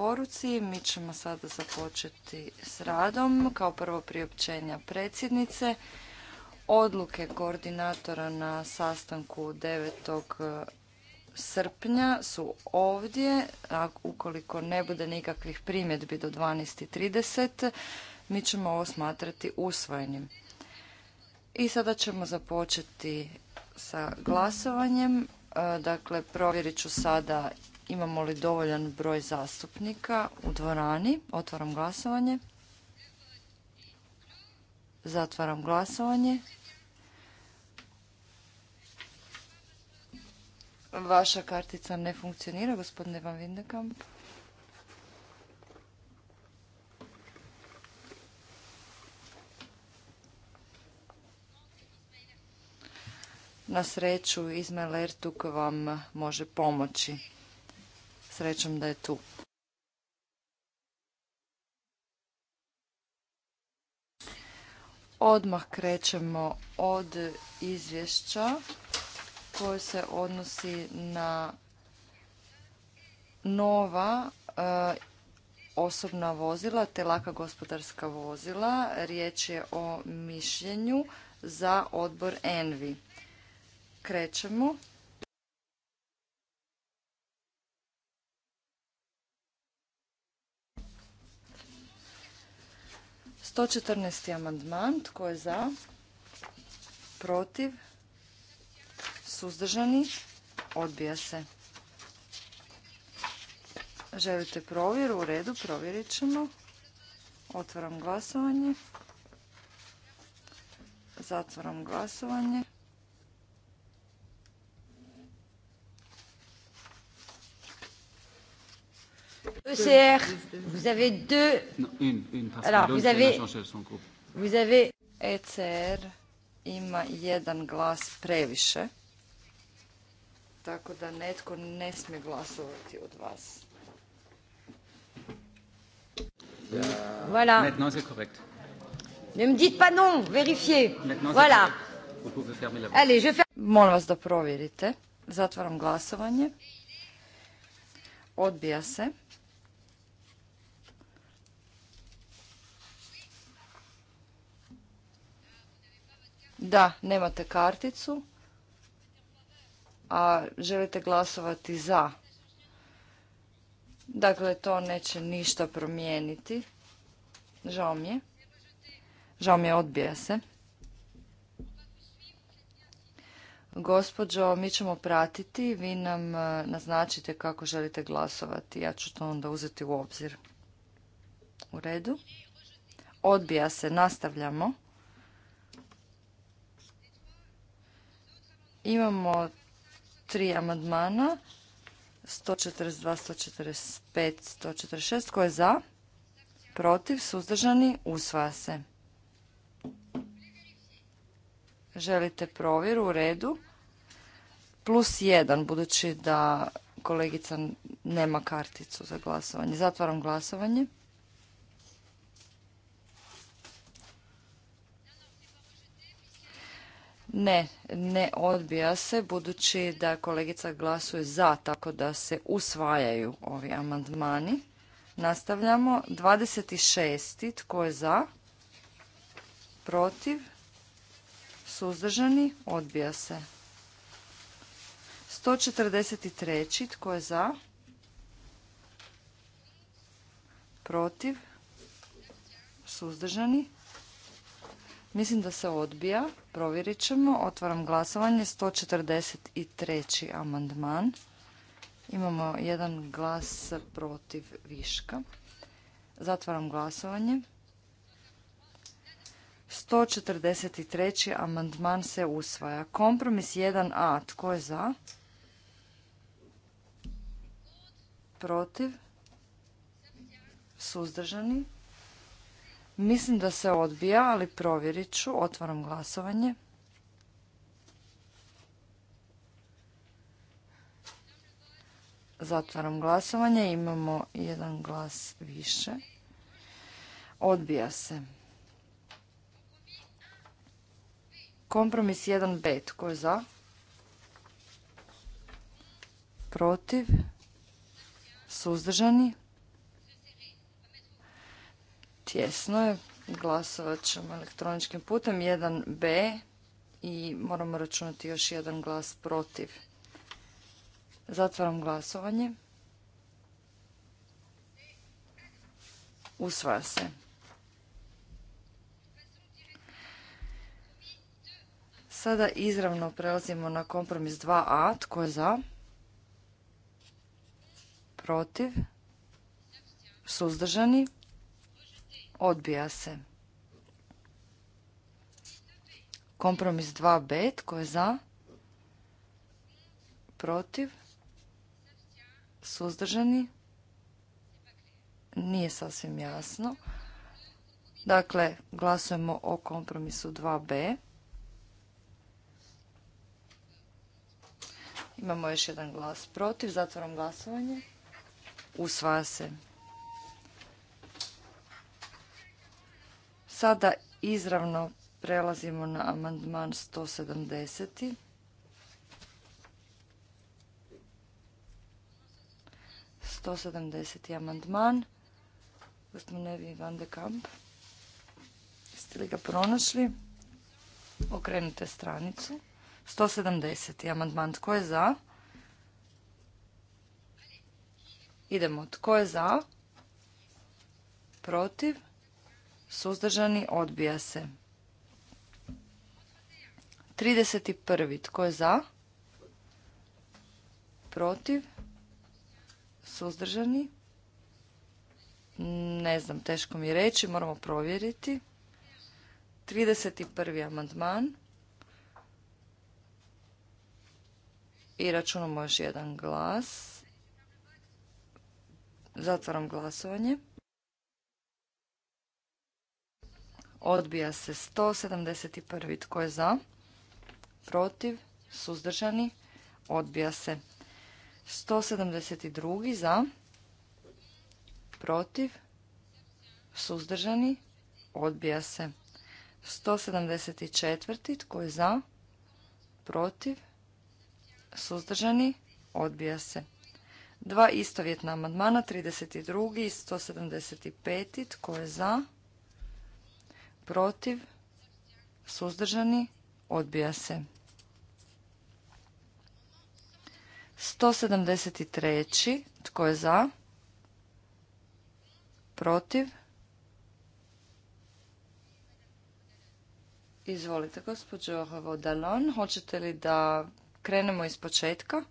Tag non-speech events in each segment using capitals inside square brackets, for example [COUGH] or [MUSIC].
poruci. Mi ćemo sada započeti s radom. Kao prvo priopćenja predsjednice. Odluke koordinatora na sastanku 9. E, srpnja su ovdje. A ukoliko ne bude nikakvih primjedbi do 12.30, mi ćemo ovo smatrati usvojenim. I sada ćemo započeti sa glasovanjem. E, dakle, provjerit ću sada imamo li dovoljan broj zastupnika u dvorani. Otvaram glasovanje. Zatvaram glasovanje. Vaša kartica ne funkcionira, gospodine Van Windekamp. Na sreću, Izmael Ertuk vam može pomoći srećom da je tu. Odmah krećemo od izvješća koje se odnosi na nova e, osobna vozila te laka gospodarska vozila. Riječ je o mišljenju za odbor ENVI. Krećemo. 114. amandman. Tko je za? Protiv? Suzdržani? Odbija se. Želite provjeru? U redu, provjerit ćemo. Otvaram glasovanje. Zatvaram glasovanje. ECR, vous avez deux... Non, une, une, parce Alors, vous avez... Son groupe. Vous avez... ECR ima jedan glas previše, tako da netko ne smije glasovati od vas. Voilà. Maintenant c'est correct. Ne me dites pas non, vérifiez. Maintenant, voilà. Allez, je fer... Molim vas da provjerite. Zatvaram glasovanje. Odbija se. Da, nemate karticu, a želite glasovati za. Dakle, to neće ništa promijeniti. Žao mi je. Žao mi je, odbija se. Gospođo, mi ćemo pratiti, vi nam e, naznačite kako želite glasovati. Ja ću to onda uzeti u obzir. U redu. Odbija se, nastavljamo. Imamo tri amandmana. 142, 145, 146. Tko je za? Protiv? Suzdržani? Usvaja se. Želite provjeru u redu? Plus jedan, budući da kolegica nema karticu za glasovanje. Zatvaram glasovanje. Ne, ne odbija se, budući da kolegica glasuje za, tako da se usvajaju ovi amandmani. Nastavljamo. 26. Tko je za? Protiv? Suzdržani? Odbija se. 143. Tko je za? Protiv? Suzdržani? Mislim da se odbija. Provjerit ćemo. Otvaram glasovanje. 143. amandman. Imamo jedan glas protiv viška. Zatvaram glasovanje. 143. amandman se usvaja. Kompromis 1a. Tko je za? Protiv? Suzdržani? Mislim da se odbija, ali provjerit ću. Otvaram glasovanje. Zatvaram glasovanje. Imamo jedan glas više. Odbija se. Kompromis 1 bet Tko je za? Protiv? Suzdržani? tjesno je. Glasovat ćemo elektroničkim putem. 1B i moramo računati još jedan glas protiv. Zatvaram glasovanje. Usvaja se. Sada izravno prelazimo na kompromis 2a. Tko je za? Protiv? Suzdržani? Odbija se. Kompromis 2b. Tko je za? Protiv? Suzdržani? Nije sasvim jasno. Dakle, glasujemo o kompromisu 2b. Imamo još jedan glas protiv. Zatvaram glasovanje. Usvaja se. Sada izravno prelazimo na amandman 170. 170. amandman. Gospodine Van de Kamp. Jeste li ga pronašli? Okrenite stranicu. 170. amandman. Tko je za? Idemo. Tko je za? Protiv? suzdržani, odbija se. 31. Tko je za? Protiv? Suzdržani? Ne znam, teško mi je reći, moramo provjeriti. 31. amandman. I računamo još jedan glas. Zatvaram glasovanje. Odbija se 171. Tko je za? Protiv? Suzdržani? Odbija se. 172. Za? Protiv? Suzdržani? Odbija se. 174. Tko je za? Protiv? Suzdržani? Odbija se. Dva istovjetna amadmana, 32. i 175. Tko je za? protiv, suzdržani, odbija se. 173. Tko je za? Protiv? Izvolite, gospođo Vodalon. Hoćete li da krenemo iz početka?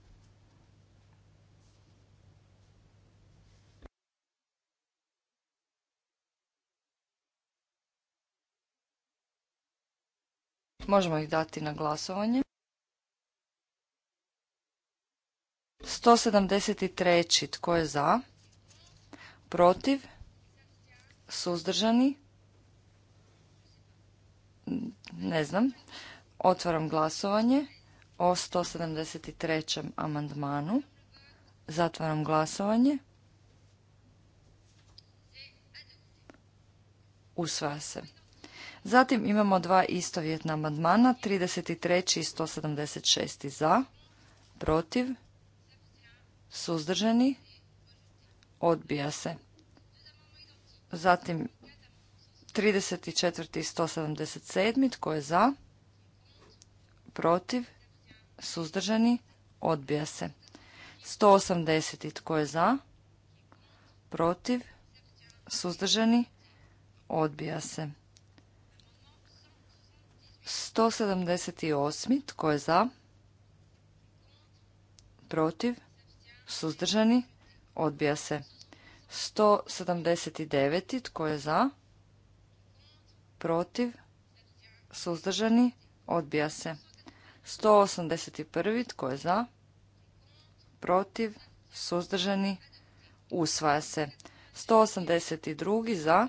Možemo ih dati na glasovanje. 173. Tko je za? Protiv? Suzdržani? Ne znam. Otvaram glasovanje o 173. amandmanu. Zatvaram glasovanje. Usvaja se. Zatim imamo dva istovjetna amandmana, 33. i 176. za, protiv, suzdržani, odbija se. Zatim 34. i 177. tko je za, protiv, suzdržani, odbija se. 180. tko je za, protiv, suzdržani, odbija se. 178. Tko je za? Protiv? Suzdržani? Odbija se. 179. Tko je za? Protiv? Suzdržani? Odbija se. 181. Tko je za? Protiv? Suzdržani? Usvaja se. 182. Za?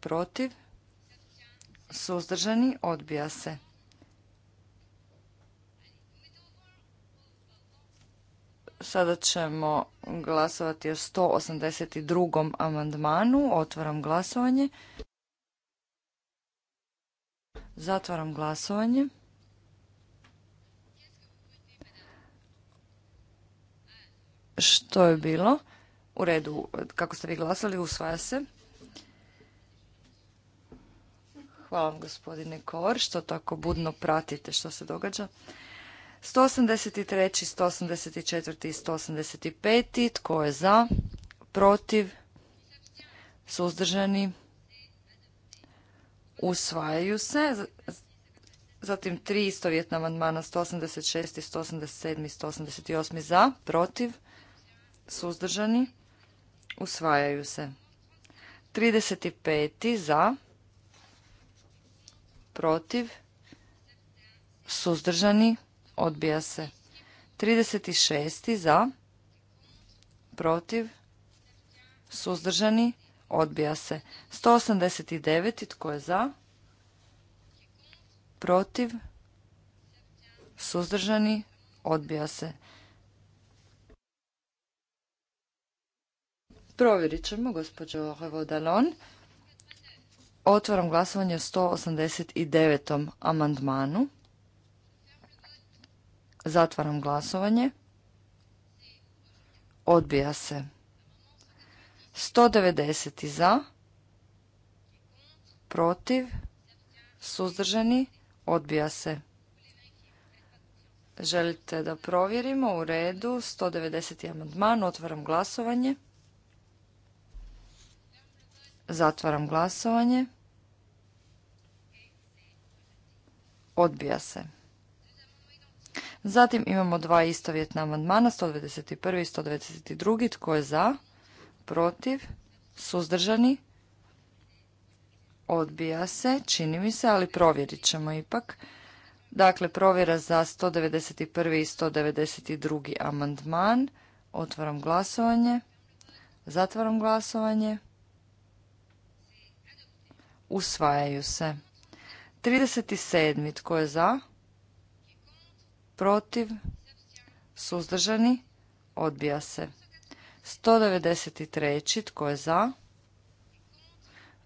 Protiv? Suzdržani? Odbija se. Sada ćemo glasovati o 182. amandmanu. Otvaram glasovanje. Zatvaram glasovanje. Što je bilo? U redu, kako ste vi glasali, usvaja se. Hvala vam gospodine Kor, što tako budno pratite što se događa. 183. 184. i 185. Tko je za? Protiv? Suzdržani? Usvajaju se. Zatim tri istovjetna amandmana 186, 187 i 188 za, protiv, suzdržani, usvajaju se. 35 za, protiv, suzdržani, odbija se. 36. za, protiv, suzdržani, odbija se. 189. tko je za, protiv, suzdržani, odbija se. Provjerit ćemo, gospođo Revodalon. Otvaram glasovanje o 189. amandmanu. Zatvaram glasovanje. Odbija se. 190. za. Protiv. Suzdržani. Odbija se. Želite da provjerimo? U redu. 190. amandman. Otvaram glasovanje. Zatvaram glasovanje. Odbija se. Zatim imamo dva istovjetna amandmana, 191. i 192. Tko je za? Protiv? Suzdržani? Odbija se, čini mi se, ali provjerit ćemo ipak. Dakle, provjera za 191. i 192. amandman. Otvaram glasovanje. Zatvaram glasovanje usvajaju se. 37. Tko je za? Protiv? Suzdržani? Odbija se. 193. Tko je za?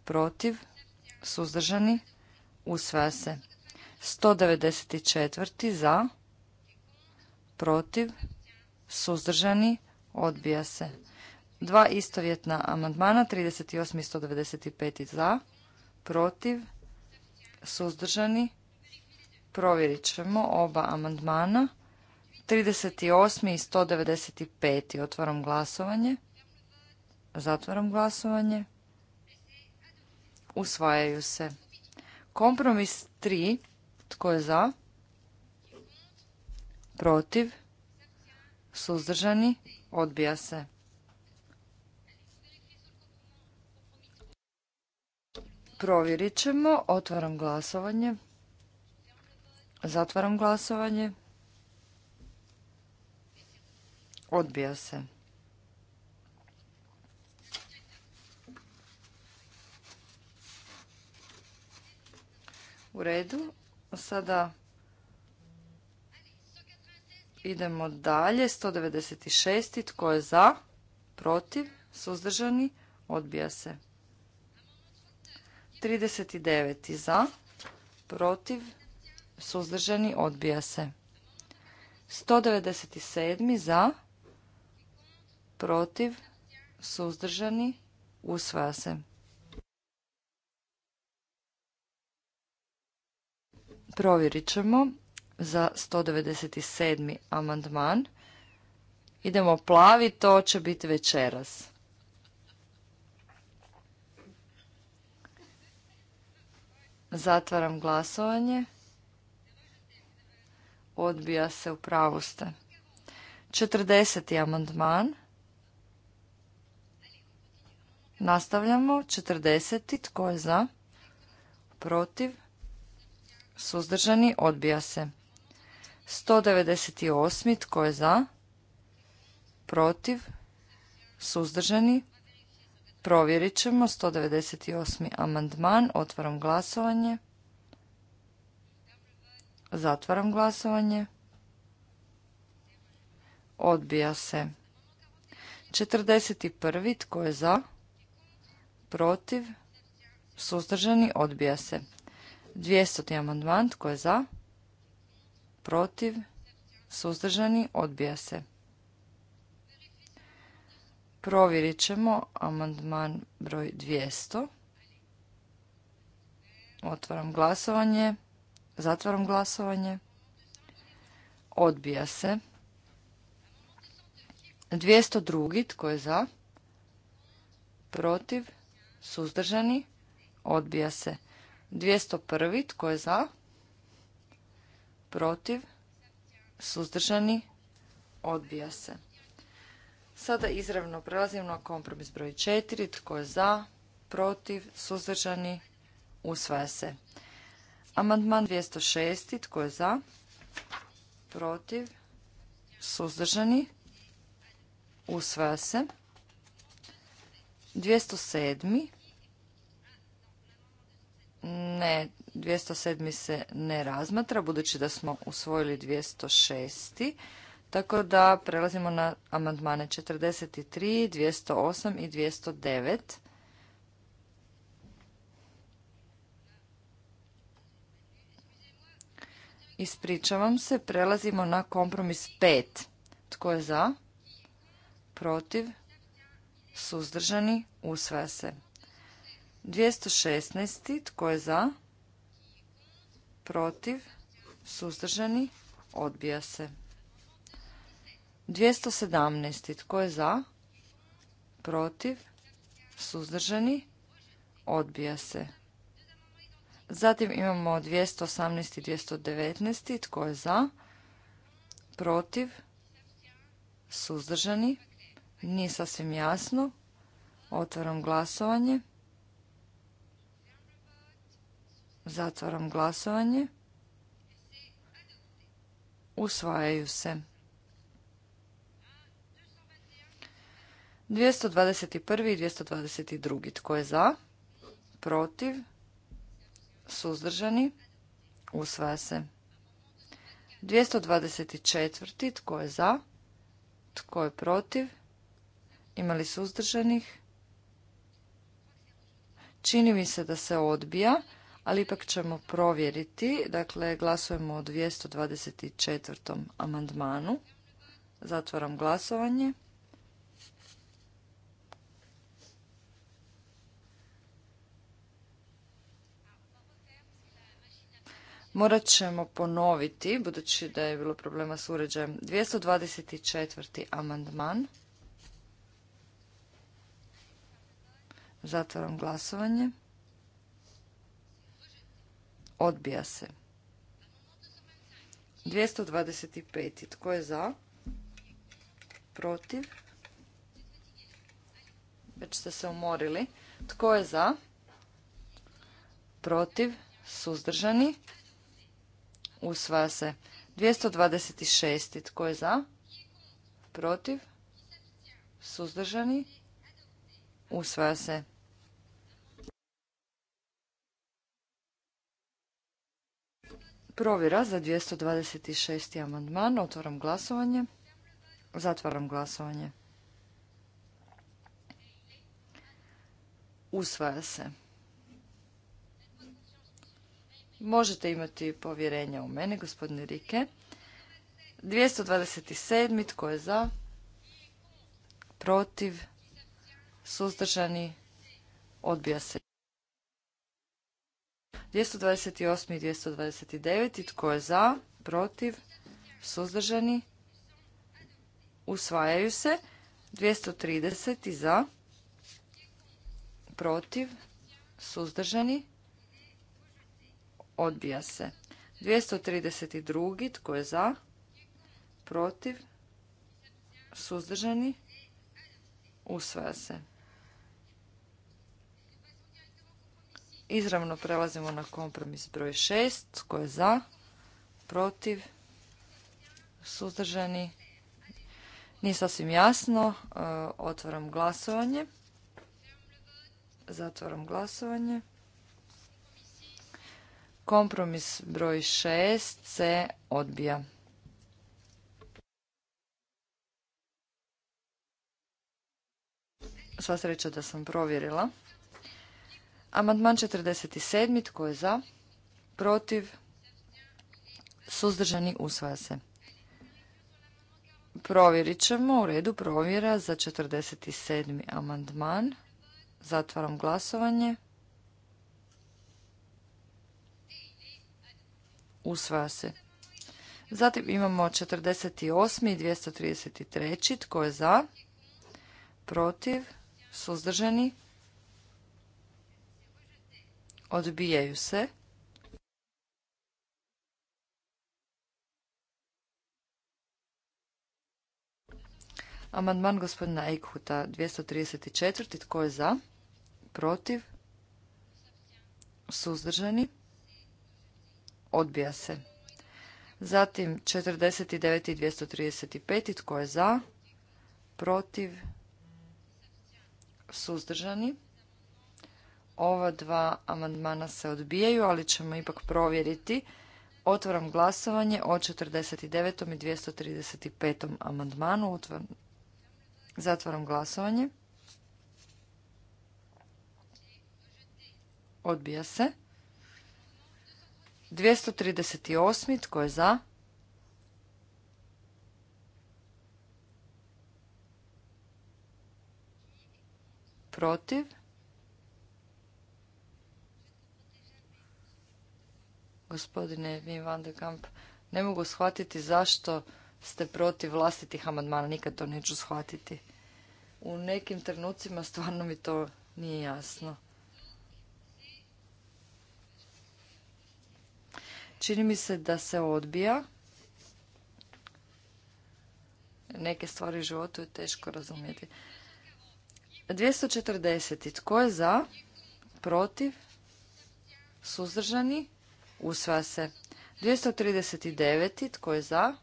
Protiv? Suzdržani? Usvaja se. 194. Za? Protiv? Suzdržani? Odbija se. Dva istovjetna amandmana, 38. i 195. za, protiv, suzdržani. Provjerit ćemo oba amandmana. 38. i 195. Otvaram glasovanje. Zatvaram glasovanje. Usvajaju se. Kompromis 3. Tko je za? Protiv? Suzdržani? Odbija se. Provjerit ćemo. Otvaram glasovanje. Zatvaram glasovanje. Odbija se. U redu. Sada idemo dalje. 196. Tko je za? Protiv? Suzdržani? Odbija se. 39. za, protiv, suzdržani, odbija se. 197. za, protiv, suzdržani, usvaja se. Provjerit ćemo za 197. amandman. Idemo plavi, to će biti večeras. Zatvaram glasovanje. Odbija se u pravu ste. 40. amandman. Nastavljamo. 40. Tko je za? Protiv? Suzdržani? Odbija se. 198. Tko je za? Protiv? Suzdržani? Provjerit ćemo 198. amandman. Otvaram glasovanje. Zatvaram glasovanje. Odbija se. 41. Tko je za? Protiv? Suzdržani? Odbija se. 200. amandman. Tko je za? Protiv? Suzdržani? Odbija se. Provjerit ćemo amandman broj 200. Otvaram glasovanje. Zatvaram glasovanje. Odbija se. 202. Tko je za? Protiv? Suzdržani? Odbija se. 201. Tko je za? Protiv? Suzdržani? Odbija se. Sada izravno prelazimo na kompromis broj 4. Tko je za? Protiv? Suzdržani? Usvaja se. Amandman 206. Tko je za? Protiv? Suzdržani? Usvaja se. 207. Ne, 207. se ne razmatra, budući da smo usvojili 206. Tako da prelazimo na amandmane 43, 208 i 209. Ispričavam se, prelazimo na kompromis 5. Tko je za? Protiv? Suzdržani? Usvaja se. 216. Tko je za? Protiv? Suzdržani? Odbija se. 217. Tko je za? Protiv? Suzdržani? Odbija se. Zatim imamo 218. i 219. Tko je za? Protiv? Suzdržani? Nije sasvim jasno. Otvaram glasovanje. Zatvaram glasovanje. Usvajaju se. 221. i 222. Tko je za? Protiv? Suzdržani? Usvaja se. 224. Tko je za? Tko je protiv? Imali suzdržanih? Čini mi se da se odbija, ali ipak ćemo provjeriti. Dakle, glasujemo o 224. amandmanu. Zatvaram glasovanje. Morat ćemo ponoviti, budući da je bilo problema s uređajem, 224. amandman. Zatvaram glasovanje. Odbija se. 225. Tko je za? Protiv? Već ste se umorili. Tko je za? Protiv? Suzdržani? Usvaja se. 226. Tko je za? Protiv? Suzdržani? Usvaja se. Provjera za 226. amandman. Otvaram glasovanje. Zatvaram glasovanje. Usvaja se. Možete imati povjerenja u mene, gospodine Rike. 227. Tko je za? Protiv? Suzdržani? Odbija se. 228. i 229. Tko je za? Protiv? Suzdržani? Usvajaju se. 230. za? Protiv? Suzdržani? Odbija se. 232. Tko je za? Protiv? Suzdržani? Usvaja se. Izravno prelazimo na kompromis broj 6. Tko je za? Protiv? Suzdržani? Nije sasvim jasno. E, otvaram glasovanje. Zatvaram glasovanje. Kompromis broj 6 se odbija. Sva sreća da sam provjerila. Amandman 47. Tko je za? Protiv? Suzdržani usvaja se. Provjerit ćemo. U redu provjera za 47. amandman. Zatvaram glasovanje. Usvaja se. Zatim imamo 48. i 233. Tko je za? Protiv? Suzdržani? Odbijaju se. Amandman gospodina Eichhuta 234. Tko je za? Protiv? Suzdržani? Odbija se. Zatim 49 i 235. tko je za? Protiv? Suzdržani? Ova dva amandmana se odbijaju, ali ćemo ipak provjeriti. Otvaram glasovanje o 49. i 235. amandmanu. Zatvaram glasovanje. Odbija se. 238. Tko je za? Protiv? Gospodine Wim van de Kamp, ne mogu shvatiti zašto ste protiv vlastitih amandmana. Nikad to neću shvatiti. U nekim trenucima stvarno mi to nije jasno. Čini mi se da se odbija. Neke stvari u životu je teško razumjeti. 240. Tko je za? Protiv? Suzdržani? Usvaja se. 239. Tko je za?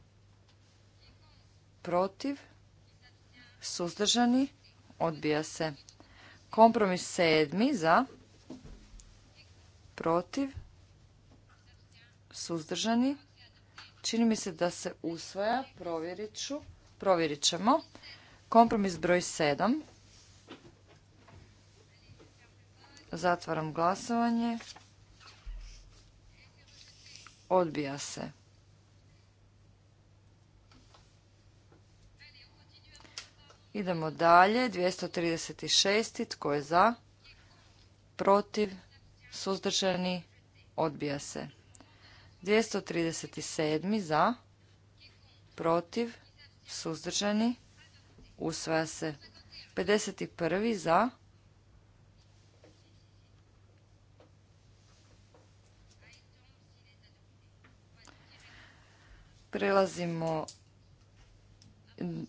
Protiv? Suzdržani? Odbija se. Kompromis sedmi za? Protiv? suzdržani. Čini mi se da se usvaja, provjerit provjerit ćemo. Kompromis broj 7. Zatvaram glasovanje. Odbija se. Idemo dalje. 236. Tko je za? Protiv? Suzdržani? Odbija se. 237. za, protiv, suzdržani, usvaja se. 51. za, Prelazimo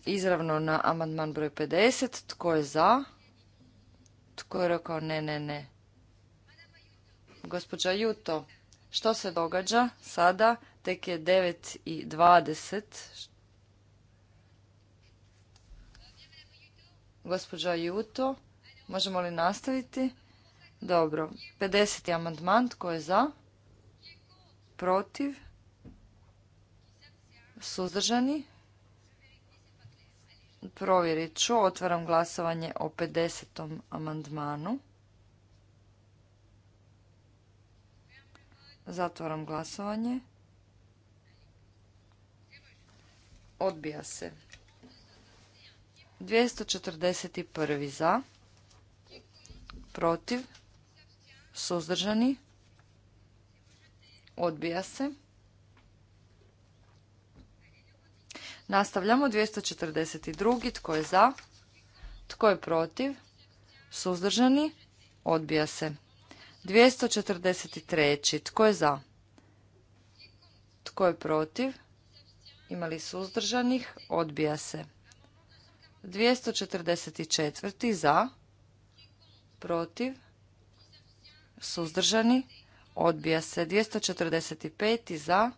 izravno na amandman broj 50. Tko je za? Tko je rekao ne, ne, ne? Gospođa Juto. Što se događa sada? Tek je 9 i 20. Gospođa Juto, možemo li nastaviti? Dobro, 50. amandman, tko je za? Protiv? Suzdržani? Provjerit ću, otvaram glasovanje o 50. amandmanu. Zatvaram glasovanje. Odbija se. 241. za. Protiv. Suzdržani. Odbija se. Nastavljamo 242. Tko je za? Tko je protiv? Suzdržani? Odbija se. 243. Tko je za? Tko je protiv? Imali suzdržanih? Odbija se. 244. Za? Protiv? Suzdržani? Odbija se. 245. Za?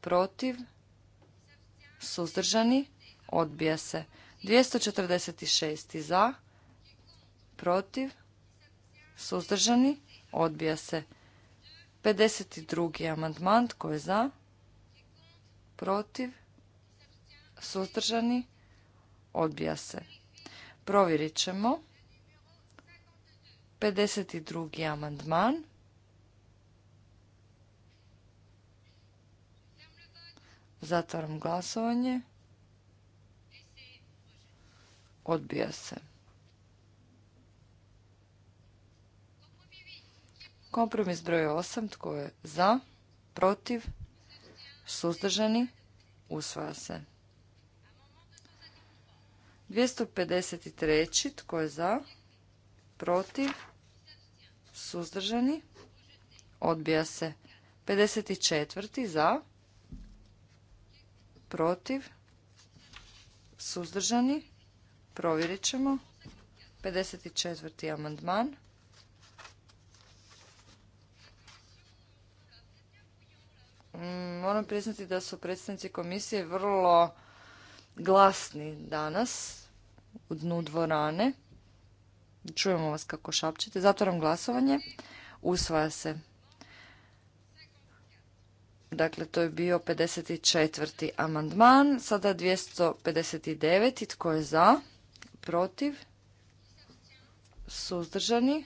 Protiv? Suzdržani? Odbija se. 246. Za? Protiv? suzdržani, odbija se. 52. amandman, tko je za, protiv, suzdržani, odbija se. Provjerit ćemo. 52. amandman. Zatvaram glasovanje. Odbija se. Kompromis broj 8. Tko je za? Protiv? Suzdržani? Usvaja se. 253. Tko je za? Protiv? Suzdržani? Odbija se. 54. Za? Protiv? Suzdržani? Provjerit ćemo. 54. amandman. Mm, moram priznati da su predstavnici komisije vrlo glasni danas u dnu dvorane. Čujemo vas kako šapćete. Zatvaram glasovanje. Usvaja se. Dakle, to je bio 54. amandman. Sada 259. tko je za? Protiv? Suzdržani?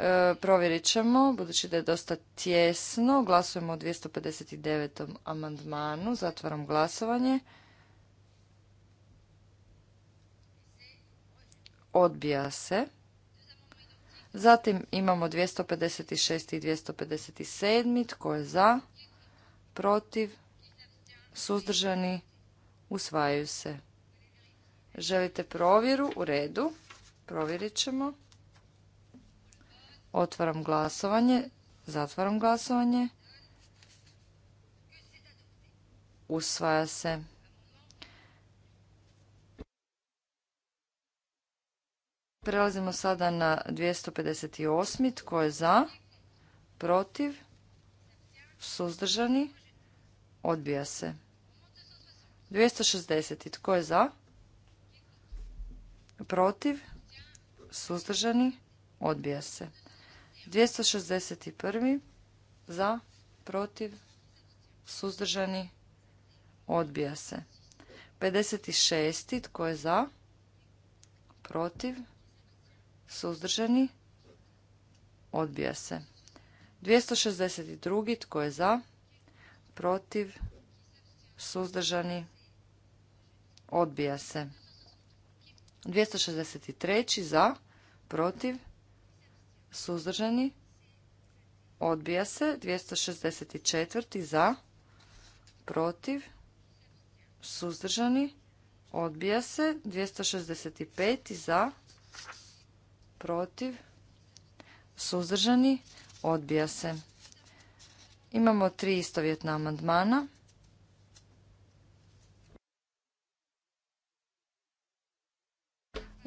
E, provjerit ćemo, budući da je dosta tjesno. Glasujemo o 259. amandmanu. Zatvaram glasovanje. Odbija se. Zatim imamo 256. i 257. Tko je za? Protiv? Suzdržani? Usvajaju se. Želite provjeru? U redu. Provjerit ćemo. Otvaram glasovanje. Zatvaram glasovanje. Usvaja se. Prelazimo sada na 258. Tko je za? Protiv? Suzdržani? Odbija se. 260. Tko je za? Protiv? Suzdržani? Odbija se. 261. za, protiv, suzdržani, odbija se. 56. tko je za, protiv, suzdržani, odbija se. 262. tko je za, protiv, suzdržani, odbija se. 263. za, protiv, suzdržani, odbija se. 264. za, protiv, suzdržani, odbija se. 265. za, protiv, suzdržani, odbija se. Imamo tri istovjetna amandmana.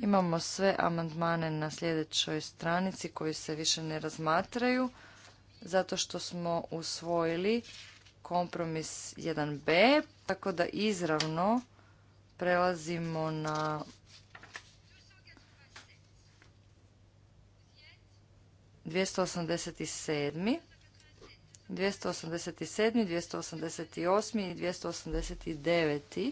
Imamo sve amandmane na sljedećoj stranici koji se više ne razmatraju zato što smo usvojili kompromis 1b, tako da izravno prelazimo na 287. 287, 288 i 289.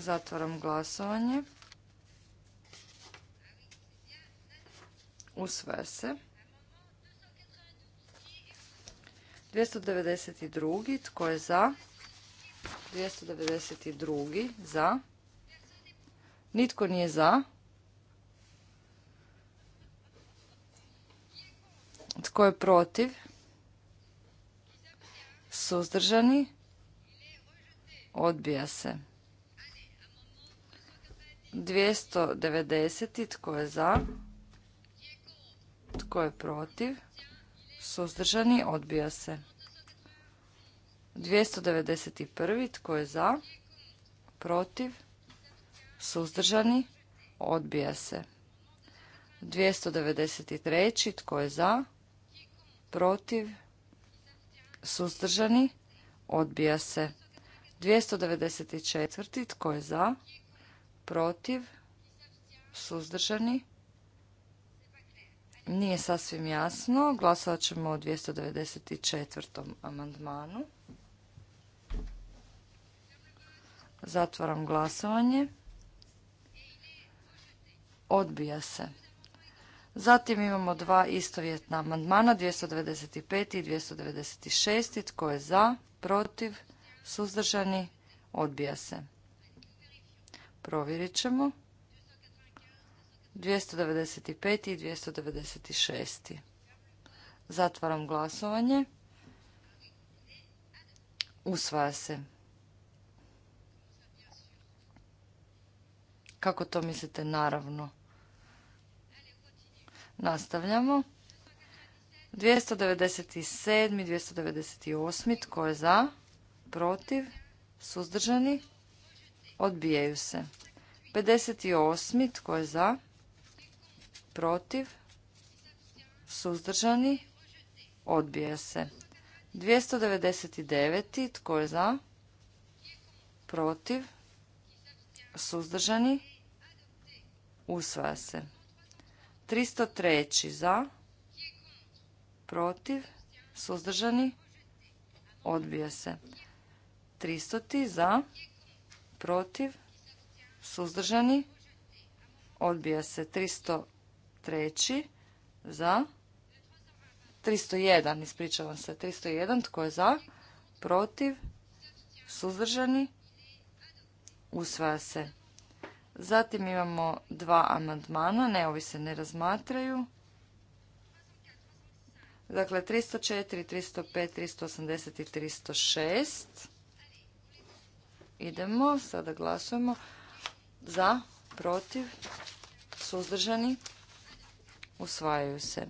Zatvaram glasovanje. Usvaja se. 292. Tko je za? 292. Za. Nitko nije za. Tko je protiv? Suzdržani? Odbija se. 290. Tko je za? Tko je protiv? Suzdržani odbija se. 291. Tko je za? Protiv? Suzdržani odbija se. 293. Tko je za? Protiv? Suzdržani odbija se. 294. Tko je za? protiv, suzdržani. Nije sasvim jasno. Glasovat ćemo o 294. amandmanu. Zatvaram glasovanje. Odbija se. Zatim imamo dva istovjetna amandmana, 295. i 296. Tko je za, protiv, suzdržani, odbija se. Provjerit ćemo. 295. i 296. Zatvaram glasovanje. Usvaja se. Kako to mislite? Naravno. Nastavljamo. 297. 298. Tko je za? Protiv? Suzdržani? Odbijaju se. 58. Tko je za? Protiv? Suzdržani? Odbija se. 299. Tko je za? Protiv? Suzdržani? Usvaja se. 303. Za? Protiv? Suzdržani? Odbija se. 300. Za? protiv, suzdržani, odbija se 303 za, 301, ispričavam se, 301, tko je za, protiv, suzdržani, usvaja se. Zatim imamo dva amandmana, ne, ovi se ne razmatraju. Dakle, 304, 305, 380 i 306. Idemo, sada glasujemo. Za, protiv, suzdržani, usvajaju se.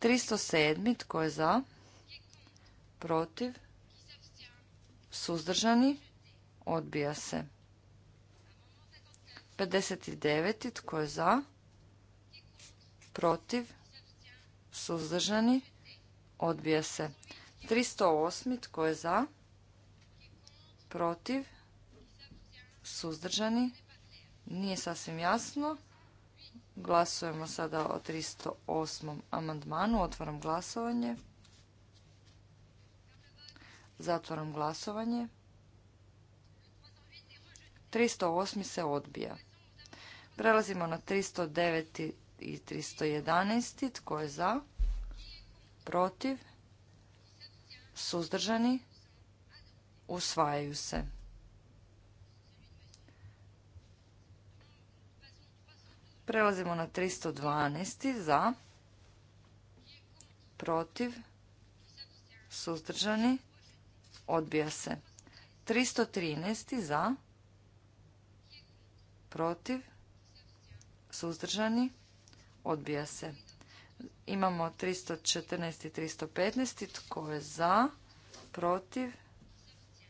307. Tko je za? Protiv? Suzdržani? Odbija se. 59. Tko je za? Protiv? Suzdržani? Odbija se. 308. Tko je za? protiv, suzdržani, nije sasvim jasno. Glasujemo sada o 308. amandmanu, otvaram glasovanje. Zatvaram glasovanje. 308. se odbija. Prelazimo na 309. i 311. Tko je za? Protiv? Suzdržani? usvajaju se. Prelazimo na 312. za, protiv, suzdržani, odbija se. 313. za, protiv, suzdržani, odbija se. Imamo 314 i 315. Tko je za? Protiv?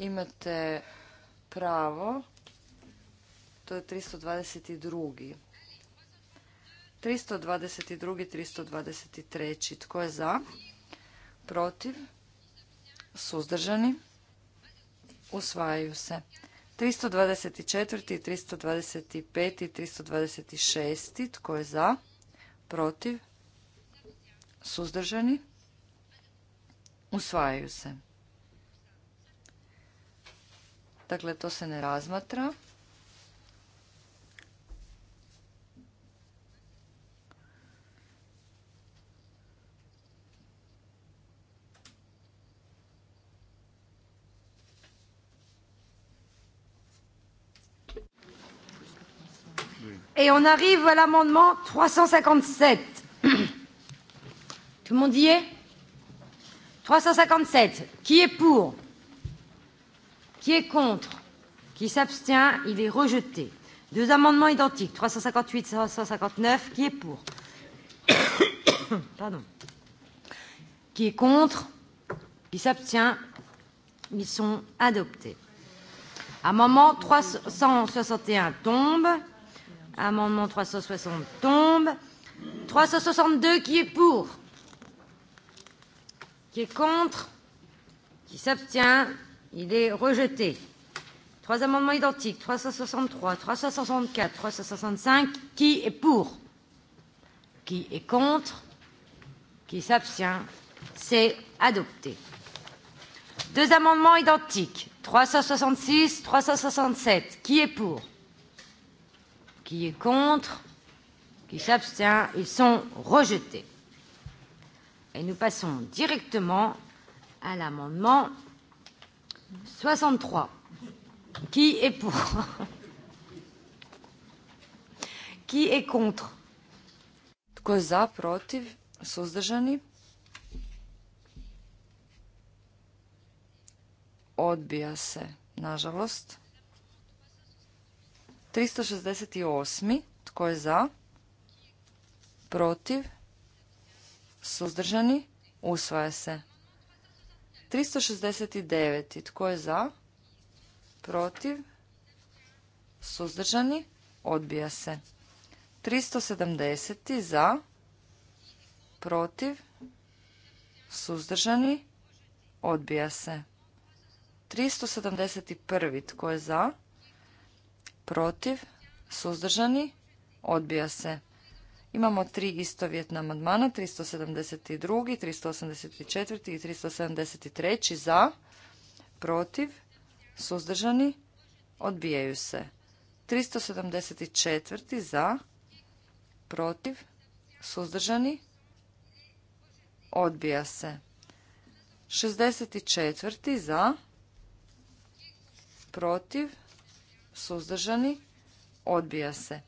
Imate pravo, to je 322. 322. 323. Tko je za? Protiv? Suzdržani? Usvajaju se. 324. i 325. i 326. Tko je za? Protiv? Suzdržani? Usvajaju se. Dakle, to se ne razmatra. Et on arrive à l'amendement 357. Tout le monde y est 357. Qui est pour Qui est contre Qui s'abstient Il est rejeté. Deux amendements identiques, 358 et 359. Qui est pour [COUGHS] Pardon. Qui est contre Qui s'abstient Ils sont adoptés. Amendement 361 tombe. Amendement 360 tombe. 362 qui est pour Qui est contre Qui s'abstient Il est rejeté. Trois amendements identiques, 363, 364, 365. Qui est pour Qui est contre Qui s'abstient C'est adopté. Deux amendements identiques, 366, 367. Qui est pour Qui est contre Qui s'abstient Ils sont rejetés. Et nous passons directement à l'amendement 63. Qui est pour [LAUGHS] Qui est contre Tko je za, protiv, suzdržani? Odbija se, nažalost. 368. Tko je za? Protiv? Suzdržani? Usvaja se. 369. Tko je za? Protiv? Suzdržani? Odbija se. 370. Za? Protiv? Suzdržani? Odbija se. 371. Tko je za? Protiv? Suzdržani? Odbija se. Imamo tri istovjetna amandmana, 372, 384 i 373 za, protiv, suzdržani, odbijaju se. 374 za, protiv, suzdržani, odbija se. 64 za, protiv, suzdržani, odbija se.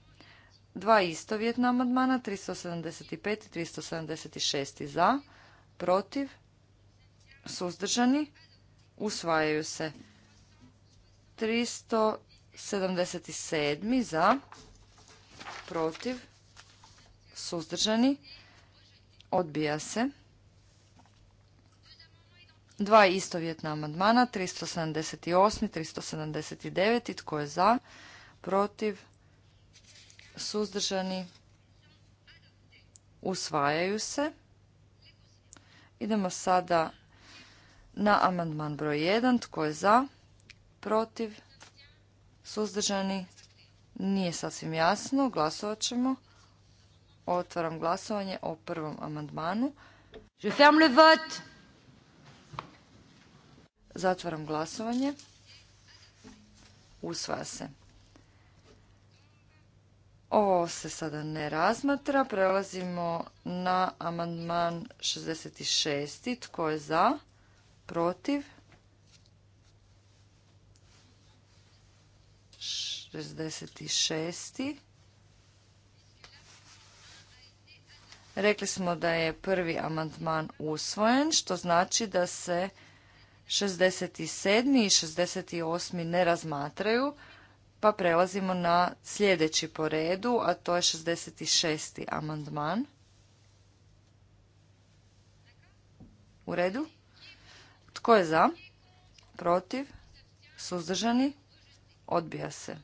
Dva istovjetna amandmana, 375 i 376 za, protiv, suzdržani, usvajaju se. 377 za, protiv, suzdržani, odbija se. Dva istovjetna amandmana, 378 i 379 i tko je za, protiv, suzdržani, usvajaju se. Idemo sada na amandman broj 1. Tko je za? Protiv? Suzdržani? Nije sasvim jasno. Glasovat ćemo. Otvaram glasovanje o prvom amandmanu. Je ferme le Zatvaram glasovanje. Usvaja se. Ovo se sada ne razmatra. Prelazimo na amandman 66. Tko je za? Protiv? 66. Rekli smo da je prvi amandman usvojen, što znači da se 67. i 68. ne razmatraju. Pa prelazimo na sljedeći po redu, a to je 66. amandman. U redu? Tko je za? Protiv? Suzdržani? Odbija se.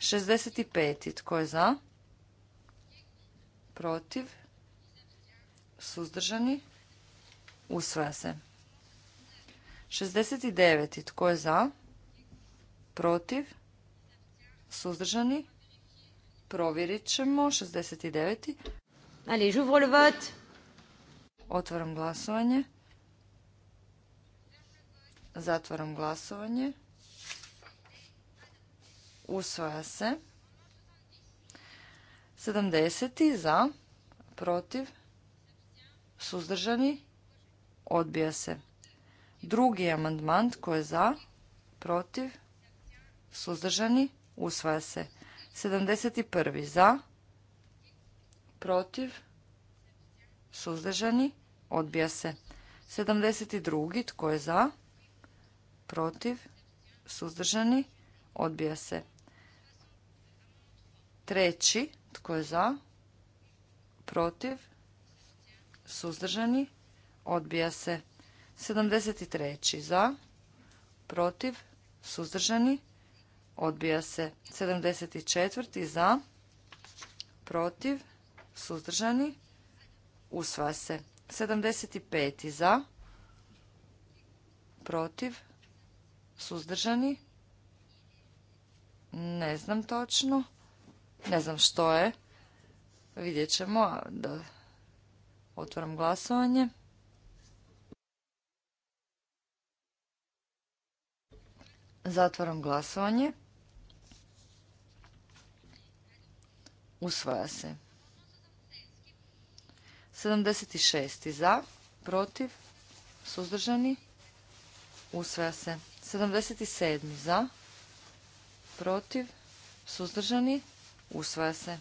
65. Tko je za? Protiv? Suzdržani? Usvaja se. 69. Tko je za? Protiv? Suzdržani? Provjerit ćemo. 69. Ali, j'ouvre le vote. Otvaram glasovanje. Zatvaram glasovanje. Usvaja se. 70. za, protiv, suzdržani, odbija se. Drugi amandman tko je za, protiv, suzdržani, Usvaja se. 71. za. Protiv. Suzdržani. Odbija se. 72. Tko je za? Protiv. Suzdržani. Odbija se. Treći. Tko je za? Protiv. Suzdržani. Odbija se. 73. za. Protiv. Suzdržani odbija se. 74. za, protiv, suzdržani, usvaja se. 75. za, protiv, suzdržani, ne znam točno, ne znam što je, vidjet ćemo da otvaram glasovanje. Zatvaram glasovanje. Usvaja se. 76. Za, protiv, suzdržani. Usvaja se. 77. Za, protiv, suzdržani. Usvaja se.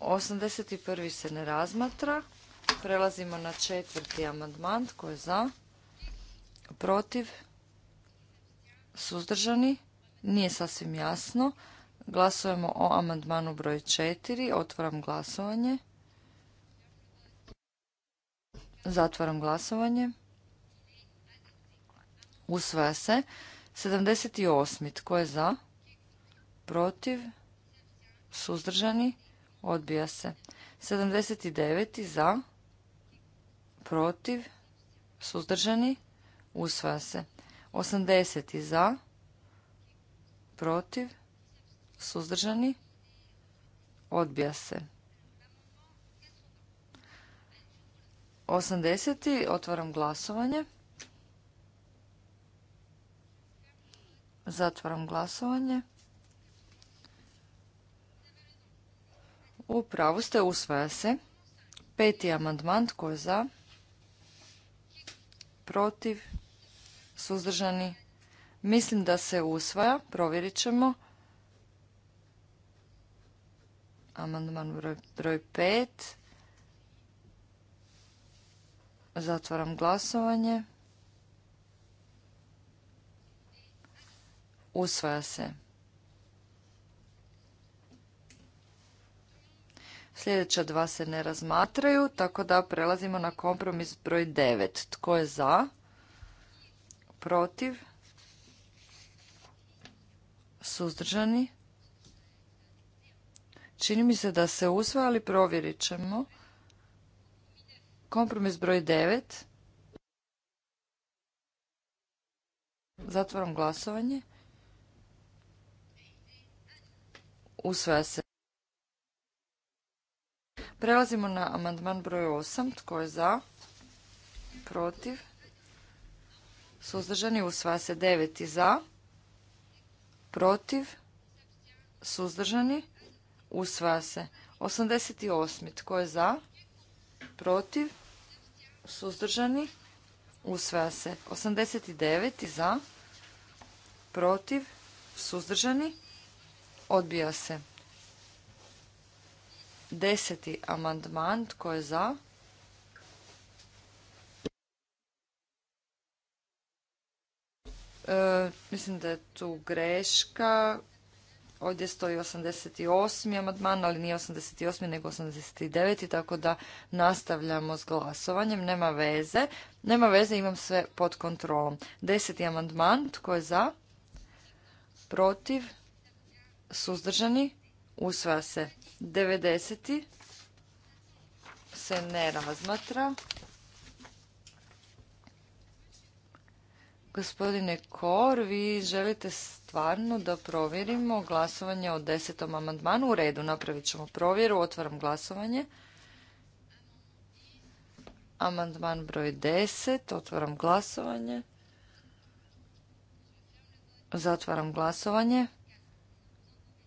81. se ne razmatra. Prelazimo na četvrti amandman. koji je za? Protiv? Suzdržani? Nije sasvim jasno. Glasujemo o amandmanu broj 4. Otvaram glasovanje. Zatvaram glasovanje. Usvaja se. 78. Tko je za? Protiv? Suzdržani? Odbija se. 79. Za? Protiv? Suzdržani? Usvaja se. 80. Za? Protiv? Suzdržani? Odbija se. 80. Otvaram glasovanje. Zatvaram glasovanje. U pravu ste, usvaja se. Peti amandman, tko je za? Protiv? Suzdržani? Mislim da se usvaja, provjerit ćemo. amandman broj, pet, 5. Zatvaram glasovanje. Usvaja se. Sljedeća dva se ne razmatraju, tako da prelazimo na kompromis broj 9. Tko je za? Protiv? Suzdržani? Čini mi se da se usvaja, ali provjerit ćemo. Kompromis broj 9. Zatvaram glasovanje. Usvaja se. Prelazimo na amandman broj 8. Tko je za? Protiv? Suzdržani usvaja se 9 za. Protiv? Suzdržani? Usvaja se. 88. Tko je za? Protiv? Suzdržani? Usvaja se. 89. Za? Protiv? Suzdržani? Odbija se. Deseti amandman. Tko je za? E, mislim da je tu greška. Ovdje stoji 88. amandman, ali nije 88. nego 89. Tako da nastavljamo s glasovanjem. Nema veze. Nema veze, imam sve pod kontrolom. 10. amandman, tko je za? Protiv? Suzdržani? Usvaja se. 90. se ne razmatra. Gospodine Kor, vi želite stvarno da provjerimo glasovanje o desetom amandmanu. U redu, napravit ćemo provjeru. Otvaram glasovanje. Amandman broj 10. Otvaram glasovanje. Zatvaram glasovanje.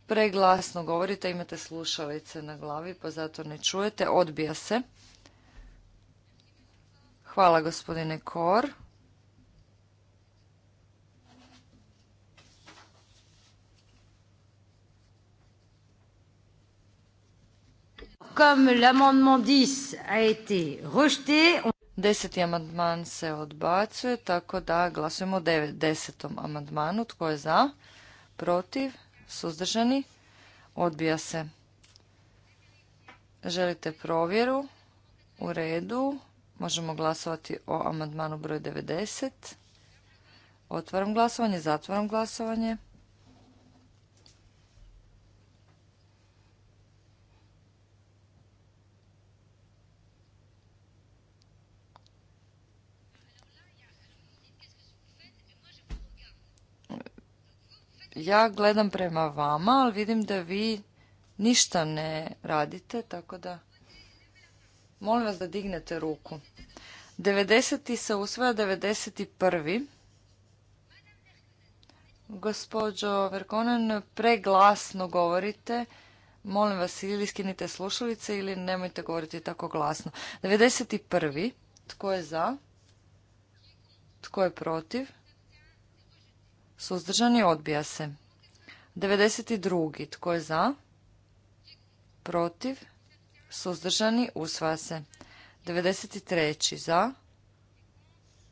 Preglasno govorite, imate slušalice na glavi, pa zato ne čujete. Odbija se. Hvala gospodine Kor. 10 Deseti amandman se odbacuje, tako da glasujemo o desetom amandmanu. Tko je za? Protiv? Suzdržani? Odbija se. Želite provjeru? U redu. Možemo glasovati o amandmanu broj 90. Otvaram glasovanje, zatvaram glasovanje. Ja gledam prema vama, ali vidim da vi ništa ne radite, tako da molim vas da dignete ruku. 90. se usvaja 91. Gospođo Verkonen, preglasno govorite. Molim vas, ili skinite slušalice ili nemojte govoriti tako glasno. 91. Tko je za? Tko je protiv? Suzdržani odbija se. 92. Tko je za? Protiv? Suzdržani usvaja se. 93. Za?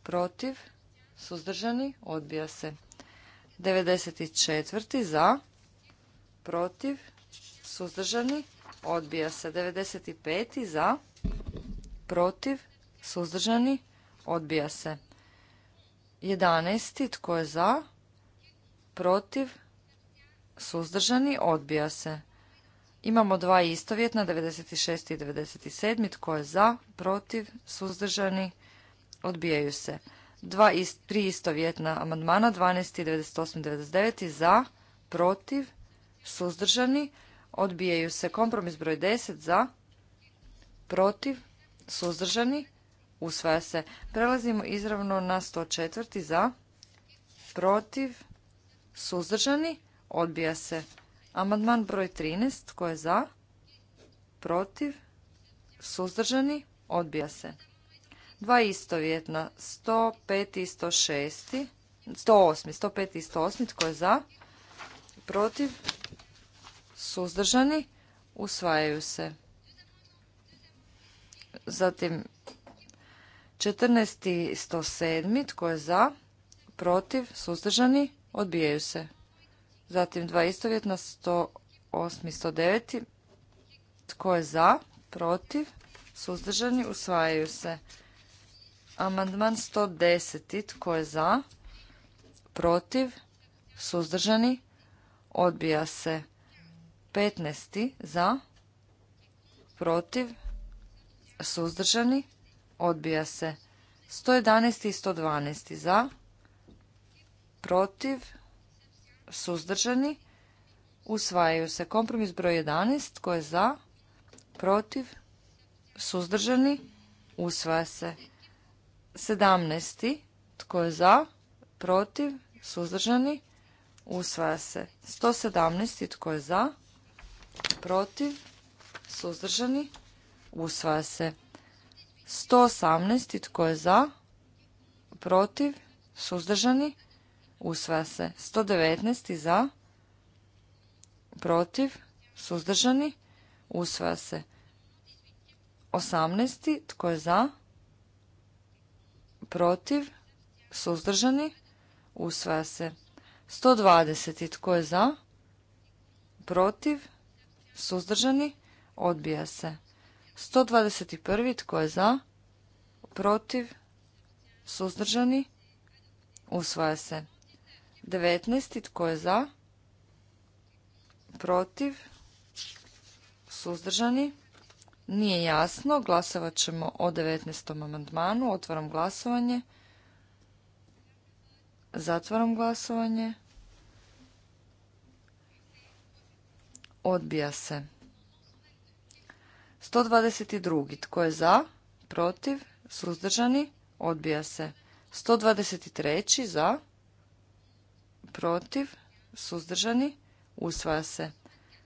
Protiv? Suzdržani odbija se. 94. Za? Protiv? Suzdržani odbija se. 95. Za? Protiv? Suzdržani odbija se. 11. Tko je za? protiv, suzdržani, odbija se. Imamo dva istovjetna, 96. i 97. Tko je za, protiv, suzdržani, odbijaju se. Dva tri istovjetna amandmana, 12. i 98. 99. za, protiv, suzdržani, odbijaju se. Kompromis broj 10 za, protiv, suzdržani, usvaja se. Prelazimo izravno na 104. za, protiv, suzdržani, odbija se. Amandman broj 13, tko je za, protiv, suzdržani, odbija se. Dva istovjetna, 105 i 106, 108, 105 i 108, tko je za, protiv, suzdržani, usvajaju se. Zatim 14. i 107. Tko je za? Protiv? Suzdržani? Odbijaju se. Zatim dva istovjetna, 108 i 109. Tko je za? Protiv? Suzdržani? Usvajaju se. Amandman 110. Tko je za? Protiv? Suzdržani? Odbija se. 15. Za? Protiv? Suzdržani? Odbija se. 111. i 112. Za? protiv, suzdržani, usvajaju se. Kompromis broj 11, tko je za, protiv, suzdržani, usvaja se. 17. tko je za, protiv, suzdržani, usvaja se. 117. tko je za, protiv, suzdržani, usvaja se. 118. tko je za, protiv, suzdržani, usvaja se. 119. za, protiv, suzdržani, usvaja se. 18. tko je za, protiv, suzdržani, usvaja se. 120. tko je za, protiv, suzdržani, odbija se. 121. tko je za, protiv, suzdržani, usvaja se. 19. Tko je za? Protiv? Suzdržani? Nije jasno. Glasovat ćemo o 19. amandmanu. Otvaram glasovanje. Zatvaram glasovanje. Odbija se. 122. Tko je za? Protiv? Suzdržani? Odbija se. 123. Za? protiv, suzdržani, usvaja se.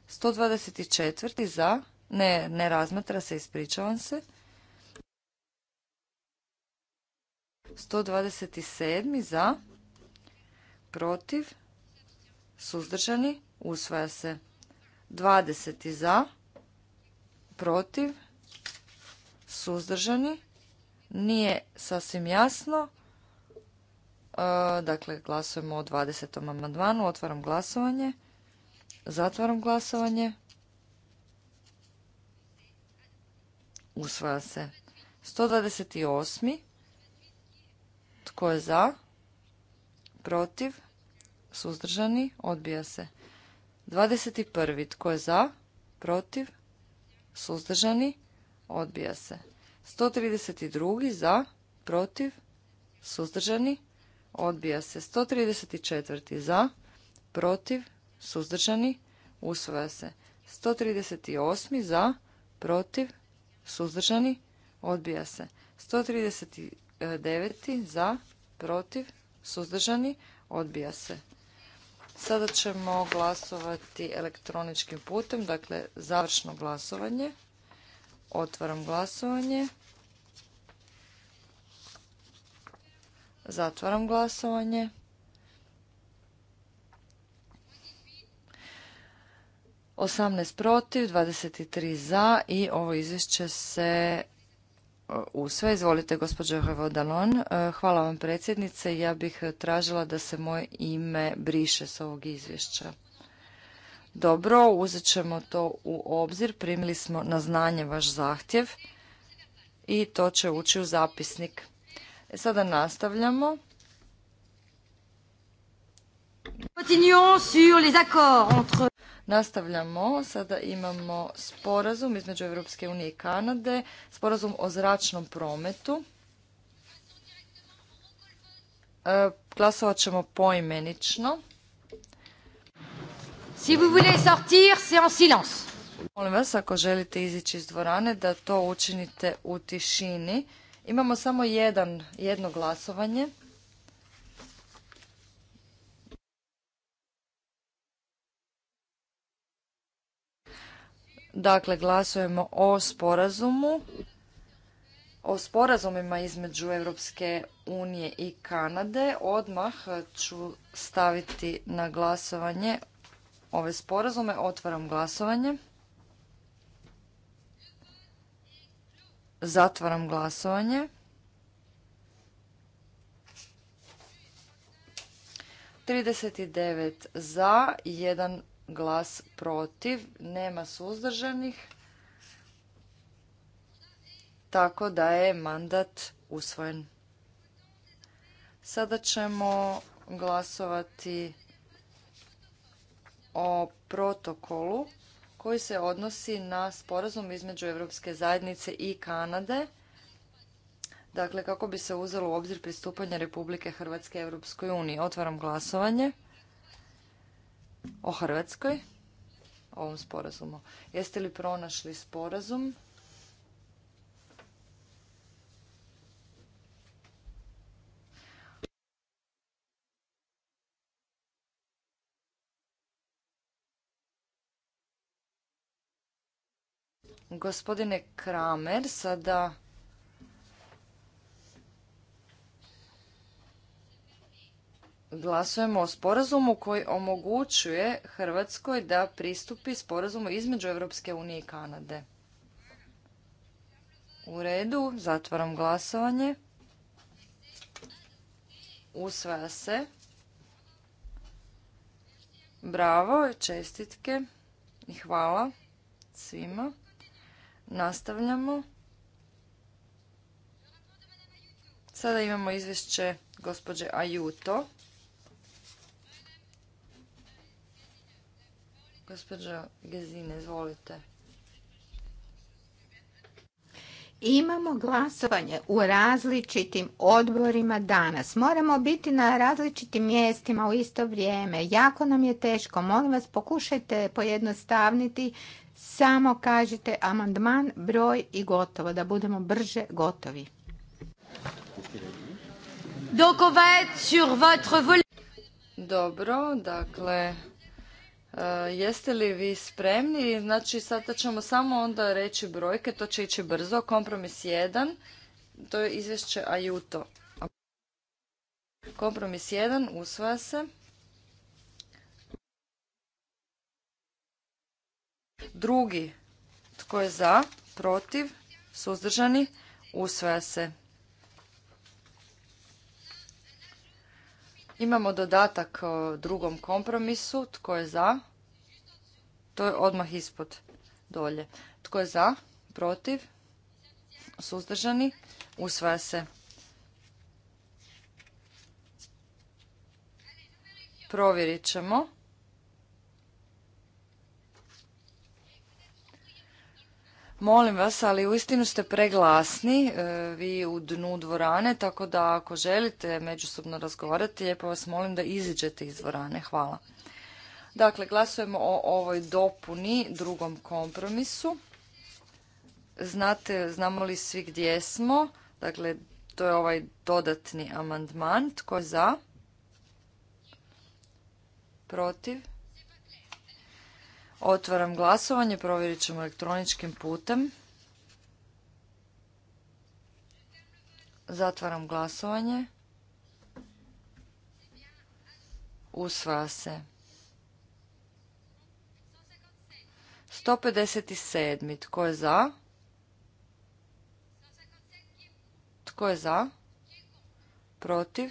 124. za, ne, ne razmatra se, ispričavam se. 127. za, protiv, suzdržani, usvaja se. 20. za, protiv, suzdržani, nije sasvim jasno. E, dakle, glasujemo o 20. amandmanu. Otvaram glasovanje. Zatvaram glasovanje. Usvaja se. 128. Tko je za? Protiv? Suzdržani? Odbija se. 21. Tko je za? Protiv? Suzdržani? Odbija se. 132. Za? Protiv? Suzdržani? odbija se. 134. za, protiv, suzdržani, usvaja se. 138. za, protiv, suzdržani, odbija se. 139. za, protiv, suzdržani, odbija se. Sada ćemo glasovati elektroničkim putem, dakle završno glasovanje. Otvaram glasovanje. Zatvaram glasovanje. Osamnaest protiv, 23 za i ovo izvješće se e, usve. Izvolite, gospođo Hevodalon. E, hvala vam, predsjednice. Ja bih tražila da se moje ime briše s ovog izvješća. Dobro, uzet ćemo to u obzir. Primili smo na znanje vaš zahtjev i to će ući u zapisnik. E, sada nastavljamo. Nastavljamo, sada imamo sporazum između Europske unije i Kanade, sporazum o zračnom prometu. E, glasovat ćemo poimenično. Si vous voulez sortir, c'est en silence. Molim vas, ako želite izići iz dvorane, da to učinite u tišini. Imamo samo jedan, jedno glasovanje. Dakle, glasujemo o sporazumu, o sporazumima između Europske unije i Kanade. Odmah ću staviti na glasovanje ove sporazume. Otvaram glasovanje. Zatvaram glasovanje. devet za, jedan glas protiv, nema suzdržanih. Tako da je mandat usvojen. Sada ćemo glasovati o protokolu koji se odnosi na sporazum između Europske zajednice i Kanade, dakle kako bi se uzelo u obzir pristupanje Republike Hrvatske Europskoj uniji. Otvaram glasovanje o Hrvatskoj, ovom sporazumu. Jeste li pronašli sporazum? Gospodine Kramer, sada glasujemo o sporazumu koji omogućuje Hrvatskoj da pristupi sporazumu između Europske unije i Kanade. U redu, zatvaram glasovanje. Usvaja se. Bravo, čestitke i hvala svima. Nastavljamo. Sada imamo izvješće gospođe Ajuto. Gospođo Gezine, izvolite. Imamo glasovanje u različitim odborima danas. Moramo biti na različitim mjestima u isto vrijeme. Jako nam je teško. Molim vas, pokušajte pojednostavniti samo kažite amandman, broj i gotovo, da budemo brže gotovi. Donc Dobro, dakle, eh, jeste li vi spremni? Znači, sada ćemo samo onda reći brojke, to će ići brzo. Kompromis 1, to je izvješće Ajuto. Kompromis 1, usvaja se. Drugi, tko je za, protiv, suzdržani, usvaja se. Imamo dodatak drugom kompromisu. Tko je za? To je odmah ispod dolje. Tko je za? Protiv? Suzdržani? Usvaja se. Provjerit ćemo. Molim vas, ali uistinu ste preglasni, e, vi u dnu dvorane, tako da ako želite međusobno razgovarati, lijepo vas molim da iziđete iz dvorane. Hvala. Dakle, glasujemo o ovoj dopuni, drugom kompromisu. Znate, znamo li svi gdje smo? Dakle, to je ovaj dodatni amandman. Tko je za? Protiv? Otvaram glasovanje, provjerit ćemo elektroničkim putem. Zatvaram glasovanje. Usvaja se. 157. Tko je za? Tko je za? Protiv?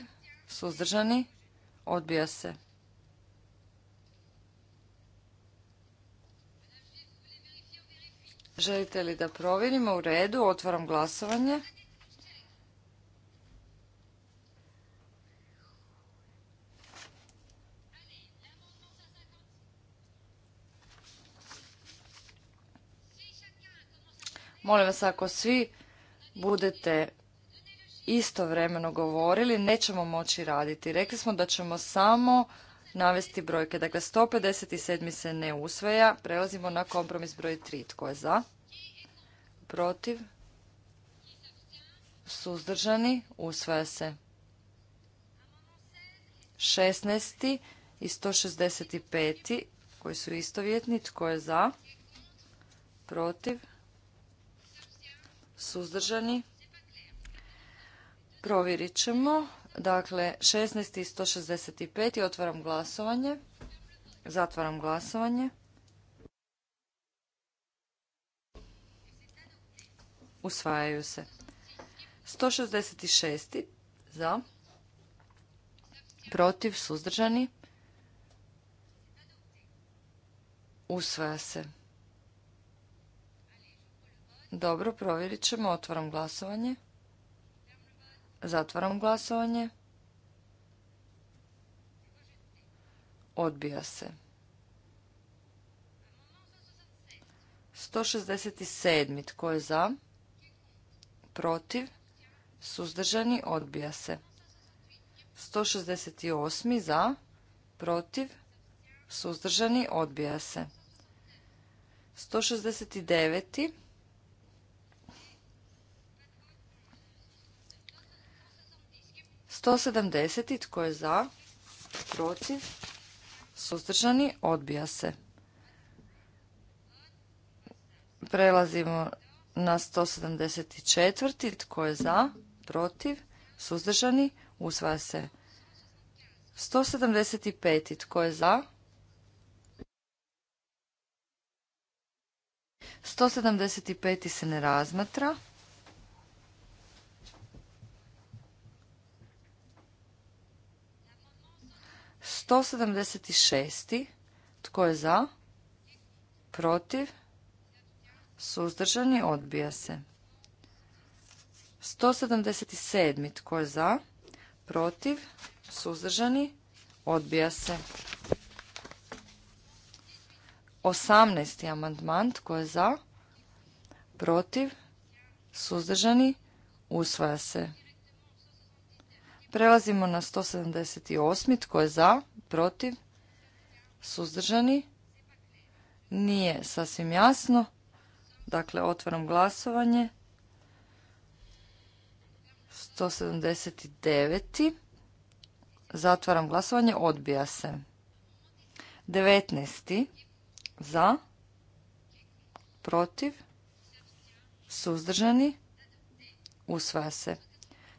Suzdržani? Odbija se. Želite li da provjerimo? U redu, otvaram glasovanje. Molim vas, ako svi budete istovremeno govorili, nećemo moći raditi. Rekli smo da ćemo samo navesti brojke. Dakle, 157. se ne usvaja. Prelazimo na kompromis broj 3. Tko je za? Protiv? Suzdržani? Usvaja se. 16. i 165. koji su istovjetni. Tko je za? Protiv? Suzdržani? Provjerit ćemo. Dakle, 16 i 165 otvaram glasovanje. Zatvaram glasovanje. Usvajaju se. 166. Za. Protiv. Suzdržani. Usvaja se. Dobro, provjerit ćemo. Otvaram glasovanje. Zatvaram glasovanje. Odbija se. 167. Tko je za? Protiv? Suzdržani? Odbija se. 168. Za? Protiv? Suzdržani? Odbija se. 169. 170. Tko je za? Protiv? Suzdržani? Odbija se. Prelazimo na 174. Tko je za? Protiv? Suzdržani? Usvaja se. 175. Tko je za? 175. se ne razmatra. 176. Tko je za? Protiv? Suzdržani? Odbija se. 177. Tko je za? Protiv? Suzdržani? Odbija se. 18. amandman. Tko je za? Protiv? Suzdržani? Usvaja se. Prelazimo na 178. Tko je za? Protiv? Suzdržani? Nije sasvim jasno. Dakle, otvaram glasovanje. 179. Zatvaram glasovanje. Odbija se. 19. Za? Protiv? Suzdržani? Usvaja se.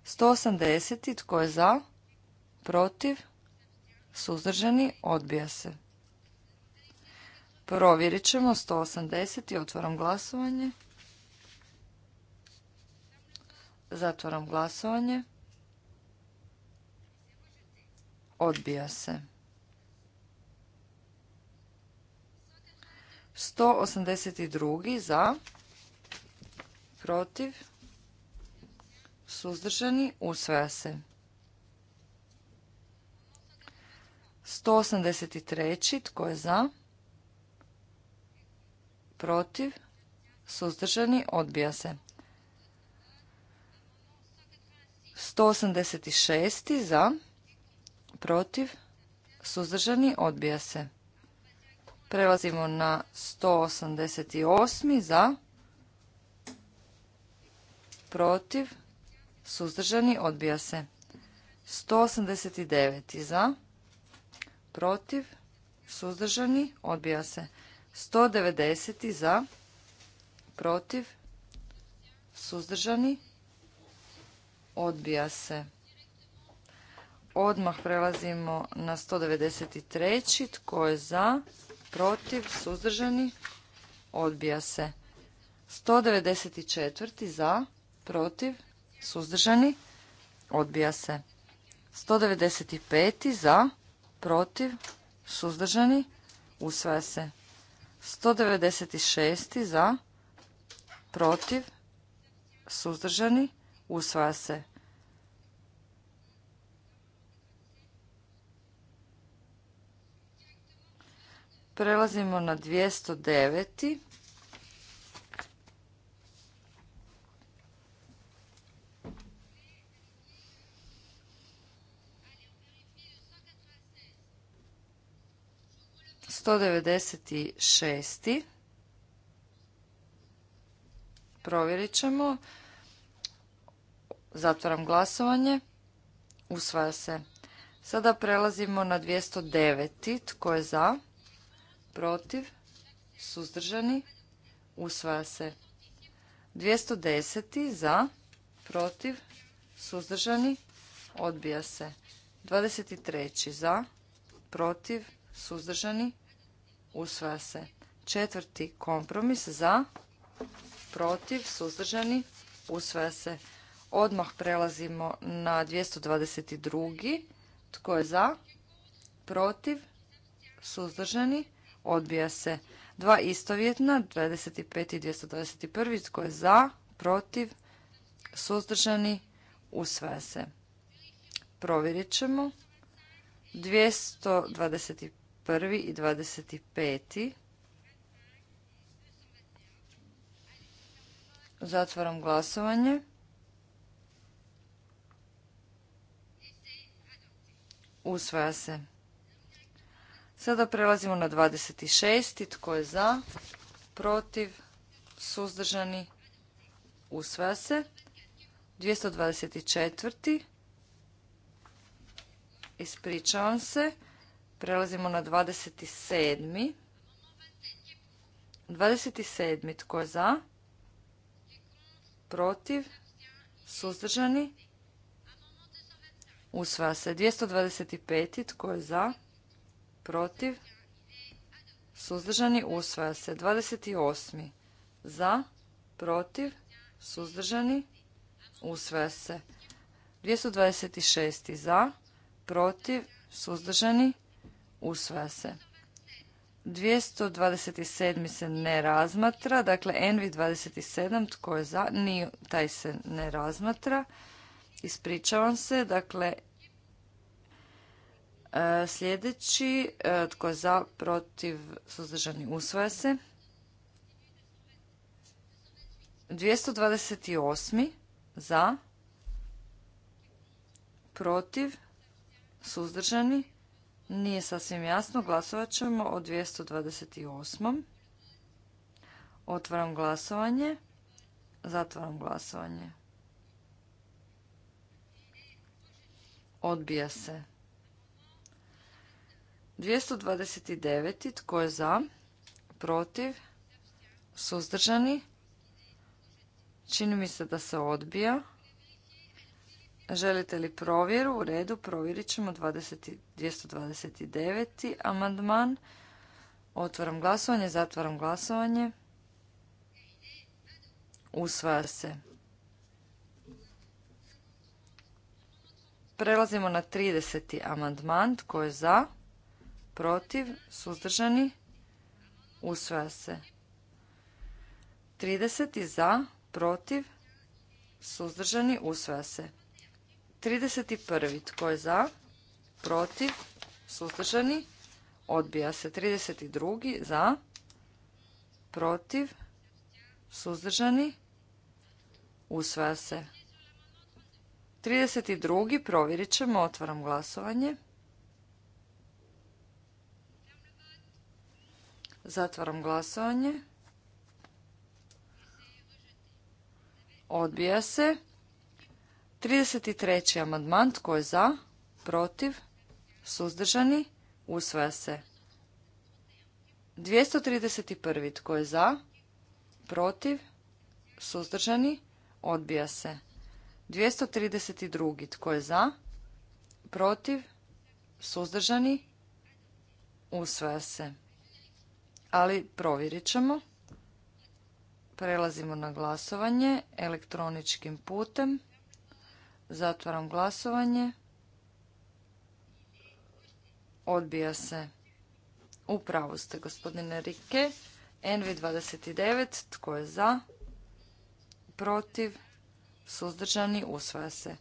180. Tko je za? Protiv? Suzdržani? Odbija se. Provjerit ćemo 180. Otvaram glasovanje. Zatvaram glasovanje. Odbija se. 182. Za. Protiv suzdržani, usvaja se. 183. Tko je za? Protiv? Suzdržani? Odbija se. 186. Za? Protiv? Suzdržani? Odbija se. Prelazimo na 188. Za? Protiv? suzdržani, odbija se. 189 za, protiv, suzdržani, odbija se. 190 za, protiv, suzdržani, odbija se. Odmah prelazimo na 193. Tko je za, protiv, suzdržani, odbija se. 194. za, protiv, suzdržani, odbija se. 195. za, protiv, suzdržani, usvaja se. 196. za, protiv, suzdržani, usvaja se. Prelazimo na 209. 196. Provjerit ćemo. Zatvaram glasovanje. Usvaja se. Sada prelazimo na 209. Tko je za? Protiv? Suzdržani? Usvaja se. 210. Za? Protiv? Suzdržani? Odbija se. 23. Za? Protiv? Suzdržani? usvaja se. Četvrti kompromis za, protiv, suzdržani, usvaja se. Odmah prelazimo na 222. Tko je za? Protiv? Suzdržani? Odbija se. Dva istovjetna, 25. i 221. Tko je za? Protiv? Suzdržani? Usvaja se. Provjerit ćemo. 225 i 25. Zatvaram glasovanje. Usvaja se. Sada prelazimo na 26. Tko je za? Protiv? Suzdržani? Usvaja se. 224. Ispričavam se. Prelazimo na 27. 27. Tko je za? Protiv? Suzdržani? Usvaja se. 225. Tko je za? Protiv? Suzdržani? Usvaja se. 28. Za? Protiv? Suzdržani? Usvaja se. 226. Za? Protiv? Suzdržani? usvaja se. 227. se ne razmatra, dakle Envi 27, tko je za, ni, taj se ne razmatra. Ispričavam se, dakle e, sljedeći, e, tko je za, protiv, suzdržani, usvaja se. 228. za, protiv, suzdržani, nije sasvim jasno. Glasovat ćemo o 228. Otvaram glasovanje. Zatvaram glasovanje. Odbija se. 229. Tko je za? Protiv? Suzdržani? Čini mi se da se odbija. Želite li provjeru? U redu, provjerit ćemo 229. amandman. Otvaram glasovanje, zatvaram glasovanje. Usvaja se. Prelazimo na 30. amandman. Tko je za? Protiv? Suzdržani? Usvaja se. 30. za? Protiv? Suzdržani? Usvaja se. 31. Tko je za? Protiv? Suzdržani? Odbija se. 32. Za? Protiv? Suzdržani? Usvaja se. 32. Provjerit ćemo. Otvaram glasovanje. Zatvaram glasovanje. Odbija se. 33. amandman. Tko je za? Protiv? Suzdržani? Usvaja se. 231. Tko je za? Protiv? Suzdržani? Odbija se. 232. Tko je za? Protiv? Suzdržani? Usvaja se. Ali provjerit ćemo. Prelazimo na glasovanje elektroničkim putem. Zatvaram glasovanje. Odbija se. U pravu ste, gospodine Rike. NV29, tko je za? Protiv? Suzdržani? Usvaja se.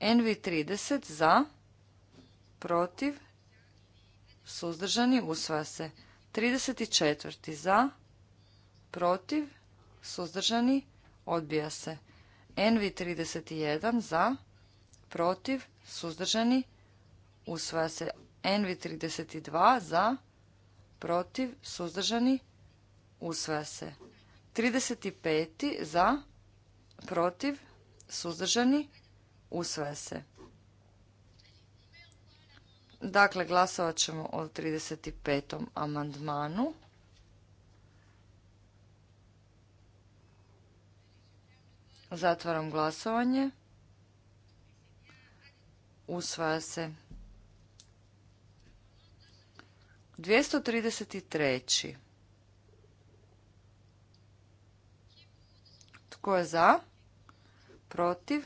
NV30, za? Protiv? Suzdržani? Usvaja se. 34. za? Protiv? Suzdržani? Odbija se. NV31, za? protiv, suzdržani, usvaja se NV32 za, protiv, suzdržani, usvaja se. 35. za, protiv, suzdržani, usvaja se. Dakle, glasovat ćemo o 35. amandmanu. Zatvaram glasovanje. Usvaja se. 233. Tko je za? Protiv?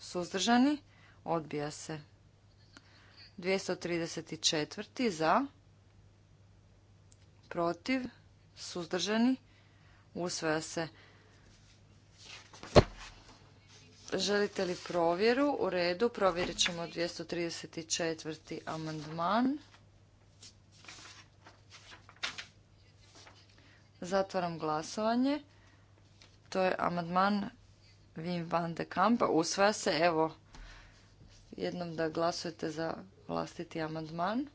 Suzdržani? Odbija se. 234. Za? Protiv? Suzdržani? Usvaja se. Želite li provjeru? U redu, provjerit ćemo 234. amandman. Zatvaram glasovanje. To je amandman Wim van de Kampa. Usvaja se, evo, jednom da glasujete za vlastiti amandman.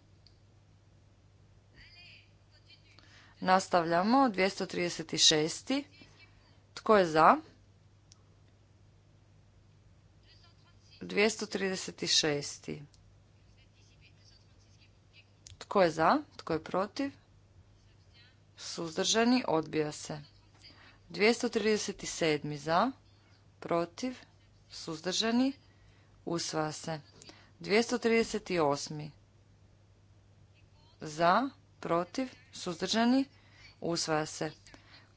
Nastavljamo, 236. Tko je za? 236. Tko je za? Tko je protiv? Suzdržani odbija se. 237. za, protiv, suzdržani, usvaja se. 238. za, protiv, suzdržani, usvaja se.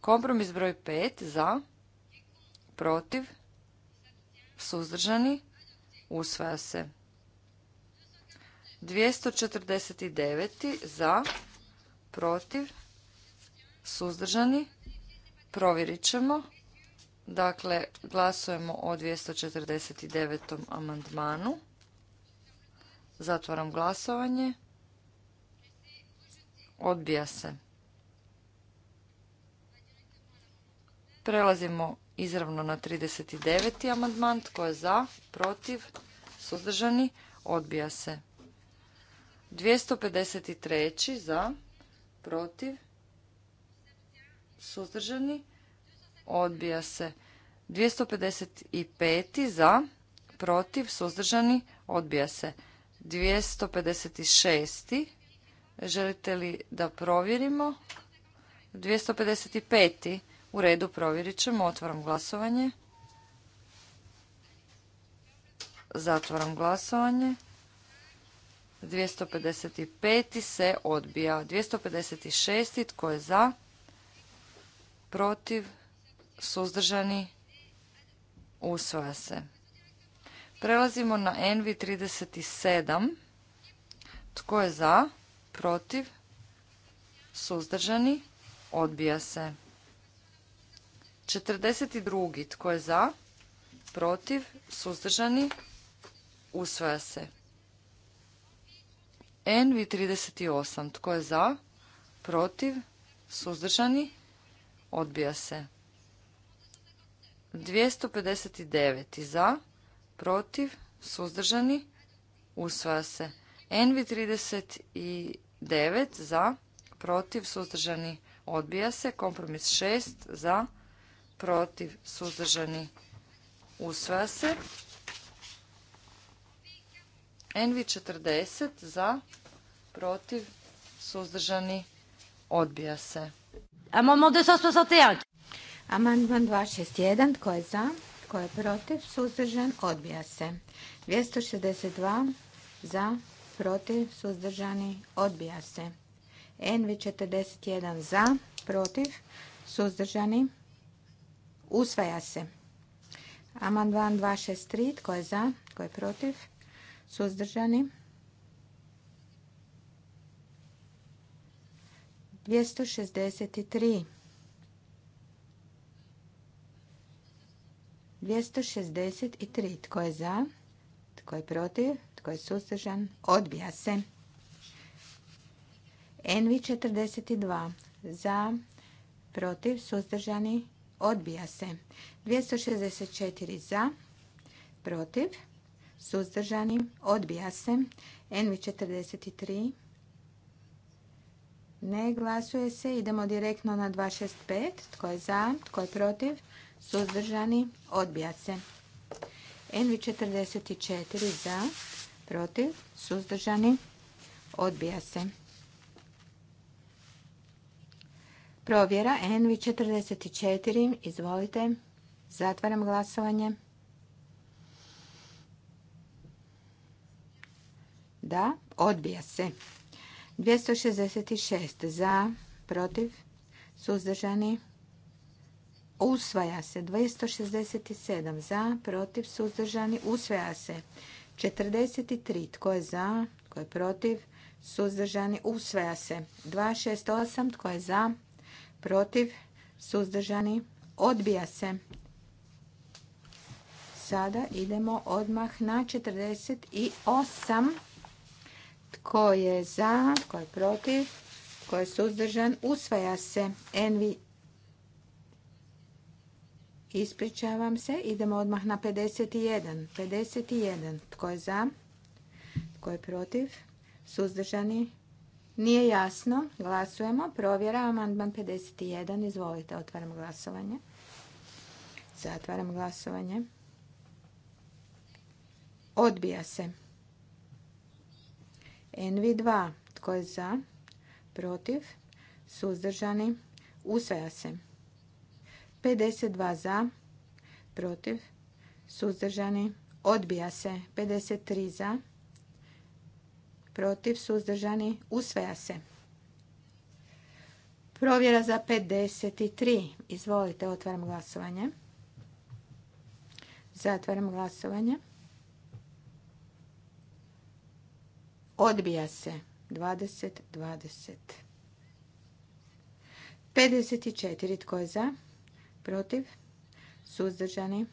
Kompromis broj 5 za, protiv, suzdržani, Usvaja se. 249. za, protiv, suzdržani. Provjerit ćemo. Dakle, glasujemo o 249. amandmanu. Zatvaram glasovanje. Odbija se. Prelazimo izravno na 39. amandman. Tko je za? Protiv? Suzdržani? Odbija se. 253. za? Protiv? Suzdržani? Odbija se. 255. za? Protiv? Suzdržani? Odbija se. 256. Želite li da provjerimo? 255. U redu, provjerit ćemo. Otvaram glasovanje. Zatvaram glasovanje. 255. se odbija. 256. tko je za? Protiv? Suzdržani? Usvaja se. Prelazimo na nv 37. Tko je za? Protiv? Suzdržani? Odbija se. 42. Tko je za? Protiv? Suzdržani? Usvaja se. NV 38. Tko je za? Protiv? Suzdržani? Odbija se. 259. Za? Protiv? Suzdržani? Usvaja se. NV 39. Za? Protiv? Suzdržani? Odbija se. Kompromis 6. Za? protiv, suzdržani, usvaja se. Envi 40 za, protiv, suzdržani, odbija se. Amandman 261. 261. Tko je za? Tko je protiv? Suzdržan? Odbija se. 262. Za? Protiv? Suzdržani? Odbija se. Envi 41 Za? Protiv? Suzdržani? Usvaja se. Amandman 263. Tko je za? Tko je protiv? Suzdržani? 263. 263. Tko je za? Tko je protiv? Tko je suzdržan? Odbija se. Envi 42. Za, protiv, suzdržani, Odbija se. 264 za, protiv, suzdržani, odbija se. NV43 ne glasuje se. Idemo direktno na 265. Tko je za, tko je protiv, suzdržani, odbija se. NV44 za, protiv, suzdržani, odbija se. Provjera ENVI 44 Izvolite. Zatvaram glasovanje. Da, odbija se. 266 za, protiv, suzdržani. Usvaja se. 267 za, protiv, suzdržani. Usvaja se. 43. Tko je za? Tko je protiv? Suzdržani. Usvaja se. 268. Tko je za? protiv, suzdržani, odbija se. Sada idemo odmah na 48. Tko je za, tko je protiv, tko je suzdržan, usvaja se. Envi, ispričavam se, idemo odmah na 51. 51. Tko je za, tko je protiv, suzdržani, nije jasno. Glasujemo. Provjera. Amandman 51. Izvolite. Otvaram glasovanje. Zatvaram glasovanje. Odbija se. NV2. Tko je za? Protiv? Suzdržani? Usvaja se. 52 za. Protiv? Suzdržani? Odbija se. 53 za protiv, suzdržani, usvaja se. Provjera za 53. Izvolite, otvaram glasovanje. Zatvaram glasovanje. Odbija se. 20, 20. 54. Tko je za? Protiv? Suzdržani?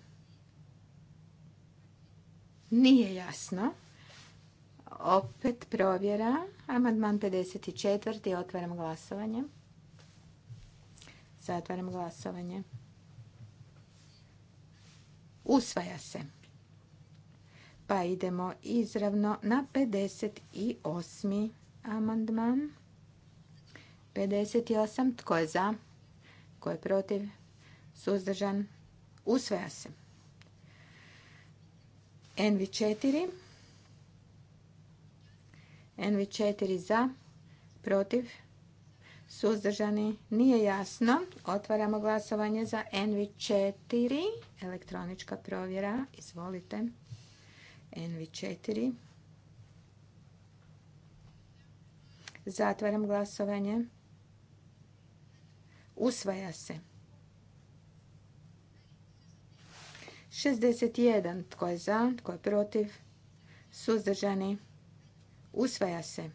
Nije jasno. Opet provjera. Amandman 54. Otvaram glasovanje. Zatvaram glasovanje. Usvaja se. Pa idemo izravno na 58. amandman. 58. Tko je za? Tko je protiv? Suzdržan? Usvaja se. NV4. NV4 za, protiv, suzdržani, nije jasno. Otvaramo glasovanje za NV4, elektronička provjera, izvolite. NV4. Zatvaram glasovanje. Usvaja se. 61. Tko je za? Tko je protiv? Suzdržani? Usvaja se.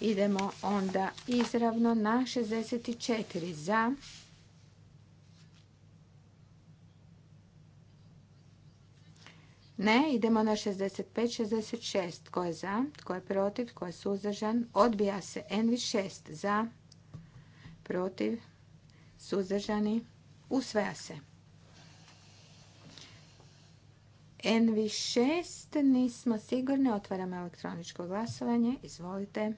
Idemo onda izravno na 64 za. Ne, idemo na 65, 66. Tko je za? Tko je protiv? Tko je suzdržan? Odbija se. Envi 6 za. Protiv. Suzdržani. Usvaja se. NV6 nismo sigurni. Otvaramo elektroničko glasovanje. Izvolite.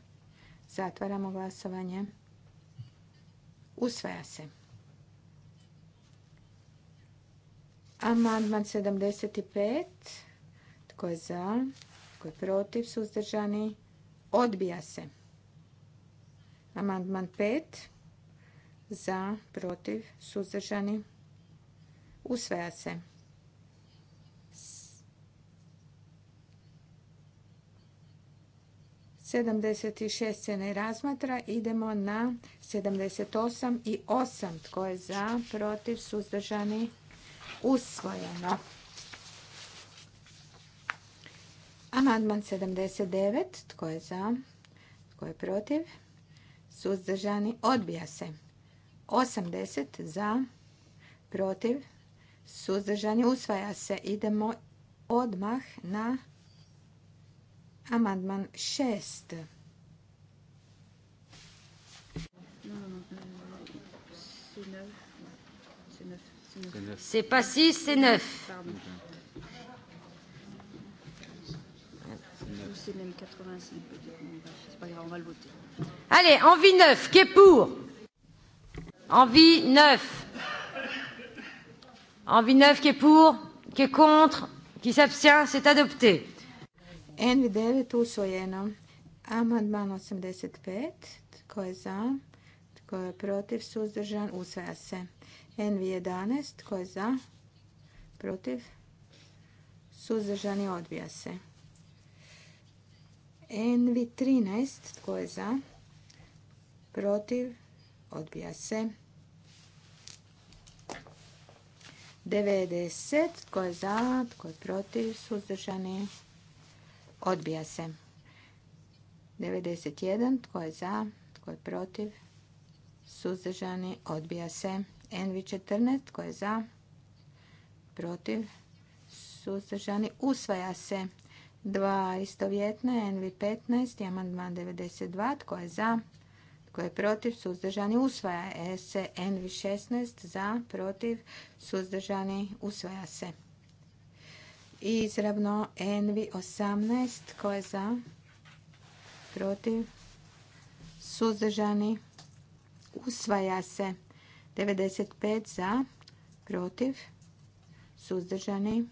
Zatvaramo glasovanje. Usvaja se. Amandman 75. Tko je za? Tko je protiv? Suzdržani? Odbija se. Amandman 5. Za, protiv, suzdržani. Usvaja se. 76 se ne razmatra. Idemo na 78 i 8. Tko je za, protiv, suzdržani, usvojeno. Amandman 79. Tko je za, tko je protiv, suzdržani, odbija se. 80 za, protiv, suzdržani, usvaja se. Idemo odmah na Amandman 6. C'est pas 6, c'est 9. C'est même 85, c'est pas grave, on va le voter. Allez, envie 9, qui est pour Envie 9. Envie 9 qui est pour, qui est contre, qui s'abstient, c'est adopté. Envi 9 usvojeno. Amandman 85. Tko je za? Tko je protiv? Suzdržan? Usvaja se. Envi 11 Tko je za? Protiv? Suzdržani? Odbija se. Envi 13 Tko je za? Protiv? Odbija se. 90. Tko je za? Tko je protiv? Suzdržani? Odbija Odbija se. 91. Tko je za? Tko je protiv? Suzdržani. Odbija se. NV14. Tko je za? Protiv? Suzdržani. Usvaja se. Dva istovjetne. NV15. Amandman 92. Tko je za? Tko je protiv? Suzdržani. Usvaja se. NV16. Za? Protiv? Suzdržani. Usvaja se. Izravno Envi 18. Tko je za? Protiv? Suzdržani? Usvaja se. 95 za? Protiv? Suzdržani?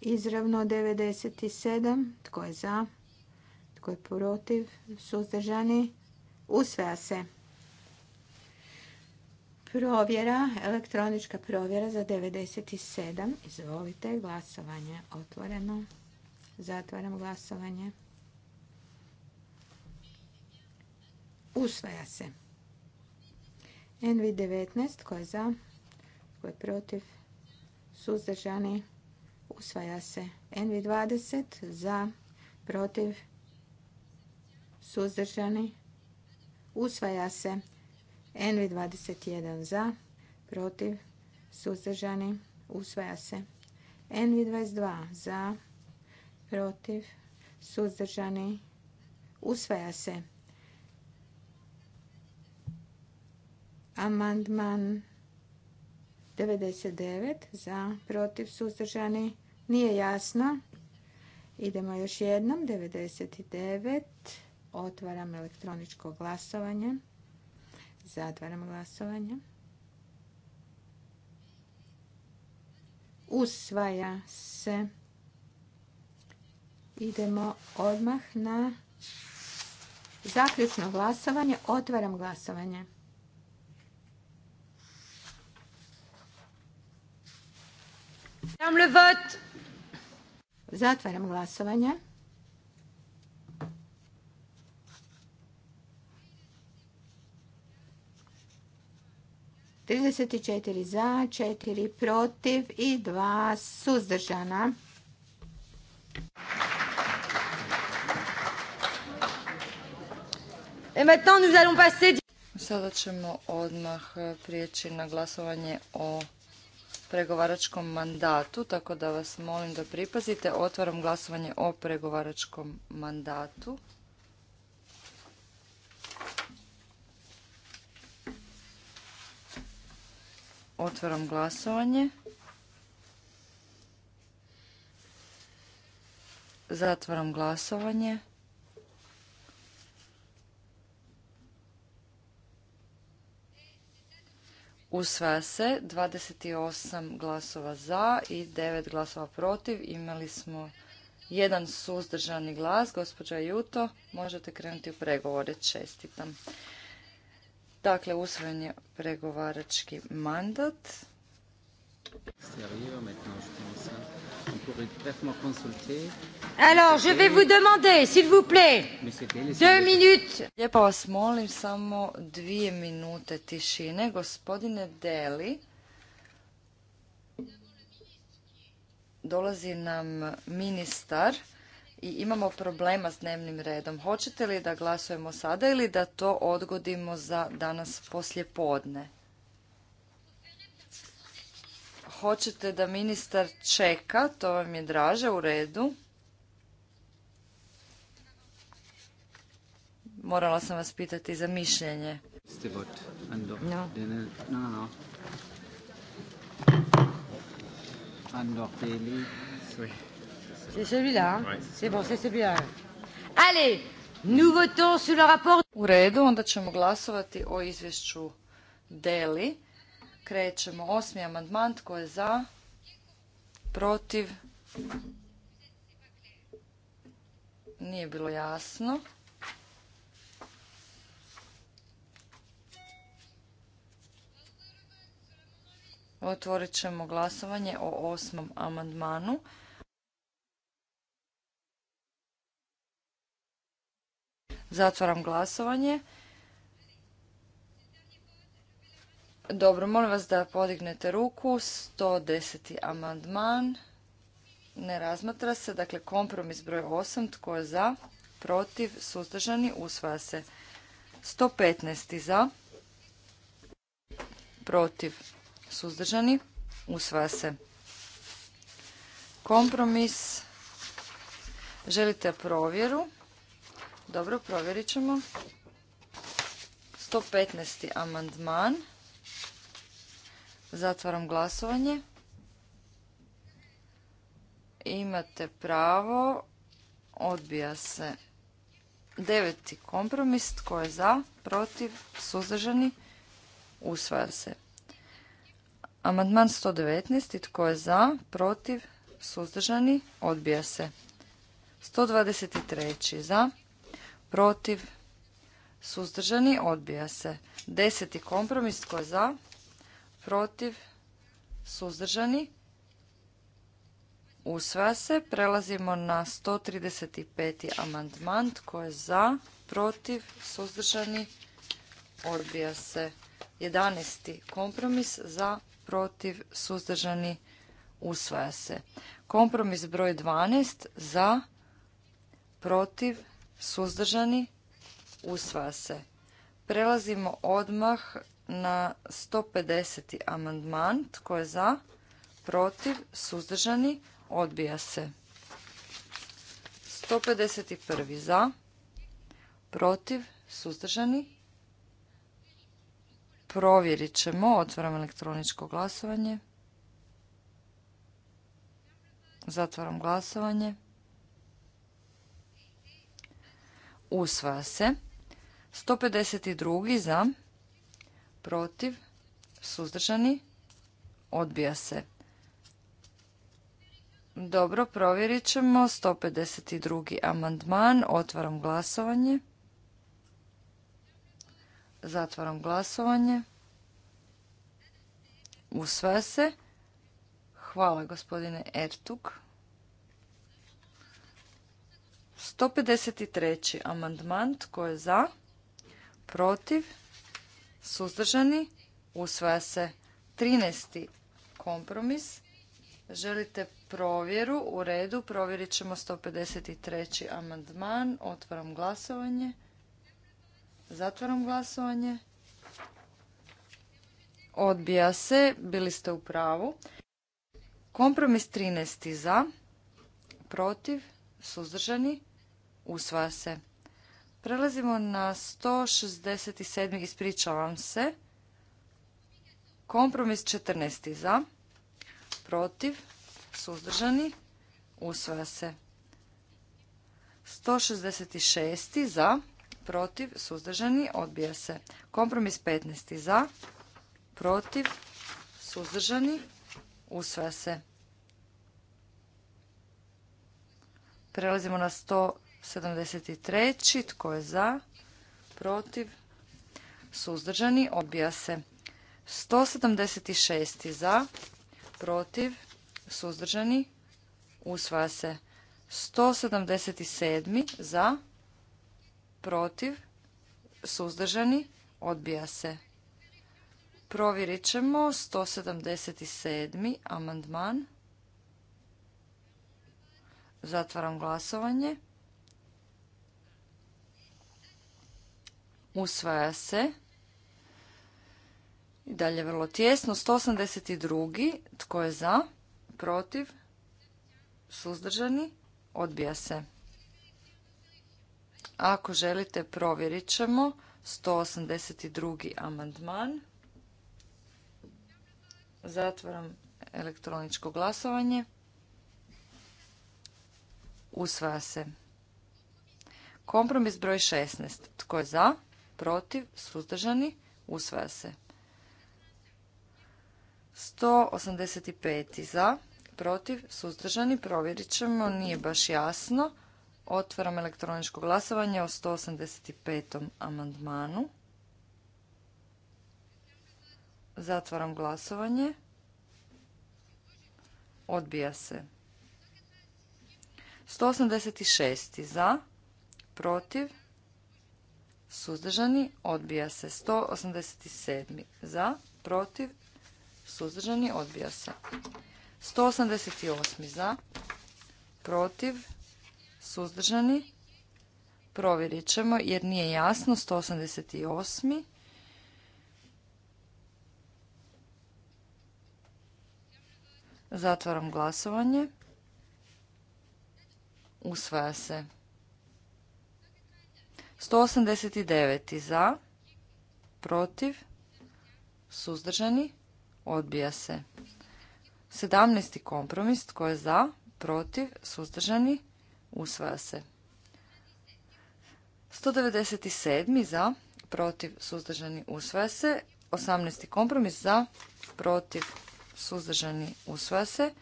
Izravno 97. Tko je za? Tko je protiv? Suzdržani? Usvaja se. Provjera, elektronička provjera za 97. Izvolite, glasovanje otvoreno. Zatvaram glasovanje. Usvaja se. NV19, tko je za, tko je protiv, suzdržani, usvaja se. NV20, za, protiv, suzdržani, usvaja se. Envi 21 za, protiv, suzdržani, usvaja se. NV22 za, protiv, suzdržani, usvaja se. Amandman 99 za, protiv, suzdržani, nije jasno. Idemo još jednom, 99, otvaram elektroničko glasovanje. Zatvaram glasovanje. Usvaja se. Idemo odmah na zaključno glasovanje. Otvaram glasovanje. Zatvaram glasovanje. 34 za, 4 protiv i 2 suzdržana. Sada ćemo odmah prijeći na glasovanje o pregovaračkom mandatu, tako da vas molim da pripazite. Otvaram glasovanje o pregovaračkom mandatu. Otvaram glasovanje. Zatvaram glasovanje. Usvaja se 28 glasova za i 9 glasova protiv. Imali smo jedan suzdržani glas. Gospođa Juto, možete krenuti u pregovore. Čestitam. Dakle, usvojen je pregovarački mandat. Alors, je vais vous demander, s'il vous plaît, deux minutes. Lijepo vas molim samo dvije minute tišine. Gospodine Deli, dolazi nam ministar i imamo problema s dnevnim redom. Hoćete li da glasujemo sada ili da to odgodimo za danas poslje podne? Hoćete da ministar čeka, to vam je draže, u redu. Morala sam vas pitati za mišljenje. C'est celui-là. C'est bon, c'est celui-là. le rapport. U redu, onda ćemo glasovati o izvješću Deli. Krećemo osmi amandman, tko je za, protiv, nije bilo jasno. Otvorit ćemo glasovanje o osmom amandmanu. Zatvaram glasovanje. Dobro, molim vas da podignete ruku. 110. amandman. Ne razmatra se. Dakle, kompromis broj 8. Tko je za? Protiv? Suzdržani? Usvaja se. 115. za? Protiv? Suzdržani? Usvaja se. Kompromis. Želite provjeru? Dobro, provjerit ćemo. 115. amandman. Zatvaram glasovanje. Imate pravo. Odbija se deveti kompromis. Tko je za? Protiv? Suzdržani? Usvaja se. Amandman 119. Tko je za? Protiv? Suzdržani? Odbija se. 123. Za? protiv, suzdržani, odbija se. Deseti kompromis, tko je za, protiv, suzdržani, usvaja se. Prelazimo na 135. amandman, tko je za, protiv, suzdržani, odbija se. 11. kompromis za, protiv, suzdržani, usvaja se. Kompromis broj 12 za, protiv, suzdržani, usvaja se. Prelazimo odmah na 150. amandman. Tko je za? Protiv? Suzdržani? Odbija se. 151. za? Protiv? Suzdržani? Provjerit ćemo. Otvaram elektroničko glasovanje. Zatvaram glasovanje. usvaja se. 152. za, protiv, suzdržani, odbija se. Dobro, provjerit ćemo 152. amandman. Otvaram glasovanje. Zatvaram glasovanje. Usvaja se. Hvala gospodine Ertug. 153. amandman tko je za, protiv, suzdržani, usvaja se 13. kompromis. Želite provjeru? U redu, provjerit ćemo 153. amandman. Otvaram glasovanje. Zatvaram glasovanje. Odbija se, bili ste u pravu. Kompromis 13. za, protiv, suzdržani, usvaja se. Prelazimo na 167. ispričavam se. Kompromis 14. za, protiv, suzdržani, usvaja se. 166. za, protiv, suzdržani, odbija se. Kompromis 15. za, protiv, suzdržani, usvaja se. Prelazimo na 100 73. Tko je za? Protiv? Suzdržani? Odbija se. 176. Za? Protiv? Suzdržani? Usvaja se. 177. Za? Protiv? Suzdržani? Odbija se. Provjerit ćemo 177. amandman. Zatvaram glasovanje. usvaja se. I dalje vrlo tjesno. 182. Tko je za? Protiv? Suzdržani? Odbija se. Ako želite, provjerit ćemo. 182. amandman. Zatvaram elektroničko glasovanje. Usvaja se. Kompromis broj 16. Tko je za? protiv, suzdržani, usvaja se. 185. za, protiv, suzdržani, provjerit ćemo, nije baš jasno. Otvaram elektroničko glasovanje o 185. amandmanu. Zatvaram glasovanje. Odbija se. 186. za, protiv, suzdržani, odbija se. 187. za, protiv, suzdržani, odbija se. 188. za, protiv, suzdržani, provjerit ćemo jer nije jasno. 188. Zatvaram glasovanje. Usvaja se. 189. za, protiv, suzdržani, odbija se. 17. kompromis, tko je za, protiv, suzdržani, usvaja se. 197. za, protiv, suzdržani, usvaja se. 18. kompromis za, protiv, suzdržani, usvaja se.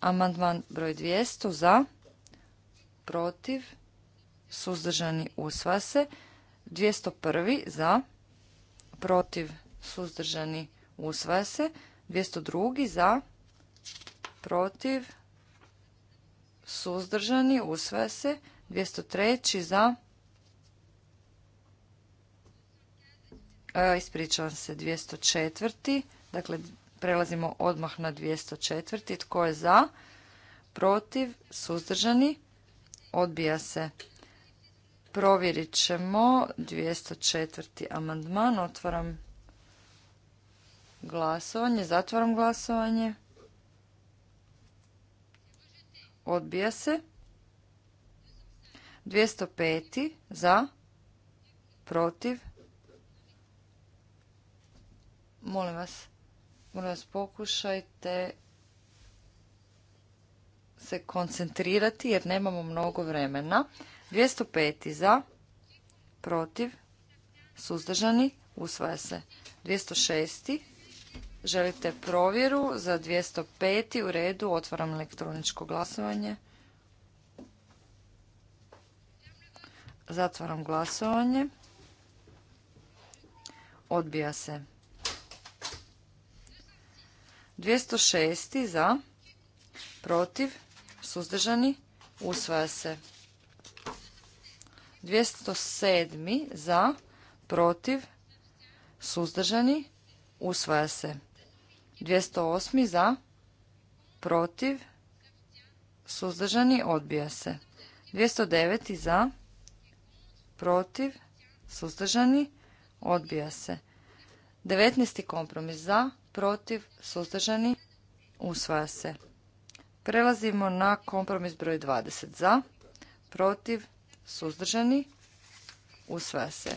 Amandman broj 200 za, protiv, suzdržani, usvaja se. 201. za, protiv, suzdržani, usvaja se. 202. za, protiv, suzdržani, usvaja se. 203. za, e, ispričavam se, 204. Dakle, prelazimo odmah na 204. Tko je za, protiv, suzdržani, odbija se. Provjerit ćemo 204. amandman. Otvaram glasovanje. Zatvaram glasovanje. Odbija se. 205. Za. Protiv. Molim vas. Molim vas pokušajte se koncentrirati jer nemamo mnogo vremena. 205. za, protiv, suzdržani, usvaja se. 206. Želite provjeru za 205. u redu, otvaram elektroničko glasovanje. Zatvaram glasovanje. Odbija se. 206. za, protiv, suzdržani, usvaja se. 207. za, protiv, suzdržani, usvaja se. 208. za, protiv, suzdržani, odbija se. 209. za, protiv, suzdržani, odbija se. 19. kompromis za, protiv, suzdržani, usvaja se. Prelazimo na kompromis broj 20 za, protiv, suzdržani, usvaja se.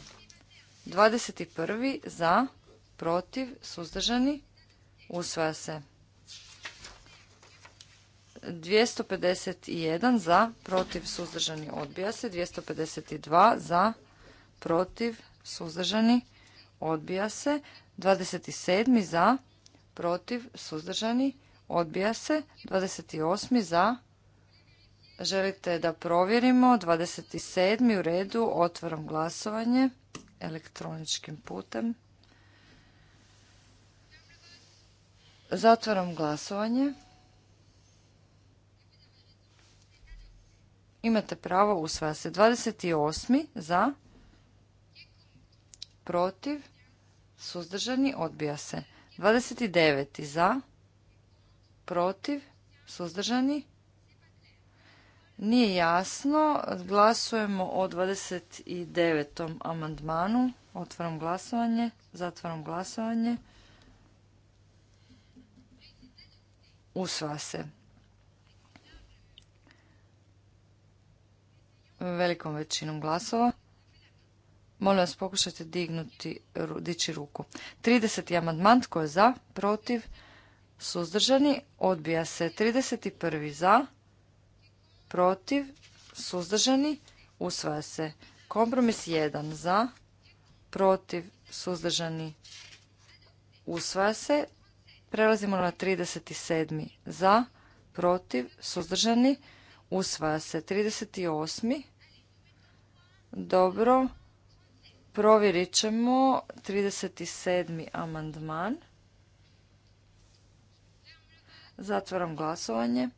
21. za, protiv, suzdržani, usvaja se. 251 za, protiv, suzdržani, odbija se. 252 za, protiv, suzdržani, odbija se. 27. za, protiv, suzdržani, odbija se. 28. za, Želite da provjerimo 27. u redu, otvaram glasovanje elektroničkim putem. Zatvaram glasovanje. Imate pravo, usvaja se. 28. za, protiv, suzdržani, odbija se. 29. za, protiv, suzdržani, nije jasno. Glasujemo o 29. amandmanu. Otvaram glasovanje. Zatvaram glasovanje. Usva se. Velikom većinom glasova. Molim vas pokušajte dignuti, dići ruku. 30. amandman. Tko je za? Protiv? Suzdržani? Odbija se. 31. za? protiv, suzdržani, usvaja se. Kompromis 1 za, protiv, suzdržani, usvaja se. Prelazimo na 37. za, protiv, suzdržani, usvaja se. 38. Dobro, provjerit ćemo 37. amandman. Zatvaram glasovanje.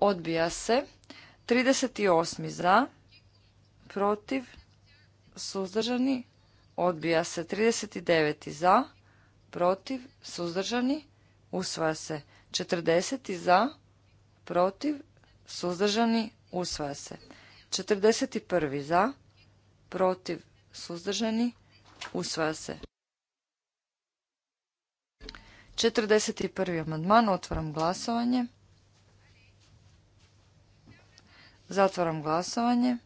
Odbija se. 38. za. Protiv. Suzdržani. Odbija se. 39. za. Protiv. Suzdržani. Usvaja se. 40. za. Protiv. Suzdržani. Usvaja se. 41. za. Protiv. Suzdržani. Usvaja se. 41. amandman. Otvaram glasovanje. Zatvaram glasovanje.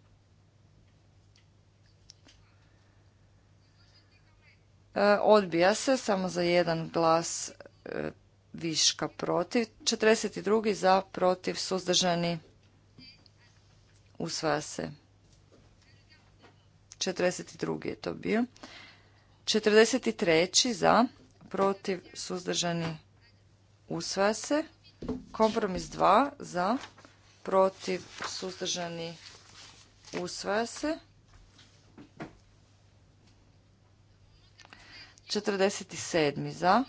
E, odbija se samo za jedan glas e, viška protiv. 42. za protiv suzdržani usvaja se. 42. je to bio. 43. za protiv suzdržani usvaja se. Kompromis 2 za protiv, suzdržani, usvaja se. 47. za,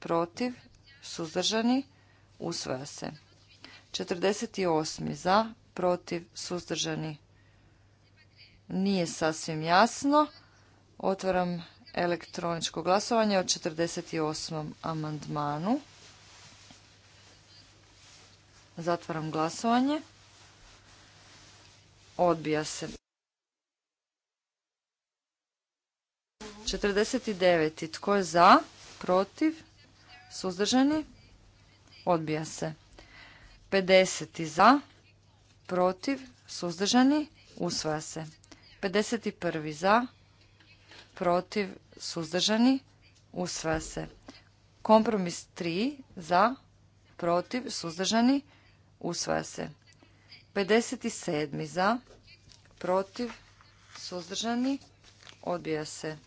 protiv, suzdržani, usvaja se. 48. za, protiv, suzdržani, nije sasvim jasno. Otvaram elektroničko glasovanje o 48. amandmanu. Zatvaram glasovanje. Odbija se. 49. Tko je za? Protiv? Suzdržani? Odbija se. 50. Za? Protiv? Suzdržani? Usvaja se. 51. Za? Protiv? Suzdržani? Usvaja se. Kompromis 3. Za? Protiv? Suzdržani? Usvaja se. 57. za, protiv, suzdržani, odbija se.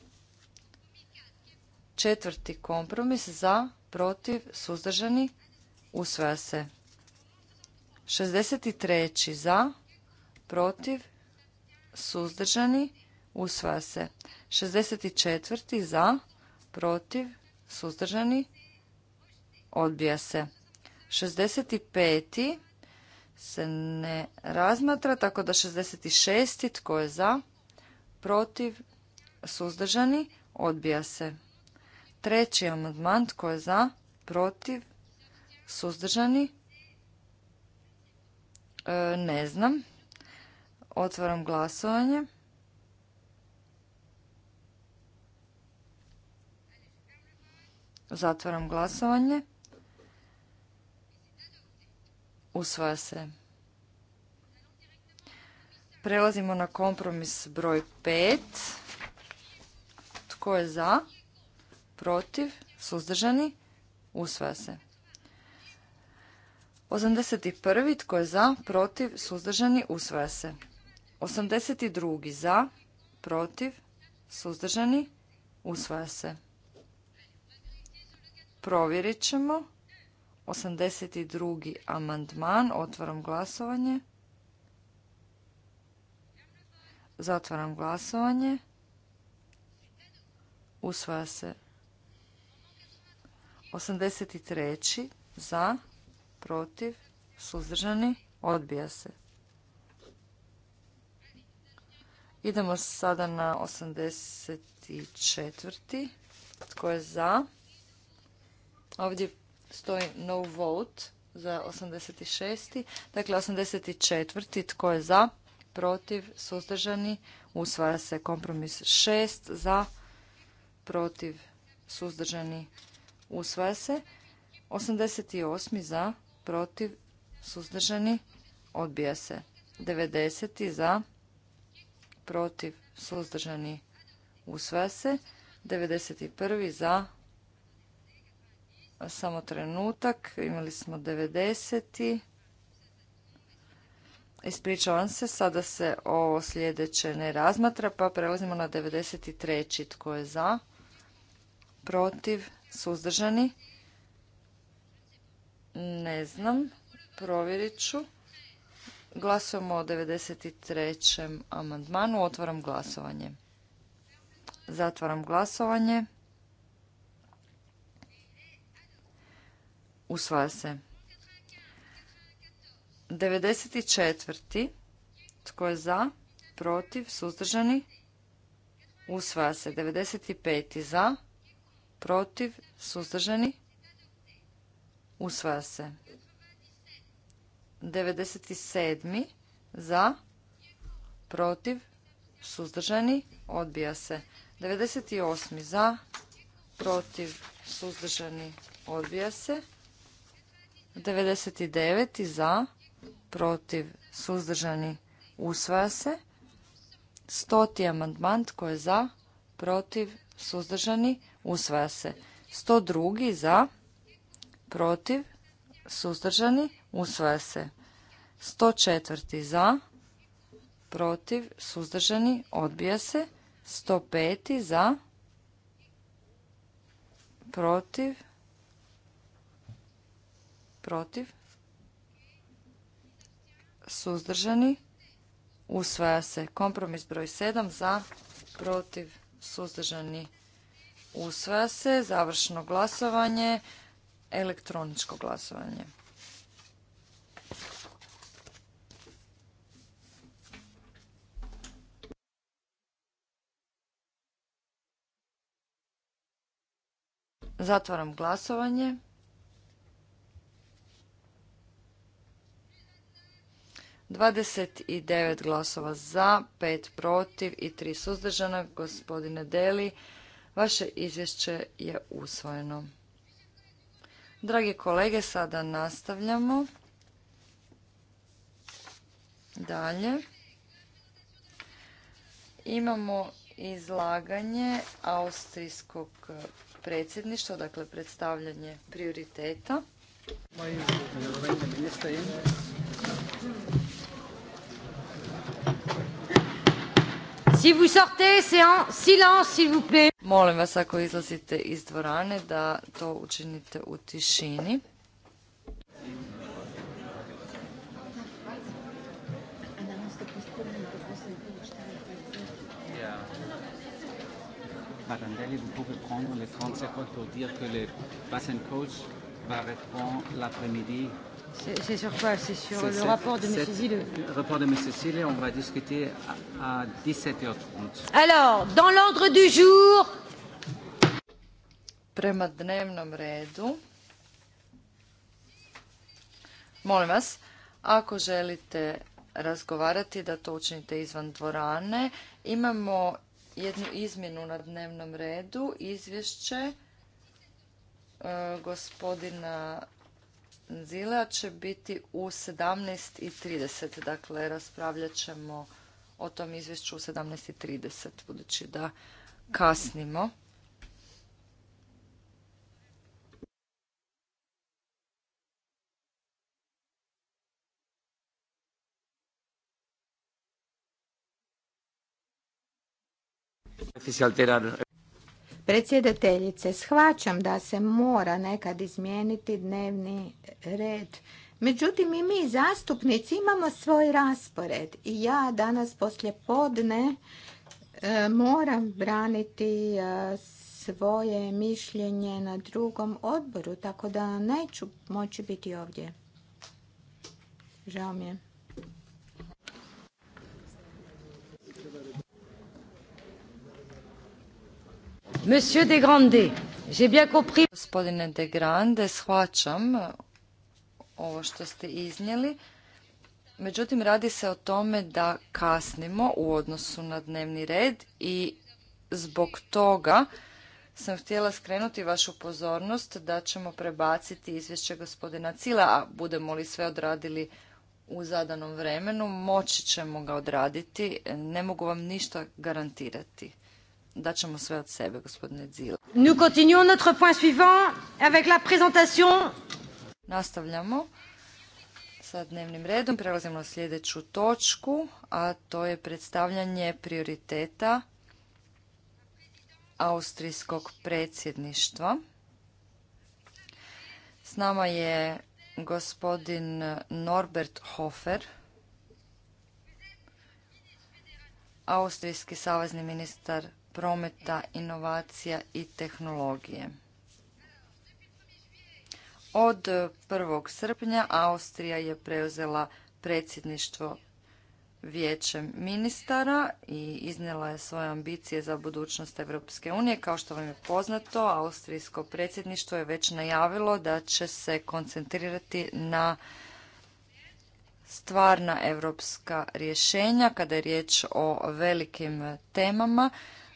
Četvrti kompromis za, protiv, suzdržani, usvaja se. 63. za, protiv, suzdržani, usvaja se. 64. za, protiv, suzdržani, odbija se. 65. se ne razmatra, tako da 66. tko je za, protiv, suzdržani, odbija se. Treći amandman tko je za, protiv, suzdržani, e, ne znam. Otvaram glasovanje. Zatvaram glasovanje. Usvaja se. Prelazimo na kompromis broj 5. Tko je za? Protiv? Suzdržani? Usvaja se. 81. Tko je za? Protiv? Suzdržani? Usvaja se. 82. Za? Protiv? Suzdržani? Usvaja se. Provjerit ćemo. 82. amandman. Otvaram glasovanje. Zatvaram glasovanje. Usvaja se. 83. Za, protiv, suzdržani, odbija se. Idemo sada na 84. Tko je za? Ovdje stoji no vote za 86. Dakle, 84. Tko je za? Protiv? Suzdržani? Usvaja se kompromis 6. Za? Protiv? Suzdržani? Usvaja se. 88. Za? Protiv? Suzdržani? Odbija se. 90. Za? Protiv? Suzdržani? Usvaja se. 91. Za? Samo trenutak, imali smo 90. Ispričavam se, sada se ovo sljedeće ne razmatra, pa prelazimo na 93. Tko je za? Protiv? Suzdržani? Ne znam. Provjerit ću. Glasujemo o 93. amandmanu. Otvaram glasovanje. Zatvaram glasovanje. Usvaja se. 94. Tko je za? Protiv? Suzdržani? Usvaja se. 95. Za? Protiv? Suzdržani? Usvaja se. 97. Za? Protiv? Suzdržani? Odbija se. 98. Za? Protiv? Suzdržani? Odbija se. 99. za, protiv, suzdržani, usvaja se. 100. amandman tko je za, protiv, suzdržani, usvaja se. 102. za, protiv, suzdržani, usvaja se. 104. za, protiv, suzdržani, odbija se. 105. za, protiv, protiv, suzdržani, usvaja se. Kompromis broj 7 za, protiv, suzdržani, usvaja se. Završno glasovanje, elektroničko glasovanje. Zatvaram glasovanje. 29 glasova za, 5 protiv i 3 suzdržana. Gospodine Deli, vaše izvješće je usvojeno. Dragi kolege, sada nastavljamo. Dalje. Imamo izlaganje austrijskog predsjedništva, dakle predstavljanje prioriteta. Si vous sortez, c'est silence, s'il vous plaît. Molim vas ako izlazite iz dvorane da to učinite u tišini. Barandelli, vous pouvez prendre les 30 secondes pour dire que le bassin coach va répondre l'après-midi C'est sur quoi C'est sur le rapport de M. Le rapport de M. Sile, on va discuter à, 17h30. Alors, dans l'ordre du jour... Prema dnevnom redu. Molim vas, ako želite razgovarati, da to učinite izvan dvorane. Imamo jednu izmjenu na dnevnom redu, izvješće e, gospodina Zilea će biti u 17.30. Dakle, raspravljat ćemo o tom izvješću u 17.30, budući da kasnimo predsjedateljice. Shvaćam da se mora nekad izmijeniti dnevni red. Međutim, i mi zastupnici imamo svoj raspored. I ja danas poslje podne e, moram braniti e, svoje mišljenje na drugom odboru, tako da neću moći biti ovdje. Žao mi je. Monsieur j'ai bien Gospodine de Grande, shvaćam ovo što ste iznijeli. Međutim, radi se o tome da kasnimo u odnosu na dnevni red i zbog toga sam htjela skrenuti vašu pozornost da ćemo prebaciti izvješće gospodina Cila, a budemo li sve odradili u zadanom vremenu, moći ćemo ga odraditi, ne mogu vam ništa garantirati da ćemo sve od sebe, gospodine Zila. Nous continuons notre point suivant avec la présentation. Nastavljamo sa dnevnim redom. Prelazimo na sljedeću točku, a to je predstavljanje prioriteta austrijskog predsjedništva. S nama je gospodin Norbert Hofer, austrijski savezni ministar prometa, inovacija i tehnologije. Od 1. srpnja Austrija je preuzela predsjedništvo vijećem ministara i iznijela je svoje ambicije za budućnost Europske unije. Kao što vam je poznato, austrijsko predsjedništvo je već najavilo da će se koncentrirati na stvarna europska rješenja kada je riječ o velikim temama.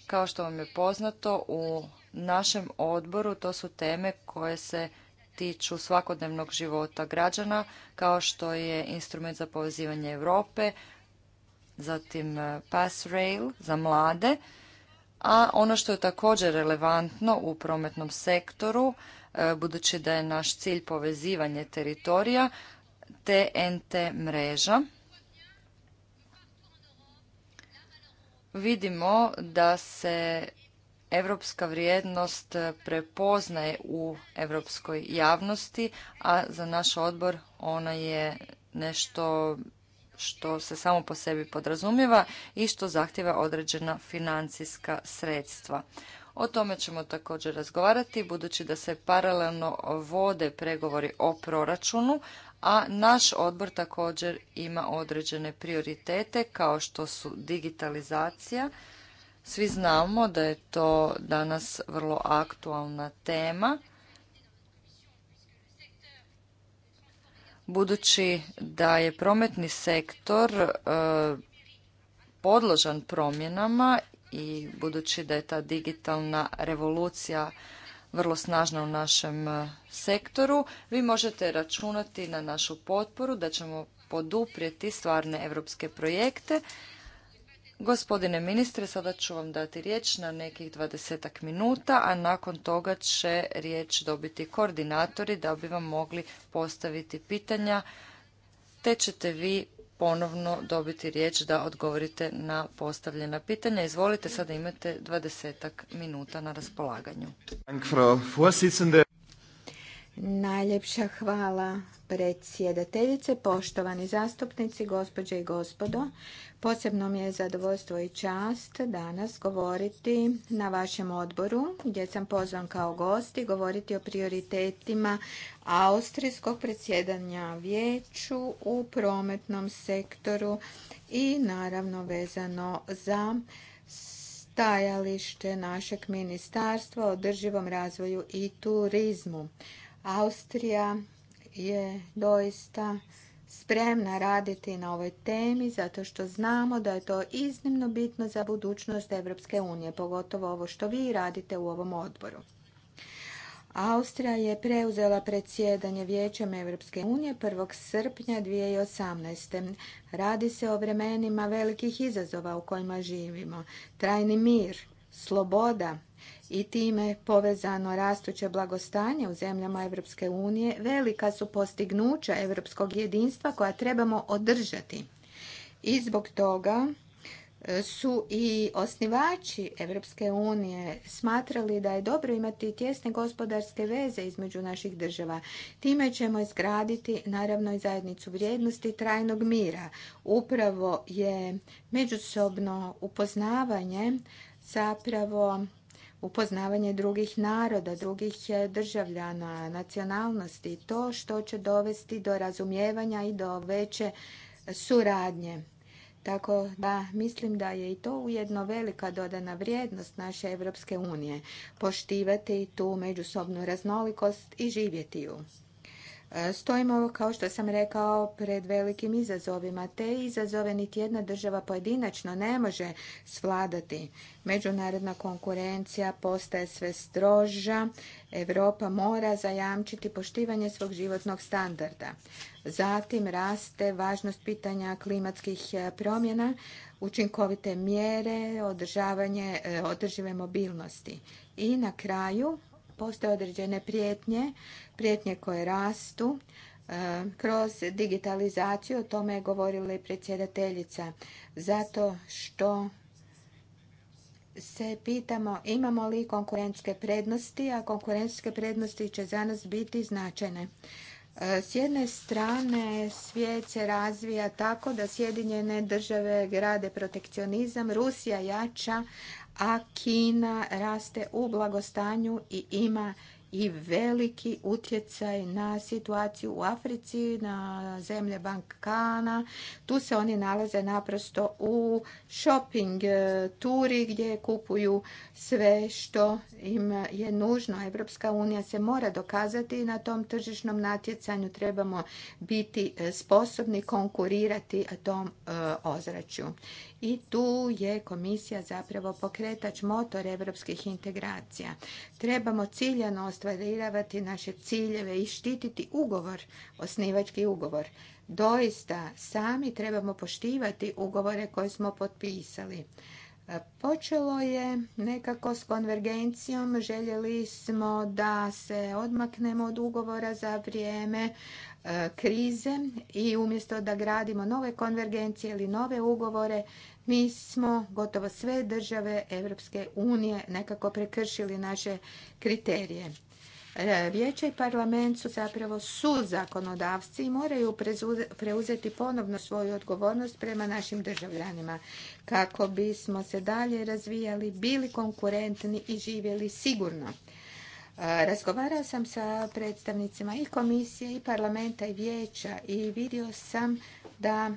Kao što vam je poznato, u našem odboru to su teme koje se tiču svakodnevnog života građana, kao što je instrument za povezivanje Europe, zatim eh, pass rail za mlade, a ono što je također relevantno u prometnom sektoru, eh, budući da je naš cilj povezivanje teritorija, TNT mreža. vidimo da se europska vrijednost prepoznaje u europskoj javnosti, a za naš odbor ona je nešto što se samo po sebi podrazumijeva i što zahtjeva određena financijska sredstva. O tome ćemo također razgovarati budući da se paralelno vode pregovori o proračunu, a naš odbor također ima određene prioritete kao što su digitalizacija. Svi znamo da je to danas vrlo aktualna tema. Budući da je prometni sektor e, podložan promjenama i budući da je ta digitalna revolucija vrlo snažna u našem e, sektoru. Vi možete računati na našu potporu da ćemo poduprijeti stvarne europske projekte. Gospodine ministre, sada ću vam dati riječ na nekih dvadesetak minuta, a nakon toga će riječ dobiti koordinatori da bi vam mogli postaviti pitanja, te ćete vi ponovno dobiti riječ da odgovorite na postavljena pitanja. Izvolite, sada imate dvadesetak minuta na raspolaganju. Najljepša hvala predsjedateljice, poštovani zastupnici, gospođe i gospodo. Posebno mi je zadovoljstvo i čast danas govoriti na vašem odboru gdje sam pozvan kao gost i govoriti o prioritetima austrijskog predsjedanja vijeću u prometnom sektoru i naravno vezano za stajalište našeg ministarstva o održivom razvoju i turizmu. Austrija je doista spremna raditi na ovoj temi zato što znamo da je to iznimno bitno za budućnost Europske unije, pogotovo ovo što vi radite u ovom odboru. Austrija je preuzela predsjedanje Vijećem Europske unije 1. srpnja 2018. Radi se o vremenima velikih izazova u kojima živimo. Trajni mir, sloboda, i time povezano rastuće blagostanje u zemljama Evropske unije velika su postignuća europskog jedinstva koja trebamo održati. I zbog toga e, su i osnivači Evropske unije smatrali da je dobro imati tjesne gospodarske veze između naših država. Time ćemo izgraditi naravno i zajednicu vrijednosti trajnog mira. Upravo je međusobno upoznavanje zapravo upoznavanje drugih naroda, drugih e, državljana, nacionalnosti, to što će dovesti do razumijevanja i do veće suradnje. Tako da mislim da je i to ujedno velika dodana vrijednost naše Evropske unije, poštivati tu međusobnu raznolikost i živjeti ju. E, stojimo, kao što sam rekao, pred velikim izazovima. Te izazove niti jedna država pojedinačno ne može svladati. Međunarodna konkurencija postaje sve stroža. Europa mora zajamčiti poštivanje svog životnog standarda. Zatim raste važnost pitanja klimatskih e, promjena, učinkovite mjere, održavanje e, održive mobilnosti. I na kraju Postoje određene prijetnje, prijetnje koje rastu e, kroz digitalizaciju, o tome je govorila i predsjedateljica, zato što se pitamo imamo li konkurentske prednosti, a konkurentske prednosti će za nas biti značajne. E, s jedne strane svijet se razvija tako da Sjedinjene države grade protekcionizam, Rusija jača, a Kina raste u blagostanju i ima i veliki utjecaj na situaciju u Africi, na zemlje Bankana. Tu se oni nalaze naprosto u shopping e, turi gdje kupuju sve što im je nužno. Evropska unija se mora dokazati na tom tržišnom natjecanju trebamo biti e, sposobni konkurirati tom e, ozračju. I tu je komisija zapravo pokretač motor evropskih integracija. Trebamo ciljano ostvarivati naše ciljeve i štititi ugovor, osnivački ugovor. Doista, sami trebamo poštivati ugovore koje smo potpisali. Počelo je nekako s konvergencijom, željeli smo da se odmaknemo od ugovora za vrijeme e, krize i umjesto da gradimo nove konvergencije ili nove ugovore, mi smo gotovo sve države Europske unije nekako prekršili naše kriterije. E, vijeće i parlament su zapravo su zakonodavci i moraju preuzeti ponovno svoju odgovornost prema našim državljanima kako bismo se dalje razvijali, bili konkurentni i živjeli sigurno. E, razgovarao sam sa predstavnicima i komisije i parlamenta i vijeća i vidio sam da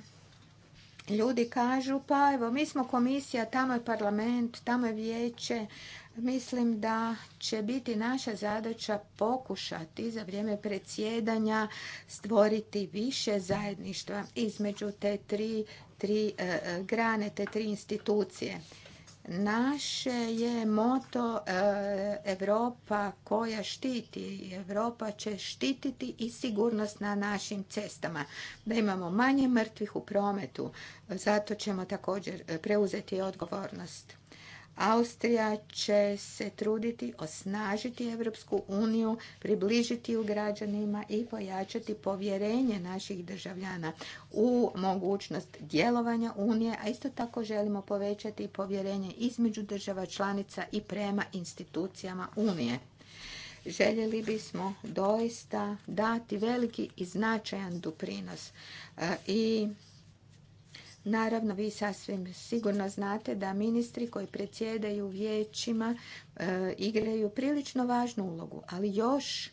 ljudi kažu pa evo mi smo komisija, tamo je parlament, tamo je vijeće, Mislim da će biti naša zadaća pokušati za vrijeme predsjedanja stvoriti više zajedništva između te tri, tri e, e, grane, te tri institucije. Naše je moto Europa koja štiti. Europa će štititi i sigurnost na našim cestama. Da imamo manje mrtvih u prometu, zato ćemo također e, preuzeti odgovornost. Austrija će se truditi osnažiti Europsku uniju, približiti ju građanima i pojačati povjerenje naših državljana u mogućnost djelovanja unije, a isto tako želimo povećati povjerenje između država članica i prema institucijama unije željeli bismo doista dati veliki i značajan doprinos e, i Naravno, vi sasvim sigurno znate da ministri koji predsjedaju vijećima e, igraju prilično važnu ulogu, ali još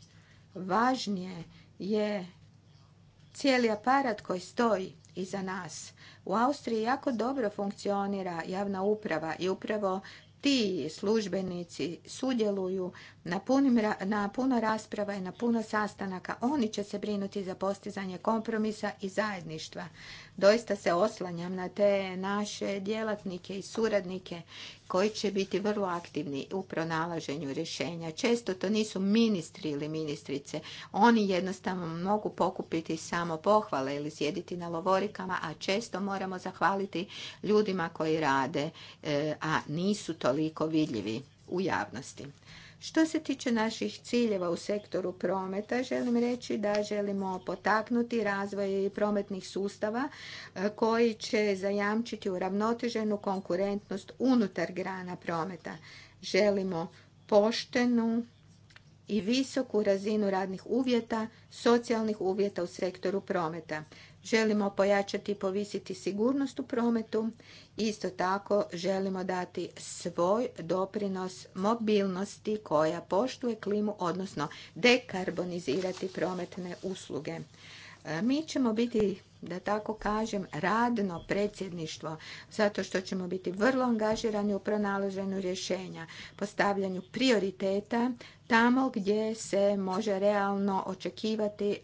važnije je cijeli aparat koji stoji iza nas. U Austriji jako dobro funkcionira javna uprava i upravo ti službenici sudjeluju na, punim, na puno rasprava i na puno sastanaka. Oni će se brinuti za postizanje kompromisa i zajedništva. Doista se oslanjam na te naše djelatnike i suradnike koji će biti vrlo aktivni u pronalaženju rješenja. Često to nisu ministri ili ministrice. Oni jednostavno mogu pokupiti samo pohvale ili sjediti na lovorikama, a često moramo zahvaliti ljudima koji rade, e, a nisu toliko vidljivi u javnosti. Što se tiče naših ciljeva u sektoru prometa, želim reći da želimo potaknuti razvoj prometnih sustava e, koji će zajamčiti uravnoteženu konkurentnost unutar grana prometa. Želimo poštenu i visoku razinu radnih uvjeta, socijalnih uvjeta u sektoru prometa. Želimo pojačati i povisiti sigurnost u prometu. Isto tako želimo dati svoj doprinos mobilnosti koja poštuje klimu, odnosno dekarbonizirati prometne usluge. E, mi ćemo biti da tako kažem, radno predsjedništvo, zato što ćemo biti vrlo angažirani u pronalaženju rješenja, postavljanju prioriteta tamo gdje se može realno očekivati e,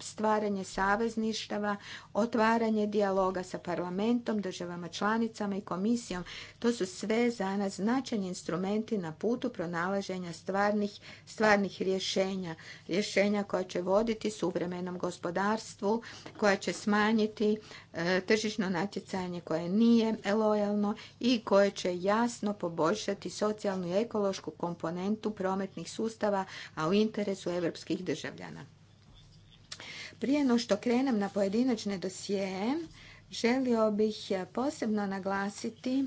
stvaranje savezništava, otvaranje dijaloga sa parlamentom, državama članicama i komisijom. To su sve za nas značajni instrumenti na putu pronalaženja stvarnih, stvarnih rješenja. Rješenja koja će voditi suvremenom gospodarstvu, koja će smanjiti e, tržišno natjecanje koje nije lojalno i koje će jasno poboljšati socijalnu i ekološku komponentu prometnih sustava, a u interesu evropskih državljana. Prije no što krenem na pojedinačne dosije, želio bih posebno naglasiti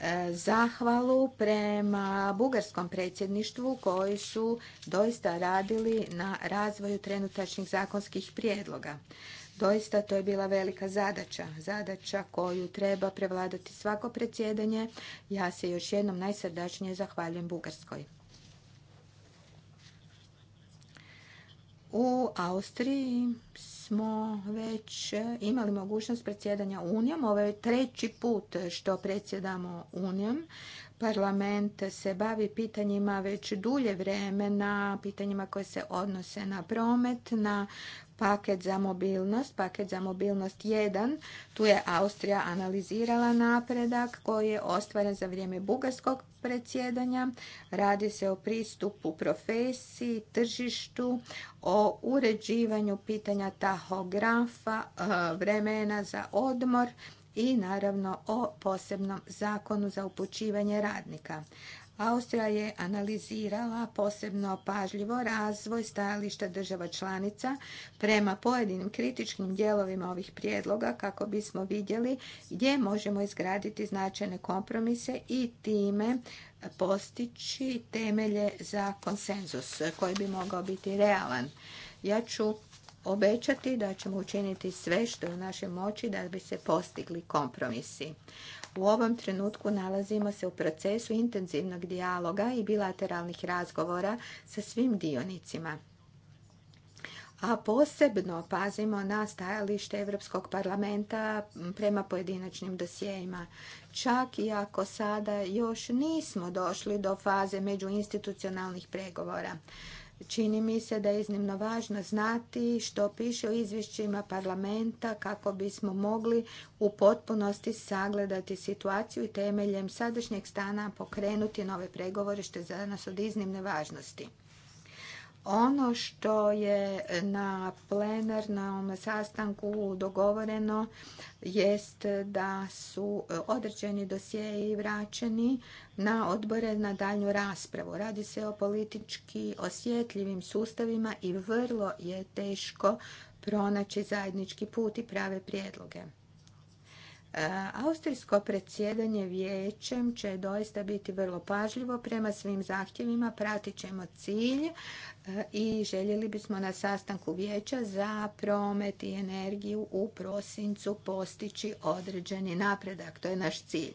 e, zahvalu prema bugarskom predsjedništvu koji su doista radili na razvoju trenutačnih zakonskih prijedloga. Doista to je bila velika zadaća, zadaća koju treba prevladati svako predsjedanje. Ja se još jednom najsrdačnije zahvaljujem Bugarskoj. U Austriji smo već imali mogućnost predsjedanja Unijom. Ovo je treći put što predsjedamo Unijom parlament se bavi pitanjima već dulje vremena, pitanjima koje se odnose na promet, na paket za mobilnost, paket za mobilnost 1. Tu je Austrija analizirala napredak koji je ostvaren za vrijeme bugarskog predsjedanja. Radi se o pristupu profesiji, tržištu, o uređivanju pitanja tahografa, e, vremena za odmor i naravno o posebnom zakonu za upućivanje radnika. Austrija je analizirala posebno pažljivo razvoj stajališta država članica prema pojedinim kritičkim dijelovima ovih prijedloga kako bismo vidjeli gdje možemo izgraditi značajne kompromise i time postići temelje za konsenzus koji bi mogao biti realan. Ja ću obećati da ćemo učiniti sve što je u našoj moći da bi se postigli kompromisi. U ovom trenutku nalazimo se u procesu intenzivnog dijaloga i bilateralnih razgovora sa svim dionicima. A posebno pazimo na stajalište Europskog parlamenta prema pojedinačnim dosjejima. Čak i ako sada još nismo došli do faze međuinstitucionalnih pregovora. Čini mi se da je iznimno važno znati što piše u izvješćima parlamenta kako bismo mogli u potpunosti sagledati situaciju i temeljem sadašnjeg stana pokrenuti nove pregovore što je za nas od iznimne važnosti. Ono što je na plenarnom sastanku dogovoreno jest da su e, određeni dosjeji vraćeni na odbore na daljnju raspravu. Radi se o politički osjetljivim sustavima i vrlo je teško pronaći zajednički put i prave prijedloge. E, Austrijsko predsjedanje vijećem će doista biti vrlo pažljivo prema svim zahtjevima. Pratit ćemo cilj i željeli bismo na sastanku vijeća za promet i energiju u prosincu postići određeni napredak. To je naš cilj.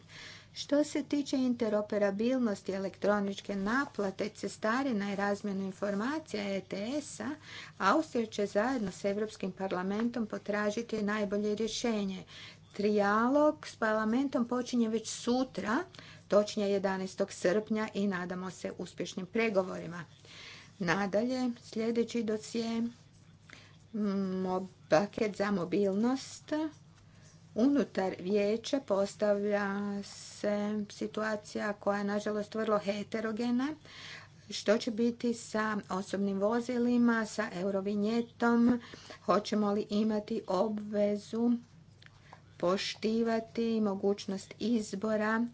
Što se tiče interoperabilnosti elektroničke naplate cestarina i razmjenu informacija ETS-a, Austrija će zajedno s Europskim parlamentom potražiti najbolje rješenje. Trijalog s parlamentom počinje već sutra, točnije 11. srpnja i nadamo se uspješnim pregovorima. Nadalje, sljedeći dosje, paket za mobilnost. Unutar vijeća postavlja se situacija koja je nažalost vrlo heterogena. Što će biti sa osobnim vozilima, sa eurovinjetom? Hoćemo li imati obvezu poštivati mogućnost izbora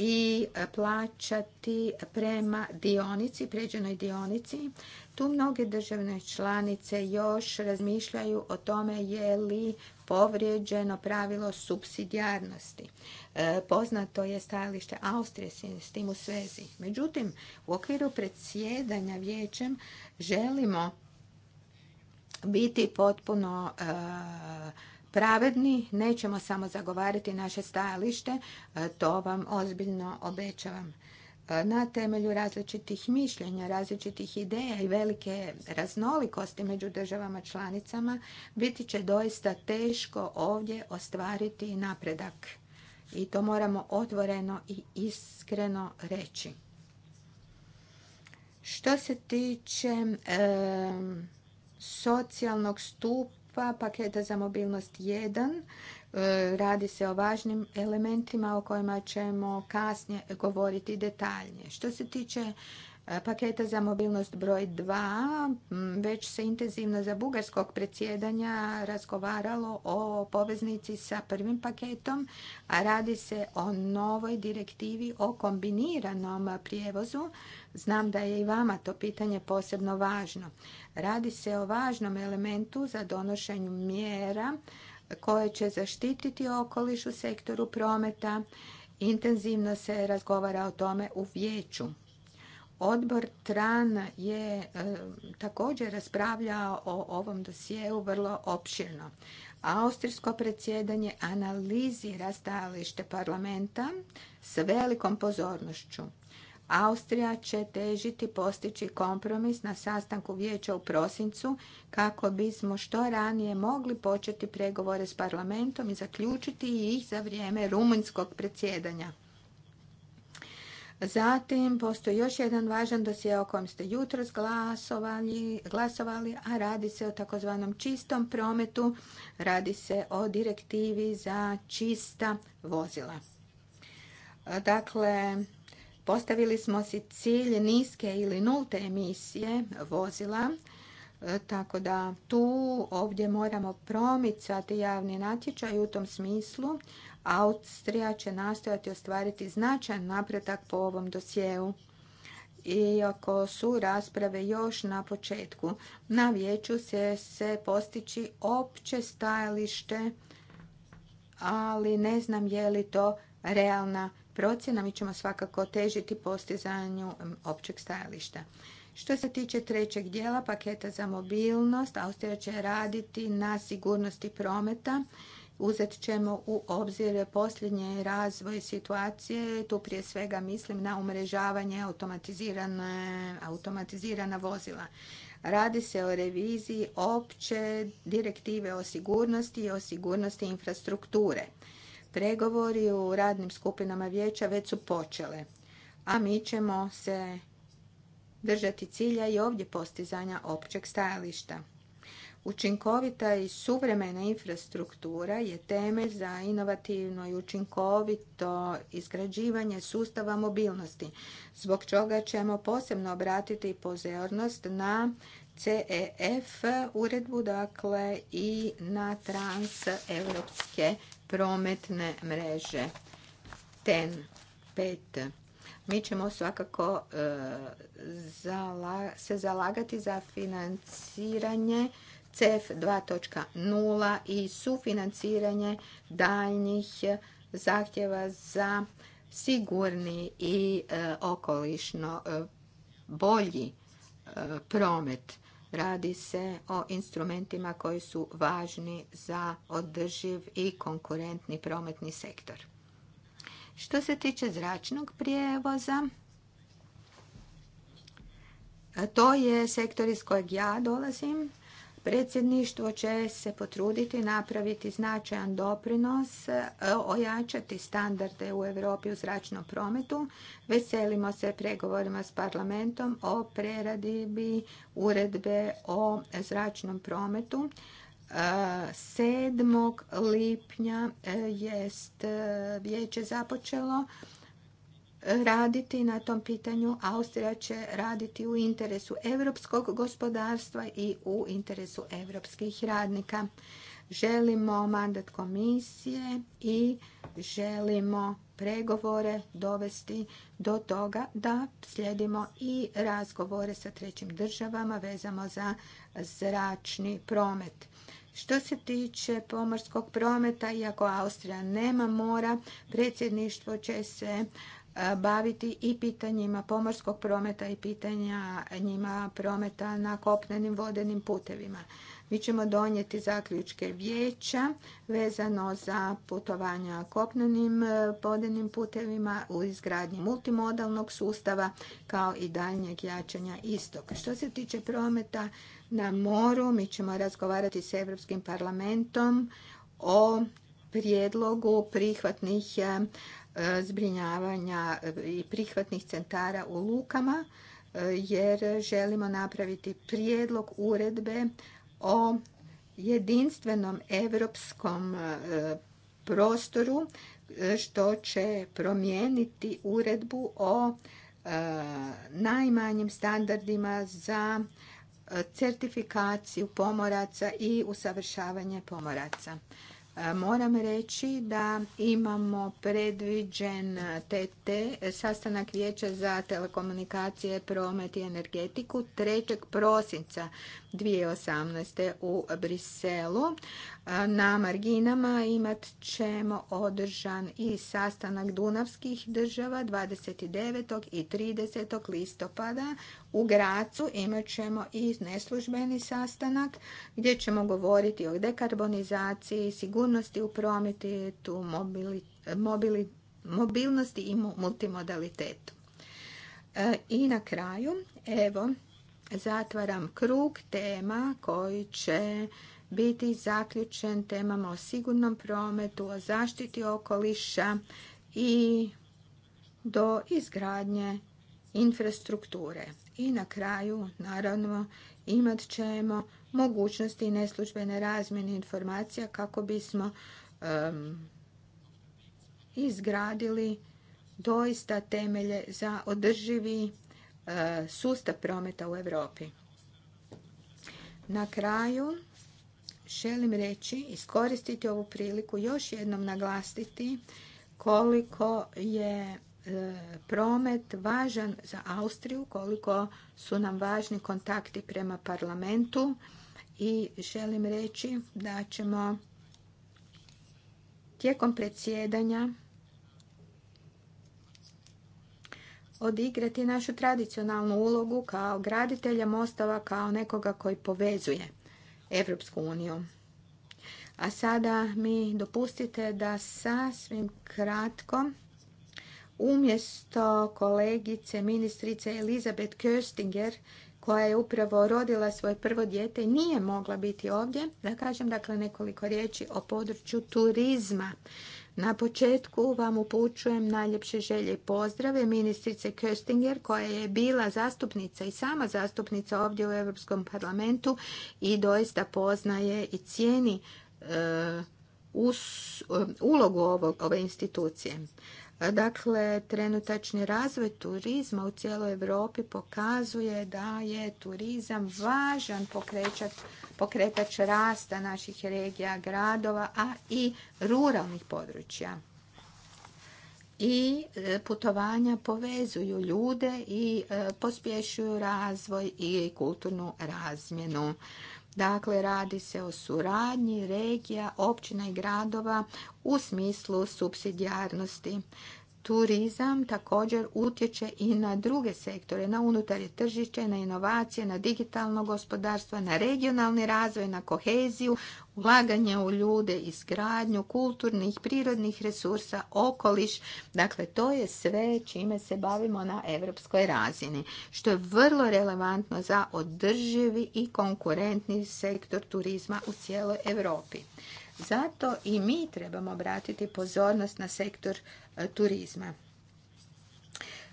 i plaćati prema dionici, pređenoj dionici. Tu mnoge državne članice još razmišljaju o tome je li povrijeđeno pravilo subsidijarnosti. E, poznato je stajalište Austrije s tim u svezi. Međutim, u okviru predsjedanja vijećem želimo biti potpuno e, pravedni, nećemo samo zagovarati naše stajalište, e, to vam ozbiljno obećavam. E, na temelju različitih mišljenja, različitih ideja i velike raznolikosti među državama članicama, biti će doista teško ovdje ostvariti napredak. I to moramo otvoreno i iskreno reći. Što se tiče socijalnog stupa, pa paketa za mobilnost 1. E, radi se o važnim elementima o kojima ćemo kasnije govoriti detaljnije. Što se tiče paketa za mobilnost broj 2 već se intenzivno za bugarskog predsjedanja razgovaralo o poveznici sa prvim paketom, a radi se o novoj direktivi o kombiniranom prijevozu. Znam da je i vama to pitanje posebno važno. Radi se o važnom elementu za donošenju mjera koje će zaštititi okoliš u sektoru prometa. Intenzivno se razgovara o tome u vijeću. Odbor TRAN je e, također raspravljao o ovom dosijeu vrlo opširno. Austrijsko predsjedanje analizira stajalište parlamenta s velikom pozornošću. Austrija će težiti postići kompromis na sastanku vijeća u prosincu kako bismo što ranije mogli početi pregovore s parlamentom i zaključiti ih za vrijeme rumunjskog predsjedanja. Zatim postoji još jedan važan dosje o kojem ste jutro glasovali, glasovali, a radi se o takozvanom čistom prometu, radi se o direktivi za čista vozila. Dakle, postavili smo si cilj niske ili nulte emisije vozila, e, tako da tu ovdje moramo promicati javni natječaj u tom smislu Austrija će nastojati ostvariti značajan napredak po ovom dosjeu iako su rasprave još na početku. Na vijeću će se postići opće stajalište, ali ne znam je li to realna procjena. Mi ćemo svakako težiti postizanju općeg stajališta. Što se tiče trećeg dijela paketa za mobilnost, Austrija će raditi na sigurnosti prometa uzet ćemo u obzir posljednje razvoj situacije. Tu prije svega mislim na umrežavanje automatizirana vozila. Radi se o reviziji opće direktive o sigurnosti i o sigurnosti infrastrukture. Pregovori u radnim skupinama vijeća već su počele, a mi ćemo se držati cilja i ovdje postizanja općeg stajališta. Učinkovita i suvremena infrastruktura je temelj za inovativno i učinkovito izgrađivanje sustava mobilnosti, zbog čega ćemo posebno obratiti pozornost na CEF uredbu dakle, i na transeuropske prometne mreže TEN pet, Mi ćemo svakako e, se zalagati za financiranje CEF 2.0 i sufinanciranje daljnjih zahtjeva za sigurni i e, okolišno e, bolji e, promet. Radi se o instrumentima koji su važni za održiv i konkurentni prometni sektor. Što se tiče zračnog prijevoza, to je sektor iz kojeg ja dolazim. Predsjedništvo će se potruditi napraviti značajan doprinos, e, ojačati standarde u Europi u zračnom prometu. Veselimo se pregovorima s parlamentom o preradibi uredbe o zračnom prometu. 7. E, lipnja e, jest vijeće započelo raditi na tom pitanju. Austrija će raditi u interesu europskog gospodarstva i u interesu europskih radnika. Želimo mandat komisije i želimo pregovore dovesti do toga da slijedimo i razgovore sa trećim državama vezano za zračni promet. Što se tiče pomorskog prometa, iako Austrija nema mora, predsjedništvo će se baviti i pitanjima pomorskog prometa i pitanja njima prometa na kopnenim vodenim putevima. Mi ćemo donijeti zaključke vijeća vezano za putovanja kopnenim e, vodenim putevima u izgradnji multimodalnog sustava kao i daljnjeg jačanja istog. Što se tiče prometa na moru, mi ćemo razgovarati s Europskim parlamentom o prijedlogu prihvatnih e, E, zbrinjavanja i prihvatnih centara u lukama e, jer želimo napraviti prijedlog uredbe o jedinstvenom europskom e, prostoru što će promijeniti uredbu o najmanjim standardima za certifikaciju pomoraca i usavršavanje pomoraca. Moram reći da imamo predviđen TT, sastanak vijeća za telekomunikacije, promet i energetiku 3. prosinca 2018. u Briselu na marginama imat ćemo održan i sastanak Dunavskih država 29. i 30. listopada. U Gracu imat ćemo i neslužbeni sastanak gdje ćemo govoriti o dekarbonizaciji, sigurnosti u prometu, mobilnosti i multimodalitetu. E, I na kraju, evo, zatvaram krug tema koji će biti zaključen temama o sigurnom prometu, o zaštiti okoliša i do izgradnje infrastrukture. I na kraju, naravno, imat ćemo mogućnosti i neslužbene razmjene informacija kako bismo izgradili doista temelje za održivi e, sustav prometa u Europi. Na kraju želim reći, iskoristiti ovu priliku, još jednom naglasiti koliko je e, promet važan za Austriju, koliko su nam važni kontakti prema parlamentu i želim reći da ćemo tijekom predsjedanja odigrati našu tradicionalnu ulogu kao graditelja mostova, kao nekoga koji povezuje. Evropsku uniju. A sada mi dopustite da sasvim kratko umjesto kolegice ministrice Elizabeth Köstinger koja je upravo rodila svoje prvo dijete nije mogla biti ovdje, da kažem dakle nekoliko riječi o području turizma. Na početku vam upućujem najljepše želje i pozdrave ministrice Köstinger koja je bila zastupnica i sama zastupnica ovdje u Europskom parlamentu i doista poznaje i cijeni e, e, ulogu ovog, ove institucije. Dakle, trenutačni razvoj turizma u cijeloj Europi pokazuje da je turizam važan pokrećat pokretač rasta naših regija, gradova, a i ruralnih područja. I e, putovanja povezuju ljude i e, pospješuju razvoj i kulturnu razmjenu. Dakle, radi se o suradnji regija, općina i gradova u smislu subsidijarnosti turizam također utječe i na druge sektore, na unutarnje tržište, na inovacije, na digitalno gospodarstvo, na regionalni razvoj, na koheziju, ulaganje u ljude, izgradnju kulturnih, prirodnih resursa, okoliš. Dakle, to je sve čime se bavimo na europskoj razini, što je vrlo relevantno za održivi i konkurentni sektor turizma u cijeloj Europi. Zato i mi trebamo obratiti pozornost na sektor e, turizma.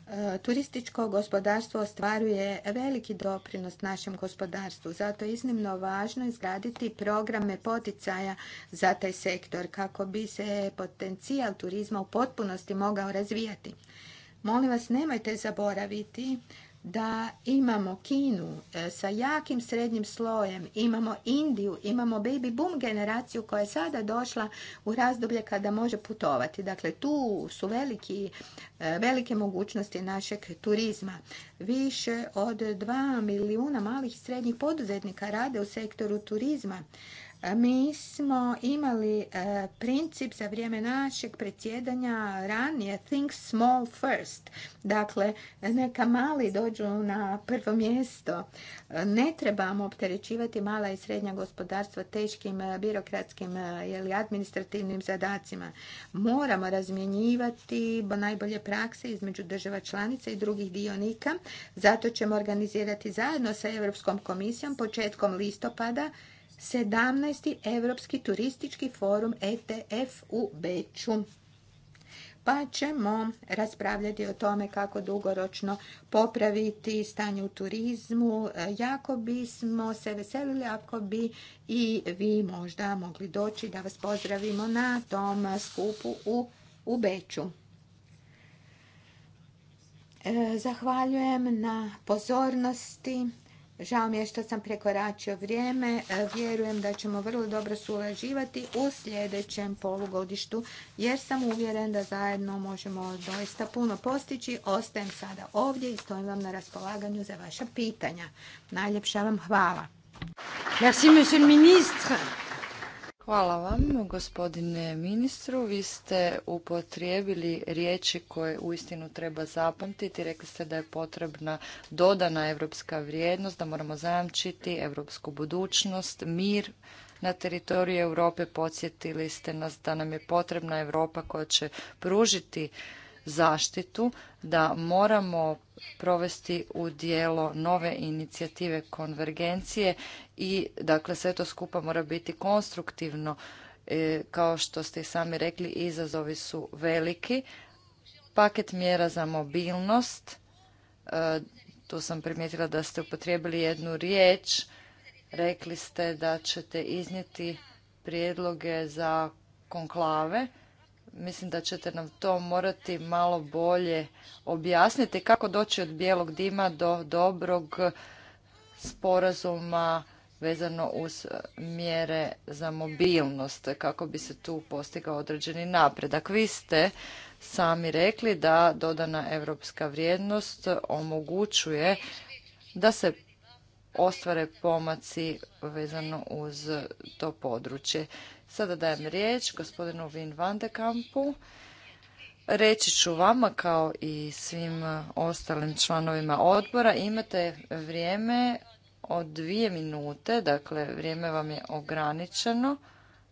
E, turističko gospodarstvo ostvaruje veliki doprinos našem gospodarstvu, zato je iznimno važno izgraditi programe poticaja za taj sektor kako bi se potencijal turizma u potpunosti mogao razvijati. Molim vas, nemojte zaboraviti da imamo Kinu e, sa jakim srednjim slojem, imamo Indiju, imamo baby boom generaciju koja je sada došla u razdoblje kada može putovati. Dakle, tu su veliki, e, velike mogućnosti našeg turizma. Više od 2 milijuna malih i srednjih poduzetnika rade u sektoru turizma. E, mi smo imali e, princip za vrijeme našeg predsjedanja ranije think small first. Dakle, neka mali dođu na prvo mjesto. E, ne trebamo opterećivati mala i srednja gospodarstva teškim birokratskim ili administrativnim zadacima. Moramo razmjenjivati najbolje prakse između država članica i drugih dionika. Zato ćemo organizirati zajedno sa Europskom komisijom početkom listopada 17. Europski turistički forum ETF u Beću pa ćemo raspravljati o tome kako dugoročno popraviti stanje u turizmu. Jako bismo se veselili ako bi i vi možda mogli doći da vas pozdravimo na tom skupu u, u e, Zahvaljujem na pozornosti. Žao mi je što sam prekoračio vrijeme. E, vjerujem da ćemo vrlo dobro surađivati u sljedećem polugodištu jer sam uvjeren da zajedno možemo doista puno postići. Ostajem sada ovdje i stojim vam na raspolaganju za vaša pitanja. Najljepša vam hvala. Merci, monsieur le Hvala vam, gospodine ministru. Vi ste upotrijebili riječi koje uistinu treba zapamtiti. Rekli ste da je potrebna dodana evropska vrijednost, da moramo zajamčiti evropsku budućnost, mir na teritoriju Europe. Podsjetili ste nas da nam je potrebna Europa koja će pružiti zaštitu, da moramo provesti u dijelo nove inicijative konvergencije i dakle sve to skupa mora biti konstruktivno. E, kao što ste i sami rekli, izazovi su veliki. Paket mjera za mobilnost, e, tu sam primijetila da ste upotrijebili jednu riječ, rekli ste da ćete iznijeti prijedloge za konklave mislim da ćete nam to morati malo bolje objasniti kako doći od bijelog dima do dobrog sporazuma vezano uz mjere za mobilnost kako bi se tu postigao određeni napredak. Vi ste sami rekli da dodana europska vrijednost omogućuje da se ostvare pomaci vezano uz to područje. Sada dajem riječ gospodinu Vin van de Kampu. Reći ću vama kao i svim ostalim članovima odbora imate vrijeme od dvije minute, dakle vrijeme vam je ograničeno.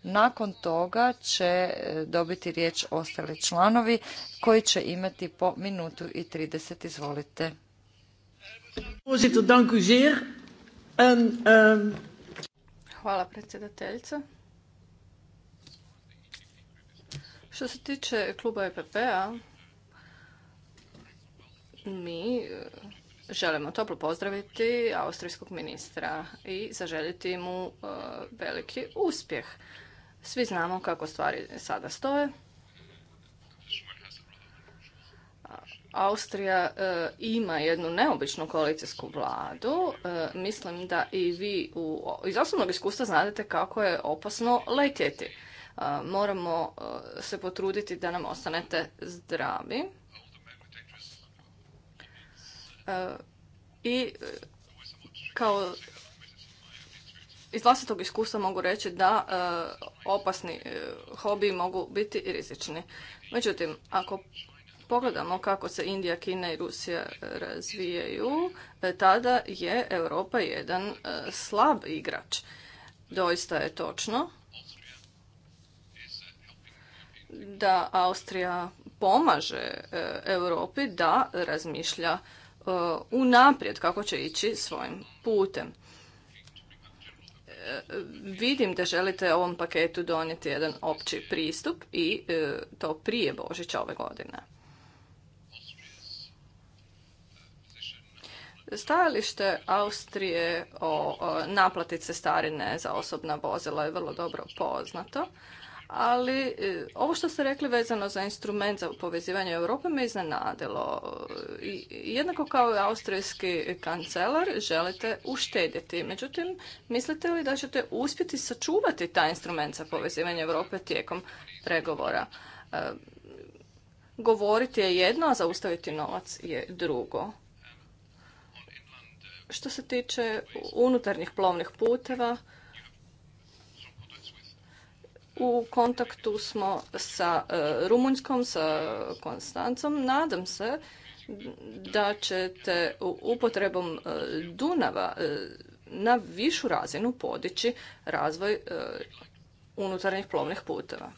Nakon toga će e, dobiti riječ ostali članovi koji će imati po minutu i 30. Izvolite. Ehm, Hvala predsjedateljca. Što se tiče kluba EPP-a, mi e, želimo toplo pozdraviti austrijskog ministra i zaželjiti mu e, veliki uspjeh. Svi znamo kako stvari sada stoje. Austrija e, ima jednu neobičnu koalicijsku vladu. mislim da i vi iz osobnog iskustva znate kako je opasno letjeti moramo se potruditi da nam ostanete zdravi. I e, kao iz vlastitog iskustva mogu reći da e, opasni e, hobi mogu biti i rizični. Međutim, ako pogledamo kako se Indija, Kina i Rusija razvijaju, tada je Europa jedan slab igrač. Doista je točno da Austrija pomaže e, Europi da razmišlja e, unaprijed kako će ići svojim putem. E, vidim da želite ovom paketu donijeti jedan opći pristup i to prije Božića ove godine. Stajalište Austrije o naplati cestarine za osobna vozila je vrlo dobro poznato ali e, ovo što ste rekli vezano za instrument za povezivanje Europe me iznenadilo. Jednako kao i austrijski kancelar želite uštedjeti. Međutim, mislite li da ćete uspjeti sačuvati taj instrument za povezivanje Europe tijekom pregovora? E, govoriti je jedno, a zaustaviti novac je drugo. Što se tiče unutarnjih plovnih puteva, u kontaktu smo sa e, Rumunjskom, sa Konstancom. Nadam se da ćete upotrebom e, Dunava e, na višu razinu podići razvoj unutarnjih plovnih puteva.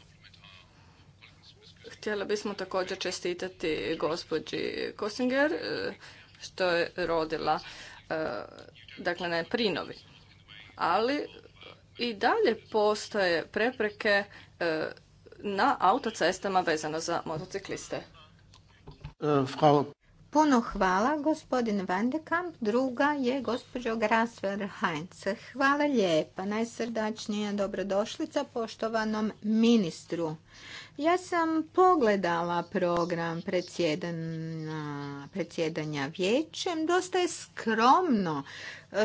Htjela bismo također čestitati gospođi Kosinger što je rodila dakle na Prinovi. Ali i dalje postoje prepreke e, na autocestama vezano za motocikliste. E, Puno hvala, gospodin Van Druga je gospođo Grasver Heinz. Hvala lijepa, najsrdačnija dobrodošlica poštovanom ministru. Ja sam pogledala program predsjedanja vijećem. Dosta je skromno.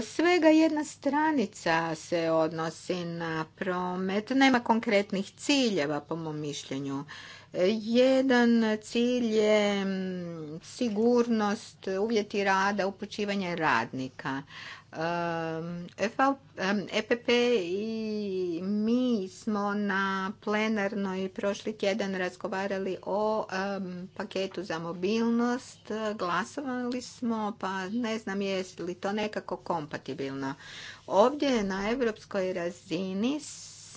Svega jedna stranica se odnosi na promet. Nema konkretnih ciljeva, po mom mišljenju. Jedan cilj je mm, sigurnost, uvjeti rada, upućivanje radnika. EPP e i mi smo na plenarnoj prošli tjedan razgovarali o paketu za mobilnost. Glasovali smo, pa ne znam jesi li to nekako kompatibilno. Ovdje na europskoj razini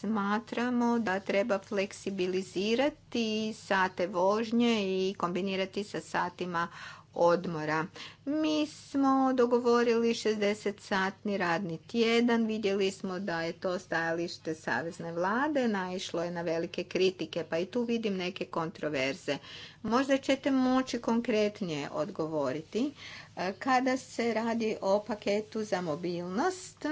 smatramo da treba fleksibilizirati sate vožnje i kombinirati sa satima odmora. Mi smo dogovorili 60-satni radni tjedan, vidjeli smo da je to stajalište Savezne vlade, naišlo je na velike kritike, pa i tu vidim neke kontroverze. Možda ćete moći konkretnije odgovoriti. E, kada se radi o paketu za mobilnost,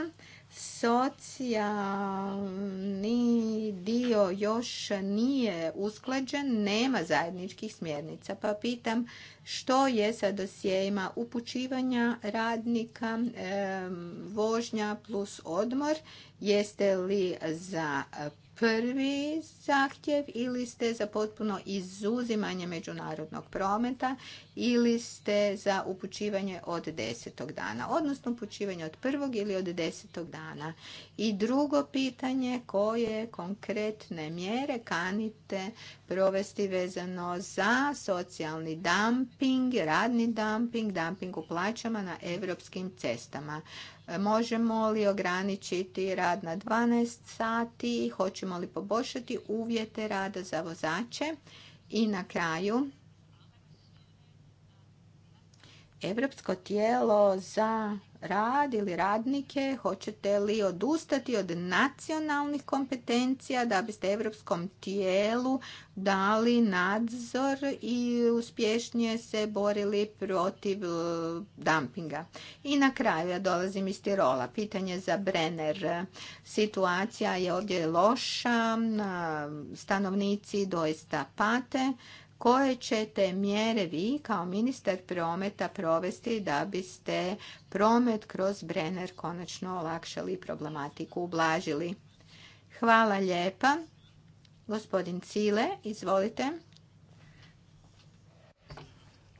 socijalni dio još nije usklađen, nema zajedničkih smjernica. Pa pitam što je sa dosijejima upućivanja radnika, vožnja plus odmor. Jeste li za prvi zahtjev ili ste za potpuno izuzimanje međunarodnog prometa ili ste za upućivanje od desetog dana, odnosno upućivanje od prvog ili od desetog dana. I drugo pitanje koje konkretne mjere kanite provesti vezano za socijalni dumping, radni dumping, dumping u plaćama na europskim cestama. E, možemo li ograničiti rad na 12 sati, hoćemo li poboljšati uvjete rada za vozače i na kraju Evropsko tijelo za rad ili radnike? Hoćete li odustati od nacionalnih kompetencija da biste evropskom tijelu dali nadzor i uspješnije se borili protiv e, dumpinga? I na kraju, ja dolazim iz Tirola, pitanje za Brenner. Situacija je ovdje loša, stanovnici doista pate koje ćete mjere vi kao ministar prometa provesti da biste promet kroz Brenner konačno olakšali i problematiku ublažili? Hvala lijepa. Gospodin Cile, izvolite.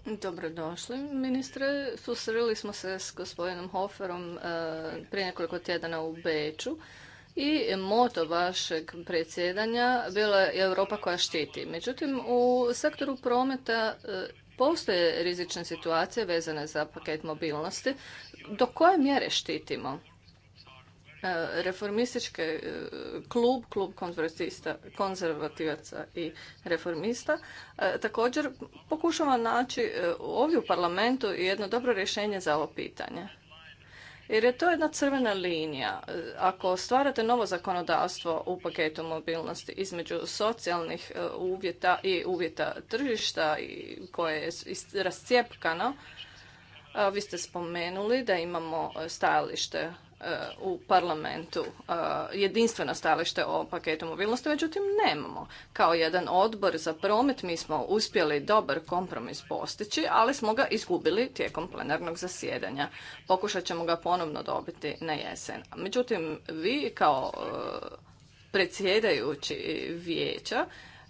Dobrodošli, ministre. Susreli smo se s gospodinom Hoferom eh, prije nekoliko tjedana u Beču i moto vašeg predsjedanja bila je Europa koja štiti. Međutim, u sektoru prometa e, postoje rizične situacije vezane za paket mobilnosti. Do koje mjere štitimo? E, Reformistički e, klub, klub konzervativaca i reformista, također pokušava naći ovdje u parlamentu jedno dobro rješenje za ovo pitanje jer je to jedna crvena linija. Ako stvarate novo zakonodavstvo u paketu mobilnosti između socijalnih e, uvjeta i uvjeta tržišta koje je rascijepkano, vi ste spomenuli da imamo e, stajalište u parlamentu e, jedinstveno stajalište o paketu mobilnosti, međutim nemamo. Kao jedan odbor za promet mi smo uspjeli dobar kompromis postići, ali smo ga izgubili tijekom plenarnog zasjedanja. Pokušat ćemo ga ponovno dobiti na jesen. Međutim, vi kao e, predsjedajući vijeća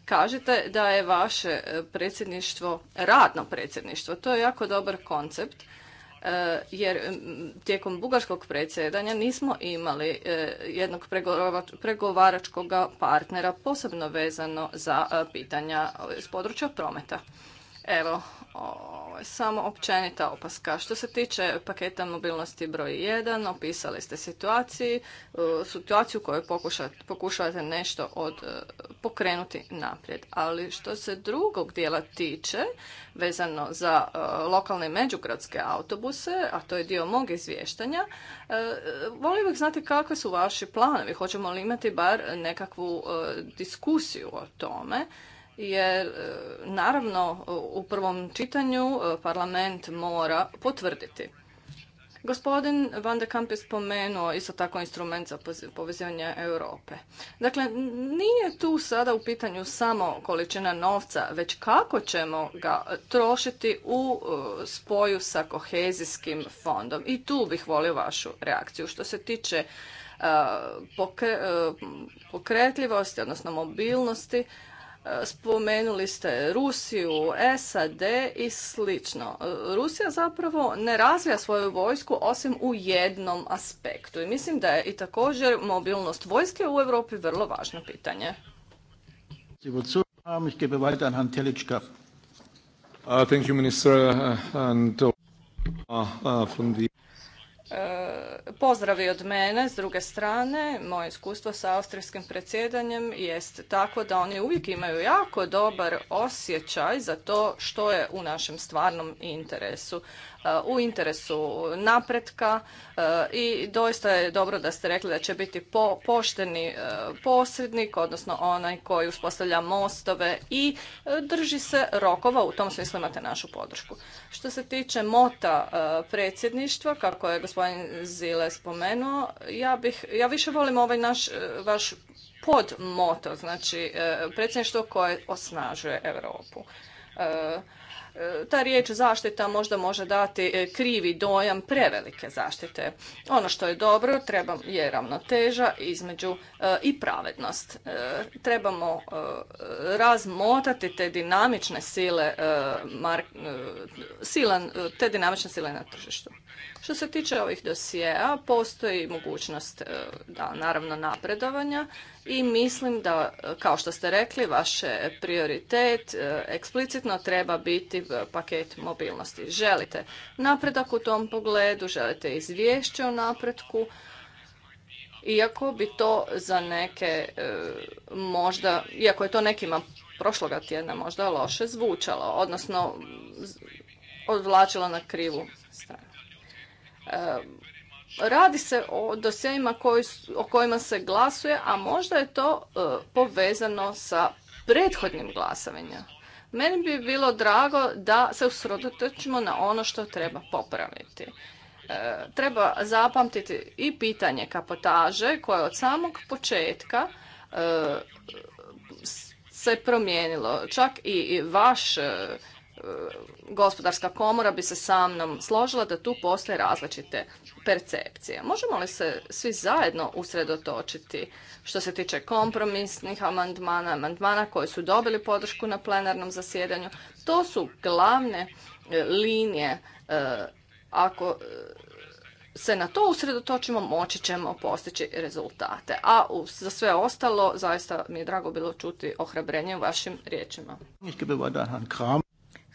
kažete da je vaše predsjedništvo radno predsjedništvo. To je jako dobar koncept Eh, jer tijekom bugarskog predsjedanja nismo imali eh, jednog pregovaračkog partnera posebno vezano za eh, pitanja iz područja prometa. Evo, samo općenita opaska. Što se tiče paketa mobilnosti broj 1, opisali ste situaciji, e, situaciju u kojoj pokušate, pokušavate nešto od, e, pokrenuti naprijed. Ali što se drugog dijela tiče, vezano za e, lokalne međugradske autobuse, a to je dio mog izvještanja, volio bih znati kakve su vaši planovi. Hoćemo li imati bar nekakvu diskusiju o tome jer e, naravno u prvom čitanju e, parlament mora potvrditi. Gospodin Van de Kamp je spomenuo isto tako instrument za povezivanje Europe. Dakle, nije tu sada u pitanju samo količina novca, već kako ćemo ga e, trošiti u spoju sa kohezijskim fondom. I tu bih volio vašu reakciju. Što se tiče pokretljivosti, odnosno mobilnosti, Spomenuli ste Rusiju, SAD i slično. Rusija zapravo ne razvija svoju vojsku osim u jednom aspektu i mislim da je i također mobilnost vojske u Europi vrlo važno pitanje. E, pozdravi od mene, s druge strane, moje iskustvo sa austrijskim predsjedanjem jest tako da oni uvijek imaju jako dobar osjećaj za to što je u našem stvarnom interesu u interesu napretka e, i doista je dobro da ste rekli da će biti pošteni e, posrednik, odnosno onaj koji uspostavlja mostove i e, drži se rokova, u tom smislu imate našu podršku. Što se tiče mota predsjedništva, kako je gospodin Zile spomenuo, ja, ja više volim ovaj naš, vaš podmoto, znači predsjedništvo koje osnažuje Europu. E, ta riječ zaštita možda može dati e, krivi dojam prevelike zaštite. Ono što je dobro treba, je ravnoteža između e, i pravednost. trebamo razmotati te dinamične sile, te dinamične sile na tržištu. Što se tiče ovih dosjea, postoji mogućnost e, da naravno napredovanja i mislim da, e, kao što ste rekli, vaš prioritet e, eksplicitno treba biti paket mobilnosti. Želite napredak u tom pogledu, želite izvješće o napretku, iako bi to za neke možda, iako je to nekima prošloga tjedna možda loše zvučalo, odnosno odvlačilo na krivu stranu. Ehm, radi se o dosjeima o kojima se glasuje, a možda je to e, povezano sa prethodnim glasovanjem. Meni bi bilo drago da se usredotočimo na ono što treba popraviti. E, treba zapamtiti i pitanje kapotaže koje od samog početka e, se promijenilo. Čak i, vaš E, gospodarska komora bi se sa mnom složila da tu postoje različite percepcije. Možemo li se svi zajedno usredotočiti što se tiče kompromisnih amandmana, amandmana koji su dobili podršku na plenarnom zasjedanju? To su glavne e, linije. E, ako se na to usredotočimo, moći ćemo postići rezultate. A za sve ostalo, zaista mi je drago bilo čuti ohrabrenje u vašim riječima.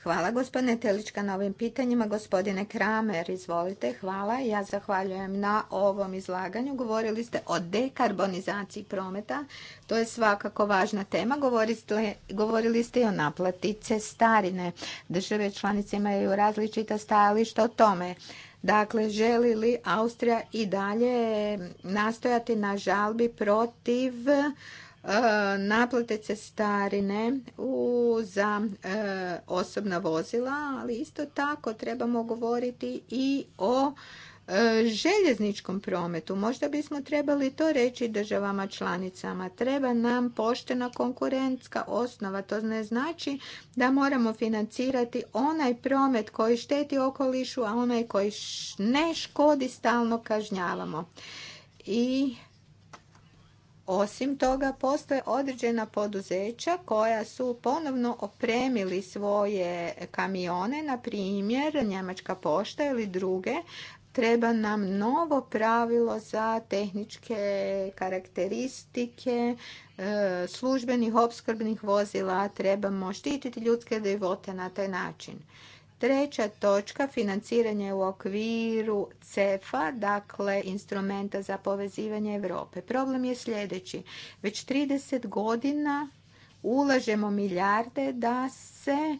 Hvala gospodine Telička na ovim pitanjima. Gospodine Kramer, izvolite. Hvala. Ja zahvaljujem na ovom izlaganju. Govorili ste o dekarbonizaciji prometa. To je svakako važna tema. Govorili ste i o naplati cestarine. Države članice imaju različita stajališta o tome. Dakle, želi li Austrija i dalje nastojati na žalbi protiv naplate cestarine za e, osobna vozila, ali isto tako trebamo govoriti i o e, željezničkom prometu. Možda bismo trebali to reći državama članicama. Treba nam poštena konkurentska osnova. To ne znači da moramo financirati onaj promet koji šteti okolišu, a onaj koji ne škodi stalno kažnjavamo. I osim toga, postoje određena poduzeća koja su ponovno opremili svoje kamione, na primjer Njemačka pošta ili druge, treba nam novo pravilo za tehničke karakteristike e, službenih opskrbnih vozila, trebamo štititi ljudske živote na taj način. Treća točka, financiranje u okviru CEFA, dakle instrumenta za povezivanje Europe. Problem je sljedeći. Već 30 godina ulažemo milijarde da se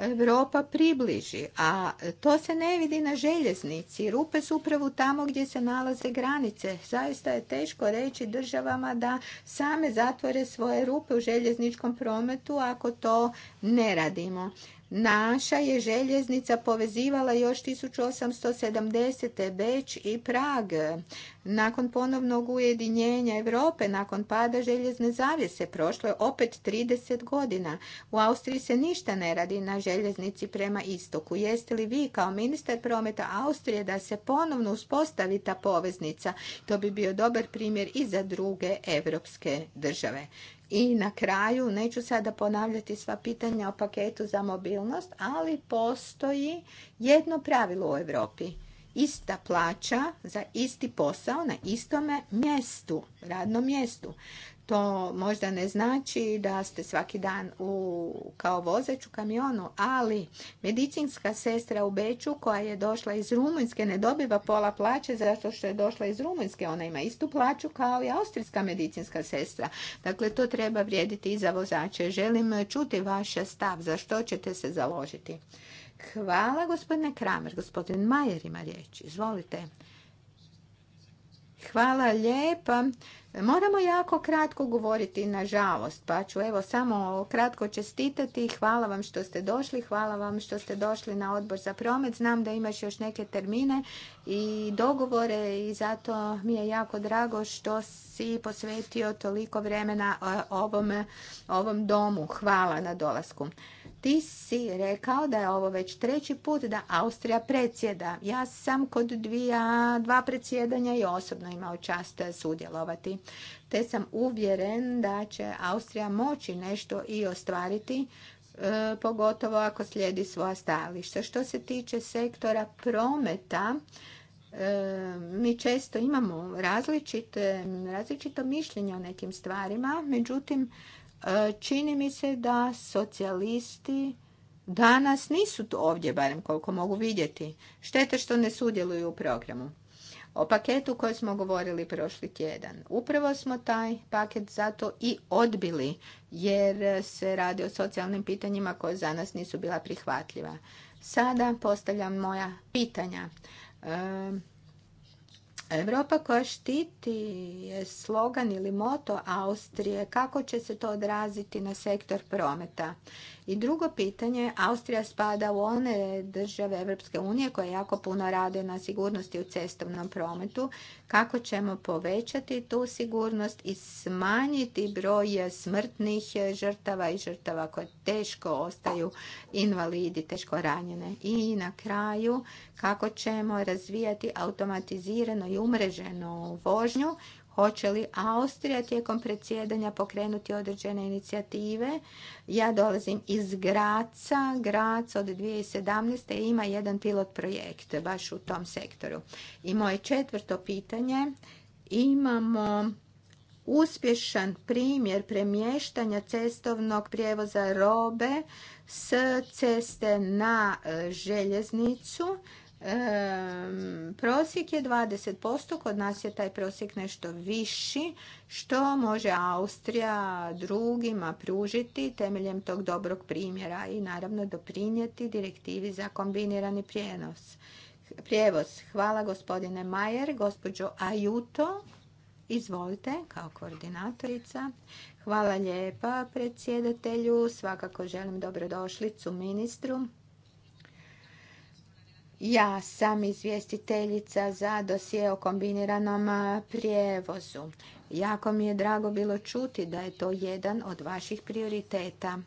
Europa približi, a to se ne vidi na željeznici. Rupe su upravo tamo gdje se nalaze granice. Zaista je teško reći državama da same zatvore svoje rupe u željezničkom prometu ako to ne radimo. Naša je željeznica povezivala još 1870. Beč i Prag. Nakon ponovnog ujedinjenja Europe, nakon pada željezne zavjese, prošlo je opet 30 godina. U Austriji se ništa ne radi na željeznici prema istoku. Jeste li vi kao ministar prometa Austrije da se ponovno uspostavi ta poveznica? To bi bio dobar primjer i za druge evropske države. I na kraju, neću sada ponavljati sva pitanja o paketu za mobilnost, ali postoji jedno pravilo u Europi. Ista plaća za isti posao na istome mjestu, radnom mjestu. To možda ne znači da ste svaki dan u, kao vozeć u kamionu, ali medicinska sestra u Beću koja je došla iz Rumunjske ne dobiva pola plaće zato što je došla iz Rumunjske. Ona ima istu plaću kao i austrijska medicinska sestra. Dakle, to treba vrijediti i za vozače. Želim čuti vaš stav. Za što ćete se založiti? Hvala gospodine Kramer. Gospodin Majer ima riječ. Izvolite. Hvala lijepa. Moramo jako kratko govoriti, nažalost, pa ću evo samo kratko čestitati. Hvala vam što ste došli, hvala vam što ste došli na odbor za promet. Znam da imaš još neke termine i dogovore i zato mi je jako drago što si posvetio toliko vremena ovom, ovom domu. Hvala na dolasku ti si rekao da je ovo već treći put da Austrija predsjeda. Ja sam kod dvija, dva predsjedanja i osobno imao čast sudjelovati. Te sam uvjeren da će Austrija moći nešto i ostvariti, e, pogotovo ako slijedi svoja stajališta. Što se tiče sektora prometa, e, mi često imamo različite, različito mišljenje o nekim stvarima, međutim Čini mi se da socijalisti danas nisu tu ovdje, barem koliko mogu vidjeti. Štete što ne sudjeluju u programu. O paketu koji smo govorili prošli tjedan. Upravo smo taj paket zato i odbili, jer se radi o socijalnim pitanjima koje za nas nisu bila prihvatljiva. Sada postavljam moja pitanja. Europa koja štiti je slogan ili moto Austrije. Kako će se to odraziti na sektor prometa? I drugo pitanje, Austrija spada u one države Europske unije koje jako puno rade na sigurnosti u cestovnom prometu kako ćemo povećati tu sigurnost i smanjiti broj smrtnih žrtava i žrtava koje teško ostaju invalidi, teško ranjene. I na kraju kako ćemo razvijati automatizirano i umreženu vožnju hoće li Austrija tijekom predsjedanja pokrenuti određene inicijative. Ja dolazim iz Graca. Grac od 2017. ima jedan pilot projekt baš u tom sektoru. I moje četvrto pitanje. Imamo uspješan primjer premještanja cestovnog prijevoza robe s ceste na e, željeznicu prosjek je 20%, kod nas je taj prosjek nešto viši, što može Austrija drugima pružiti temeljem tog dobrog primjera i naravno doprinijeti direktivi za kombinirani prijenos. Prijevoz. Hvala gospodine Majer, gospođo Ajuto. Izvolite, kao koordinatorica. Hvala lijepa predsjedatelju. Svakako želim dobrodošlicu ministru. Ja sam izvjestiteljica za dosije o kombiniranom prijevozu. Jako mi je drago bilo čuti da je to jedan od vaših prioriteta.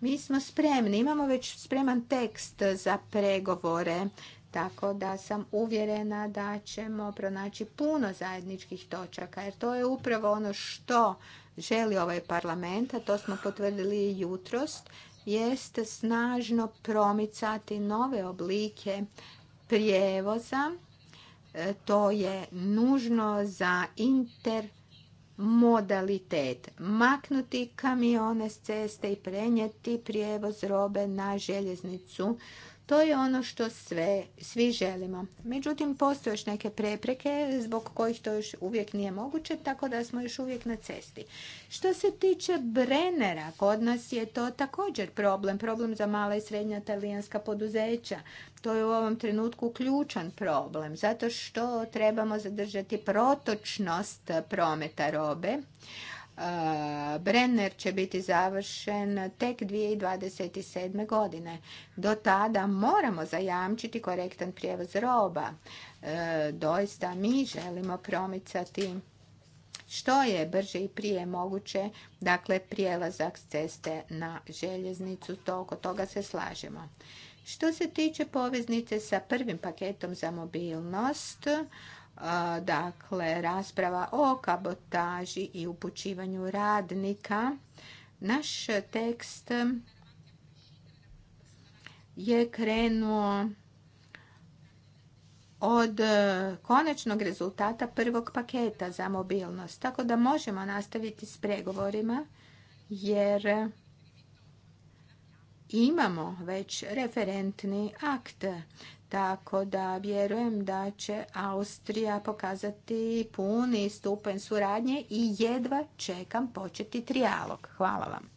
Mi smo spremni, imamo već spreman tekst za pregovore, tako da sam uvjerena da ćemo pronaći puno zajedničkih točaka, jer to je upravo ono što želi ovaj parlament, a to smo potvrdili jutrost jest snažno promicati nove oblike prijevoza. E, to je nužno za intermodalitet Maknuti kamione s ceste i prenijeti prijevoz robe na željeznicu to je ono što sve, svi želimo. Međutim, postoje još neke prepreke zbog kojih to još uvijek nije moguće, tako da smo još uvijek na cesti. Što se tiče Brennera, kod nas je to također problem, problem za mala i srednja talijanska poduzeća. To je u ovom trenutku ključan problem, zato što trebamo zadržati protočnost prometa robe, Brenner će biti završen tek 2027. godine. Do tada moramo zajamčiti korektan prijevoz roba. E, doista mi želimo promicati što je brže i prije moguće, dakle prijelazak s ceste na željeznicu, to oko toga se slažemo. Što se tiče poveznice sa prvim paketom za mobilnost, dakle rasprava o kabotaži i upućivanju radnika. Naš tekst je krenuo od e, konačnog rezultata prvog paketa za mobilnost. Tako da možemo nastaviti s pregovorima jer imamo već referentni akt tako da vjerujem da će Austrija pokazati puni stupanj suradnje i jedva čekam početi trijalog. Hvala vam.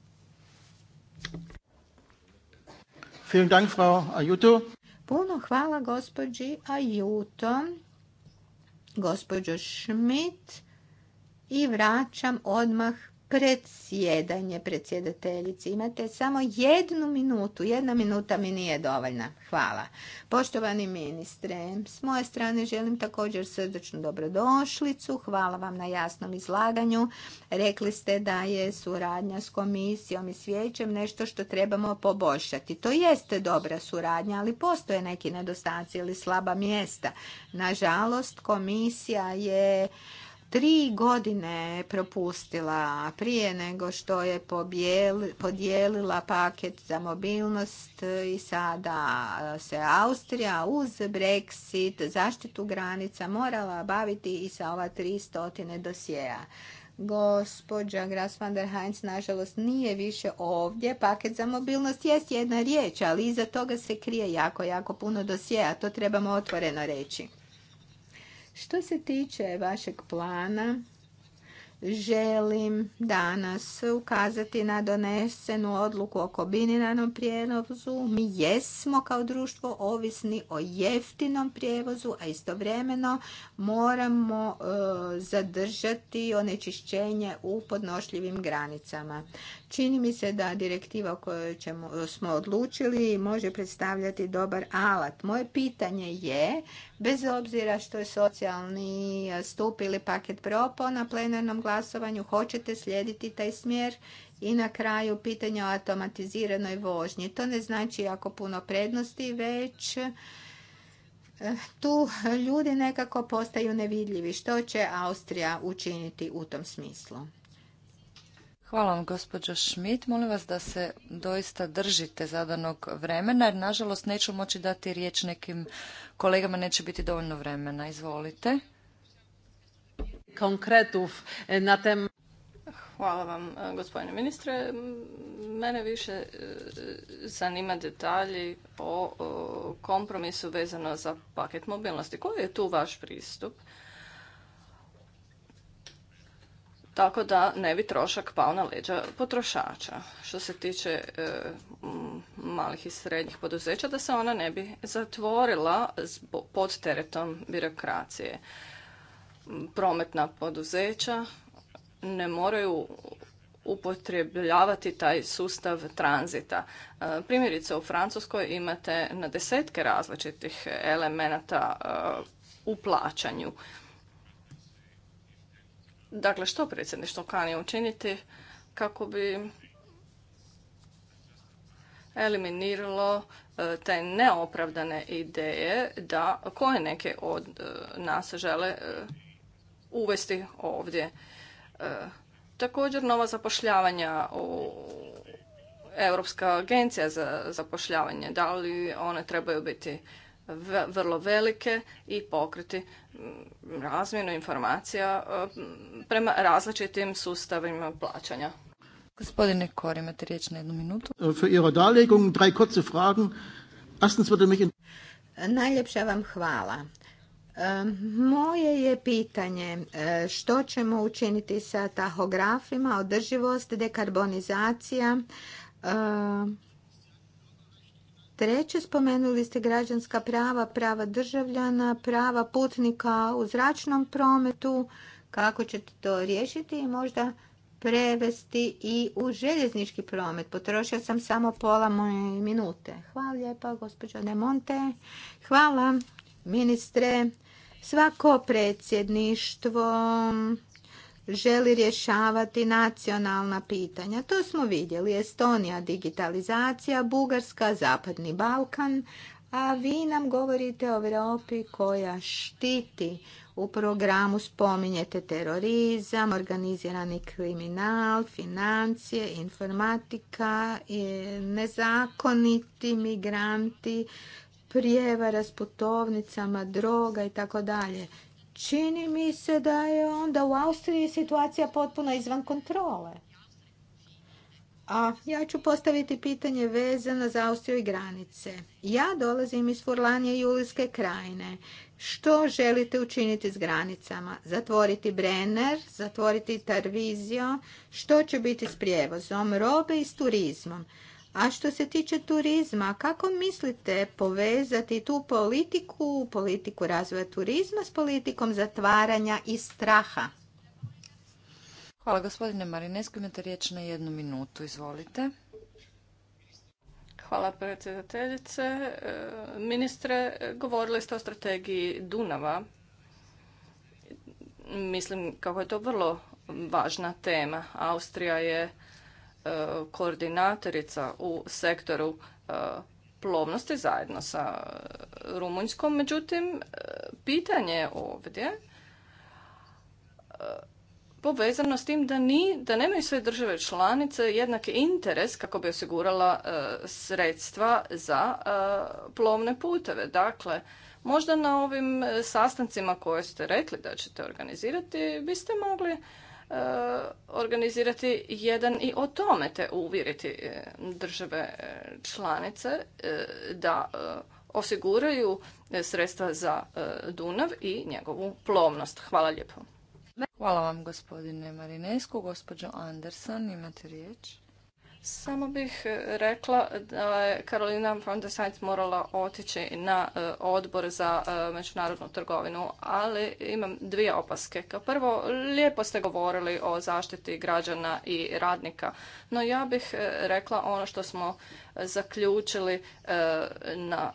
Puno hvala gospođi Ajuto, gospođo Schmidt i vraćam odmah predsjedanje predsjedateljice, Imate samo jednu minutu. Jedna minuta mi nije dovoljna. Hvala. Poštovani ministre, s moje strane želim također srdečnu dobrodošlicu. Hvala vam na jasnom izlaganju. Rekli ste da je suradnja s komisijom i svijećem nešto što trebamo poboljšati. To jeste dobra suradnja, ali postoje neki nedostaci ili slaba mjesta. Nažalost, komisija je tri godine propustila prije nego što je podijelila paket za mobilnost e, i sada e, se Austrija uz Brexit, zaštitu granica morala baviti i sa ova stotine dosjeja. Gospođa Gras van der Heinz, nažalost, nije više ovdje. Paket za mobilnost jest jedna riječ, ali iza toga se krije jako, jako puno dosjeja. To trebamo otvoreno reći. Što se tiče vašeg plana, želim danas ukazati na donesenu odluku o kombiniranom prijevozu. Mi jesmo kao društvo ovisni o jeftinom prijevozu, a istovremeno moramo e, zadržati onečišćenje u podnošljivim granicama. Čini mi se da direktiva koju ćemo, smo odlučili može predstavljati dobar alat. Moje pitanje je Bez obzira što je socijalni e, stup ili paket Propo na plenarnom glasovanju, hoćete slijediti taj smjer i na kraju pitanje o automatiziranoj vožnji. To ne znači jako puno prednosti, već e, tu ljudi nekako postaju nevidljivi. Što će Austrija učiniti u tom smislu? Hvala vam, gospođo Schmidt. Molim vas da se doista držite zadanog vremena, jer nažalost neću moći dati riječ nekim kolegama, neće biti dovoljno vremena. Izvolite. E, Hvala vam, e, gospodine ministre. Mene više e, zanima detalji o kompromisu vezano za paket mobilnosti. Koji je tu vaš pristup? tako da ne bi trošak pao na leđa potrošača. Što se tiče e, malih i srednjih poduzeća, da se ona ne bi zatvorila pod teretom birokracije. Prometna poduzeća ne moraju upotrebljavati taj sustav tranzita. E, primjerice u Francuskoj imate na desetke različitih elemenata e, u plaćanju. Dakle, što predsjedništvo kani učiniti kako bi eliminiralo e, te neopravdane ideje da koje neke od e, nas žele e, uvesti ovdje. Također nova zapošljavanja u Europska agencija za zapošljavanje, da li one trebaju biti vrlo velike i pokriti mm, razmjenu informacija e, prema različitim sustavima plaćanja. Gospodine Kor, imate riječ na jednu minutu. Najljepša vam hvala. E, moje je pitanje e, što ćemo učiniti sa tahografima, održivost, dekarbonizacija, Treće, spomenuli ste građanska prava, prava državljana, prava putnika u zračnom prometu. Kako ćete to riješiti i možda prevesti i u željeznički promet. Potrošio sam samo pola moje minute. Hvala lijepa, gospođo De Monte. Hvala, ministre. Svako predsjedništvo želi rješavati nacionalna pitanja. To smo vidjeli. Estonija digitalizacija, Bugarska, Zapadni Balkan. A vi nam govorite o Europi koja štiti. U programu spominjete terorizam, organizirani kriminal, financije, informatika, nezakoniti migranti, prijevara s putovnicama, droga i tako dalje čini mi se da je onda u Austriji situacija potpuno izvan kontrole. A ja ću postaviti pitanje vezano za Austriju i granice. Ja dolazim iz Furlanije Julijske krajine. Što želite učiniti s granicama? Zatvoriti Brenner, zatvoriti Tarvizio? Što će biti s prijevozom robe i s turizmom? A što se tiče turizma, kako mislite povezati tu politiku, politiku razvoja turizma s politikom zatvaranja i straha? Hvala gospodine Marinesko, imate riječ na jednu minutu, izvolite. Hvala predsjedateljice. E, ministre, govorili ste o strategiji Dunava. Mislim kako je to vrlo važna tema. Austrija je E, koordinatorica u sektoru e, plovnosti zajedno sa Rumunjskom. Međutim, e, pitanje ovdje povezano s tim da, ni, da nemaju sve države članice jednaki interes kako bi osigurala sredstva za plovne puteve. Dakle, možda na ovim sastancima koje ste rekli da ćete organizirati biste mogli E, organizirati jedan i o tome te uvjeriti e, države e, članice da osiguraju sredstva za Dunav i njegovu plovnost. Hvala lijepo. Hvala vam gospodine Marinesku. Gospođo Anderson, imate riječ. Samo bih e, rekla da je Karolina von der Sainz morala otići na e, odbor za e, međunarodnu trgovinu, ali imam dvije opaske. Kao prvo, lijepo ste govorili o zaštiti građana i radnika, no ja bih rekla ono što smo zaključili na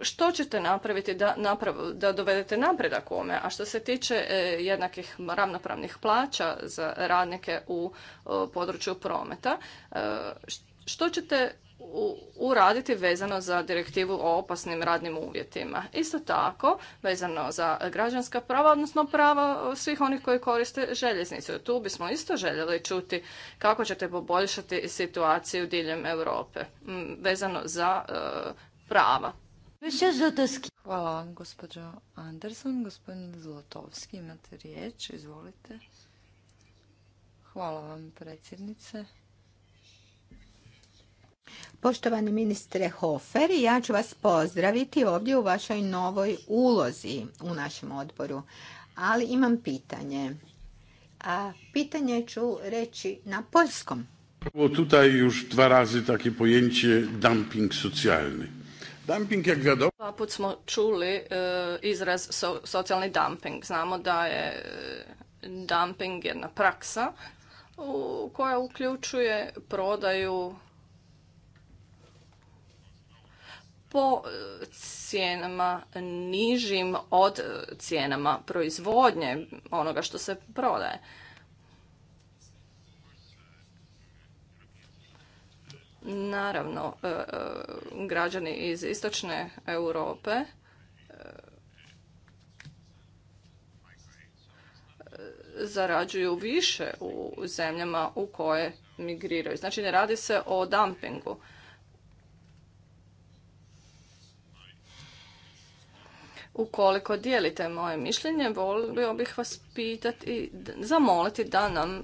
što ćete napraviti da, naprav, da dovedete napredak kome, A što se tiče e, jednakih ravnopravnih plaća za radnike u e, području prometa, e, što ćete uraditi vezano za direktivu o opasnim radnim uvjetima. Isto tako, vezano za građanska prava, odnosno prava svih onih koji koriste željeznicu. Tu bismo isto željeli čuti kako ćete poboljšati situaciju diljem Europe vezano za prava Hvala vam, gospođo Anderson. Gospodin Zlotovski, imate riječ, izvolite. Hvala vam, predsjednice. Poštovani ministre Hofer, ja ću vas pozdraviti ovdje u vašoj novoj ulozi u našem odboru. Ali imam pitanje. A pitanje ću reći na poljskom. Było tutaj już dwa razy takie pojęcie dumping socjalny. Dumping je Dva smo čuli e, izraz socijalni dumping. Znamo da je e, dumping jedna praksa u, koja uključuje prodaju po e, cijenama nižim od cijenama proizvodnje onoga što se prodaje. Naravno, e, e, građani iz istočne Europe e, zarađuju više u zemljama u koje migriraju. Znači ne radi se o dumpingu. Ukoliko dijelite moje mišljenje, volio bih vas pitati, zamoliti da nam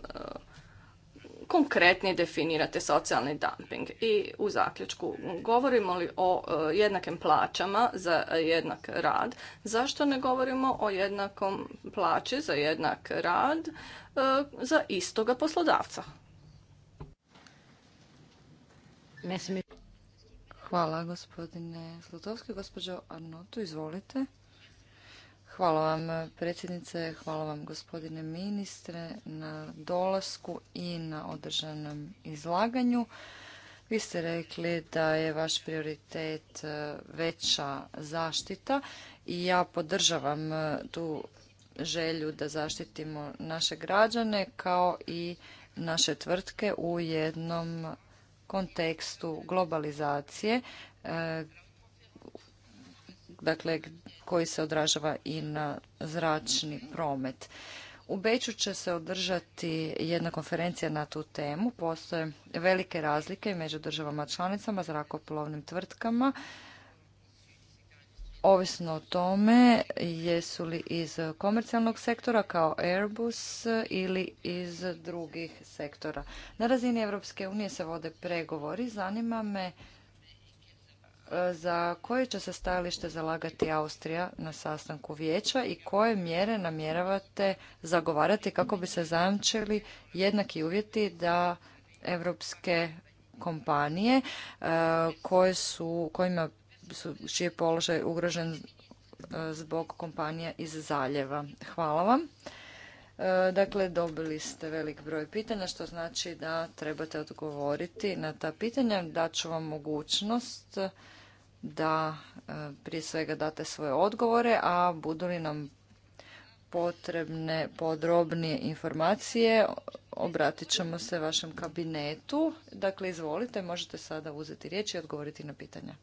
konkretnije definirate socijalni dumping. I u zaključku, govorimo li o e, jednakim plaćama za jednak rad, zašto ne govorimo o jednakom plaći za jednak rad e, za istoga poslodavca? Hvala gospodine Zlotovski. Gospođo Arnotu, izvolite. Hvala vam predsjednice, hvala vam gospodine ministre na dolasku i na održanom izlaganju. Vi ste rekli da je vaš prioritet e, veća zaštita i ja podržavam e, tu želju da zaštitimo naše građane kao i naše tvrtke u jednom kontekstu globalizacije e, dakle koji se odražava i na zračni promet. U Beću će se održati jedna konferencija na tu temu. Postoje velike razlike među državama članicama, zrakoplovnim tvrtkama. Ovisno o tome jesu li iz komercijalnog sektora kao Airbus ili iz drugih sektora. Na razini Europske unije se vode pregovori. Zanima me za koje će se stajalište zalagati Austrija na sastanku vijeća i koje mjere namjeravate zagovarati kako bi se zajamčili jednaki uvjeti da europske kompanije e, koje su, kojima čiji je položaj ugrožen e, zbog kompanija iz zaljeva. Hvala vam. E, dakle, dobili ste velik broj pitanja, što znači da trebate odgovoriti na ta pitanja. Daću vam mogućnost da e, prije svega date svoje odgovore, a budu li nam potrebne podrobnije informacije, obratit ćemo se vašem kabinetu. Dakle, izvolite, možete sada uzeti riječ i odgovoriti na pitanja.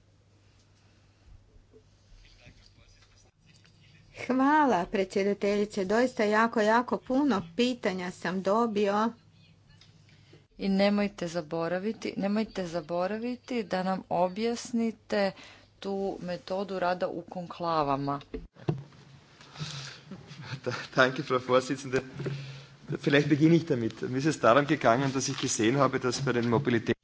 Hvala predsjedateljice, doista jako, jako puno pitanja sam dobio i nemojte zaboraviti, nemojte zaboraviti da nam objasnite tu metodu rada u konklavama. Danke, Frau Vorsitzende. Vielleicht beginne ich damit. Mir ist es darum gegangen, dass ich gesehen habe, dass bei den Mobilität...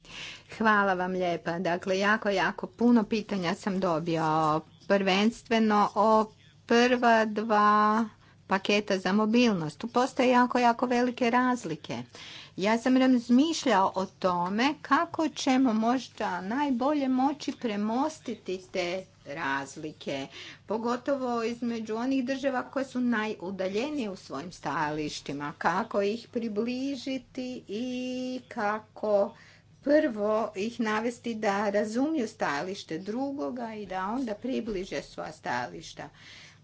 Hvala vam lijepa. Dakle, jako, jako puno pitanja sam dobio. Prvenstveno o prva dva paketa za mobilnost. Tu postoje jako, jako velike razlike. Ja sam razmišljao o tome kako ćemo možda najbolje moći premostiti te razlike, pogotovo između onih država koje su najudaljenije u svojim stajalištima, kako ih približiti i kako prvo ih navesti da razumiju stajalište drugoga i da onda približe svoja stajališta.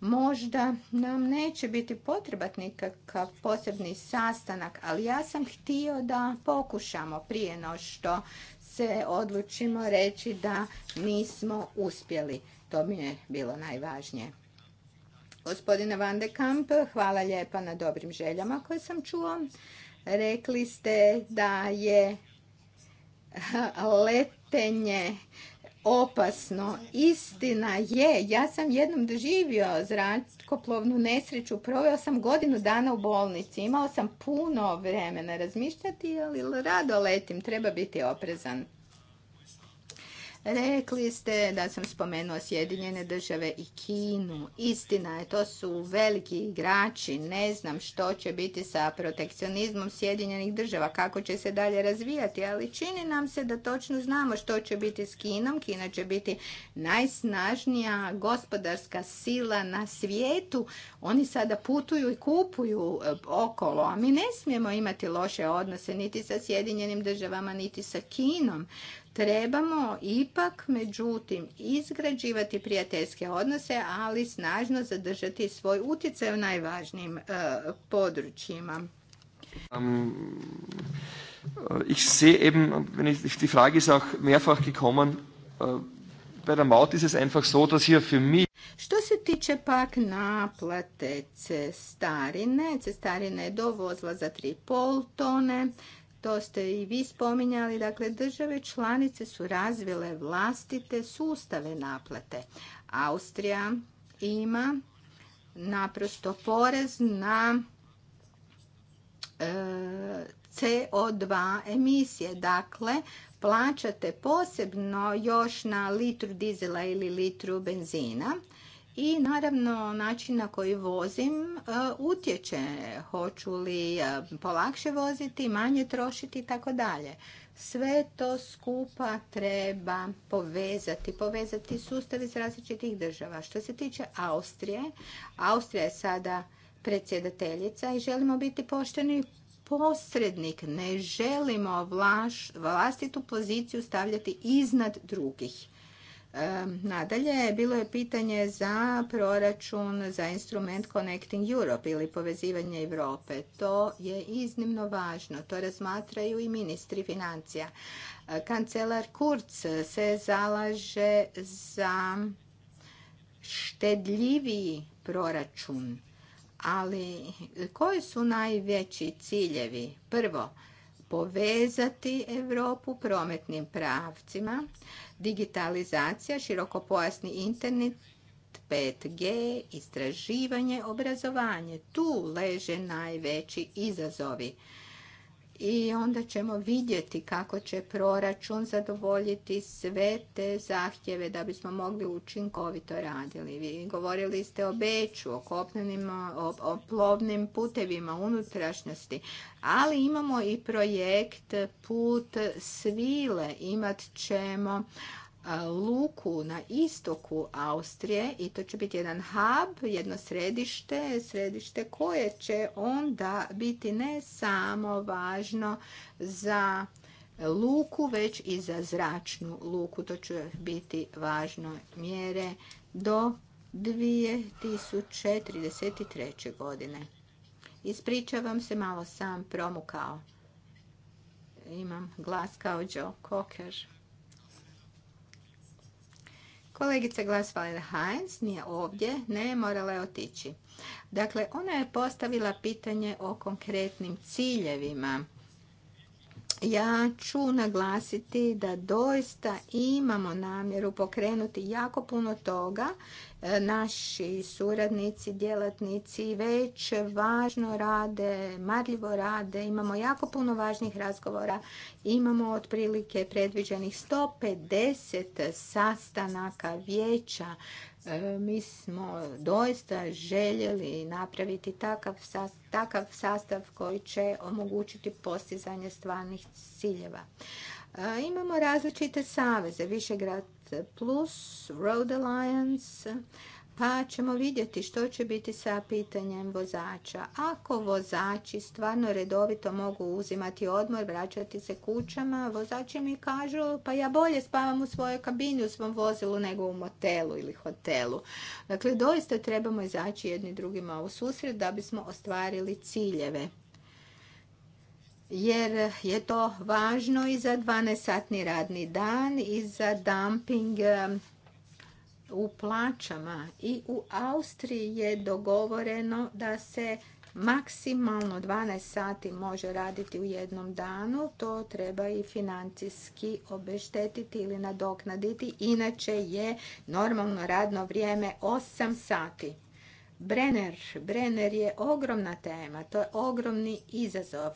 Možda nam neće biti potrebat nikakav posebni sastanak, ali ja sam htio da pokušamo prije no što se odlučimo reći da nismo uspjeli. To mi je bilo najvažnije. Gospodine Van de Kamp, hvala lijepa na dobrim željama koje sam čuo. Rekli ste da je letenje opasno. Istina je, ja sam jednom doživio zrakoplovnu nesreću, proveo sam godinu dana u bolnici, imao sam puno vremena razmišljati, ali rado letim, treba biti oprezan. Rekli ste da sam spomenuo Sjedinjene države i Kinu. Istina je, to su veliki igrači. Ne znam što će biti sa protekcionizmom Sjedinjenih država, kako će se dalje razvijati, ali čini nam se da točno znamo što će biti s Kinom. Kina će biti najsnažnija gospodarska sila na svijetu. Oni sada putuju i kupuju e, okolo, a mi ne smijemo imati loše odnose niti sa Sjedinjenim državama, niti sa Kinom. Trebamo ipak, međutim, izgrađivati prijateljske odnose, ali snažno zadržati svoj utjecaj u najvažnijim e, područjima. Um, ich sehe eben, wenn ich, die Frage ist auch mehrfach gekommen, uh, bei der Maut ist es einfach so, dass hier für mich što se tiče pak naplate cestarine, cestarina je dovozila za 3,5 tone, to ste i vi spominjali, dakle države članice su razvile vlastite sustave naplate. Austrija ima naprosto porez na e, CO2 emisije. Dakle, plaćate posebno još na litru dizela ili litru benzina i naravno način na koji vozim e, utječe. Hoću li e, polakše voziti, manje trošiti i tako dalje. Sve to skupa treba povezati, povezati sustav iz različitih država. Što se tiče Austrije, Austrija je sada predsjedateljica i želimo biti pošteni posrednik. Ne želimo vlaš, vlastitu poziciju stavljati iznad drugih. Nadalje, bilo je pitanje za proračun za instrument Connecting Europe ili povezivanje Europe. To je iznimno važno. To razmatraju i ministri financija. E, kancelar Kurz se zalaže za štedljiviji proračun. Ali koji su najveći ciljevi? Prvo, povezati Europu prometnim pravcima, digitalizacija, širokopojasni internet, 5G, istraživanje, obrazovanje. Tu leže najveći izazovi i onda ćemo vidjeti kako će proračun zadovoljiti sve te zahtjeve da bismo mogli učinkovito raditi. Vi govorili ste o beču, o kopnenim, o, o plovnim putevima, unutrašnjosti, ali imamo i projekt Put svile. Imat ćemo luku na istoku Austrije i to će biti jedan hub, jedno središte, središte koje će onda biti ne samo važno za luku, već i za zračnu luku. To će biti važno mjere do 2033. godine. Ispričavam se, malo sam promukao. Imam glas kao Joe Cocker. Kolegica Glasvalen Heinz nije ovdje, ne, je morala je otići. Dakle, ona je postavila pitanje o konkretnim ciljevima ja ću naglasiti da doista imamo namjeru pokrenuti jako puno toga. E, naši suradnici, djelatnici već važno rade, marljivo rade, imamo jako puno važnih razgovora, imamo otprilike predviđenih 150 sastanaka vijeća E, mi smo doista željeli napraviti takav sastav, takav sastav koji će omogućiti postizanje stvarnih ciljeva. E, imamo različite saveze, Višegrad Plus, Road Alliance, pa ćemo vidjeti što će biti sa pitanjem vozača. Ako vozači stvarno redovito mogu uzimati odmor, vraćati se kućama, vozači mi kažu pa ja bolje spavam u svojoj kabini, u svom vozilu nego u motelu ili hotelu. Dakle, doista trebamo izaći jedni drugima u susret da bismo ostvarili ciljeve jer je to važno i za 12-satni radni dan i za dumping u plaćama i u Austriji je dogovoreno da se maksimalno 12 sati može raditi u jednom danu, to treba i financijski obeštetiti ili nadoknaditi, inače je normalno radno vrijeme 8 sati. Brenner, Brenner je ogromna tema, to je ogromni izazov.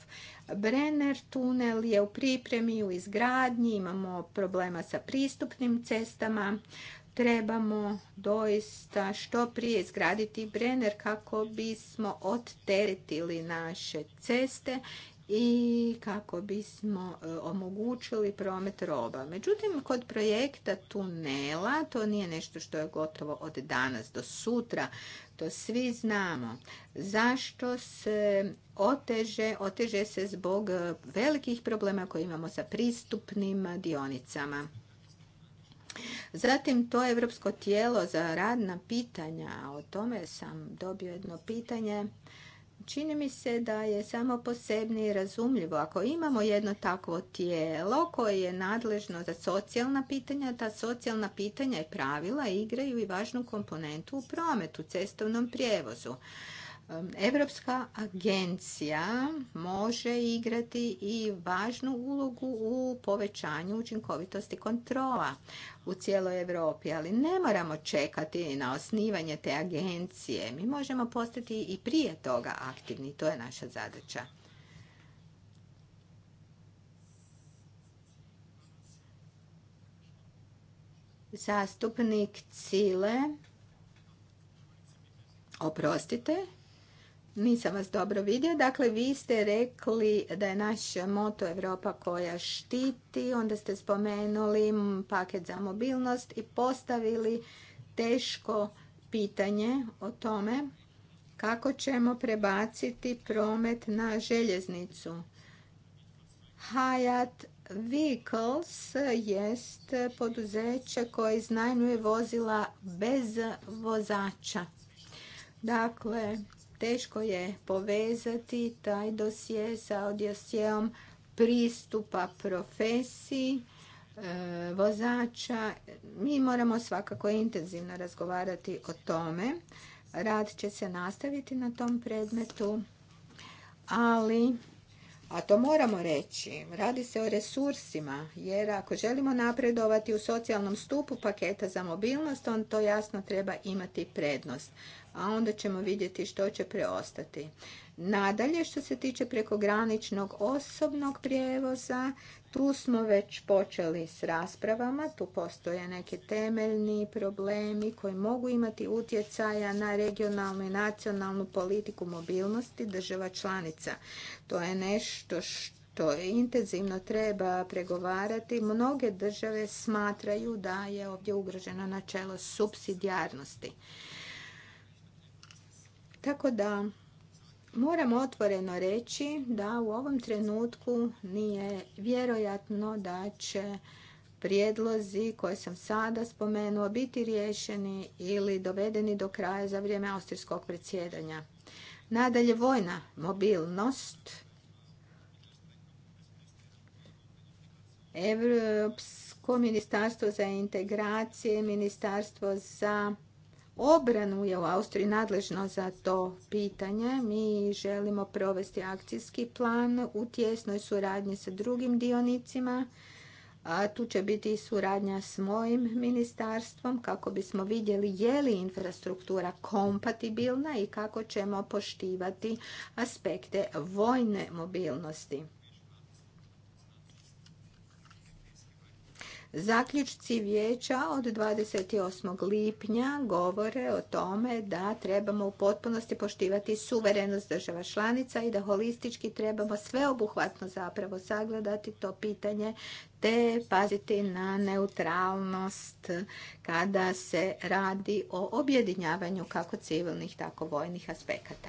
Brenner tunel je u pripremi, u izgradnji, imamo problema sa pristupnim cestama, trebamo doista što prije izgraditi brener kako bismo odteretili naše ceste i kako bismo e, omogućili promet roba. Međutim, kod projekta tunela to nije nešto što je gotovo od danas do sutra. To svi znamo. Zašto se oteže? Oteže se zbog e, velikih problema koje imamo sa pristupnim dionicama. Zatim to Europsko tijelo za radna pitanja, o tome sam dobio jedno pitanje, čini mi se da je samo posebni i razumljivo. Ako imamo jedno takvo tijelo koje je nadležno za socijalna pitanja, ta socijalna pitanja i pravila igraju i važnu komponentu u prometu, cestovnom prijevozu. Europska agencija može igrati i važnu ulogu u povećanju učinkovitosti kontrola u cijeloj Europi, ali ne moramo čekati na osnivanje te agencije. Mi možemo postati i prije toga aktivni, to je naša zadaća. Zastupnik Cile Oprostite, nisam vas dobro vidio. Dakle, vi ste rekli da je naš moto Evropa koja štiti, onda ste spomenuli paket za mobilnost i postavili teško pitanje o tome kako ćemo prebaciti promet na željeznicu. Hayat Vehicles jest poduzeće koje iznajmljuje vozila bez vozača. Dakle, Teško je povezati taj dosje sa odjosijom pristupa profesiji e, vozača. Mi moramo svakako intenzivno razgovarati o tome. Rad će se nastaviti na tom predmetu, ali, a to moramo reći, radi se o resursima, jer ako želimo napredovati u socijalnom stupu paketa za mobilnost, on to jasno treba imati prednost a onda ćemo vidjeti što će preostati. Nadalje, što se tiče prekograničnog osobnog prijevoza, tu smo već počeli s raspravama, tu postoje neki temeljni problemi koji mogu imati utjecaja na regionalnu i nacionalnu politiku mobilnosti država članica. To je nešto što intenzivno treba pregovarati. Mnoge države smatraju da je ovdje ugroženo načelo subsidijarnosti. Tako da moram otvoreno reći da u ovom trenutku nije vjerojatno da će prijedlozi koje sam sada spomenula biti riješeni ili dovedeni do kraja za vrijeme austrijskog predsjedanja. Nadalje, vojna mobilnost. Evropsko ministarstvo za integracije, ministarstvo za obranu je u Austriji nadležno za to pitanje. Mi želimo provesti akcijski plan u tjesnoj suradnji sa drugim dionicima. A tu će biti i suradnja s mojim ministarstvom kako bismo vidjeli je li infrastruktura kompatibilna i kako ćemo poštivati aspekte vojne mobilnosti. Zaključci vijeća od 28. lipnja govore o tome da trebamo u potpunosti poštivati suverenost država članica i da holistički trebamo sveobuhvatno zapravo sagledati to pitanje te paziti na neutralnost kada se radi o objedinjavanju kako civilnih tako vojnih aspekata.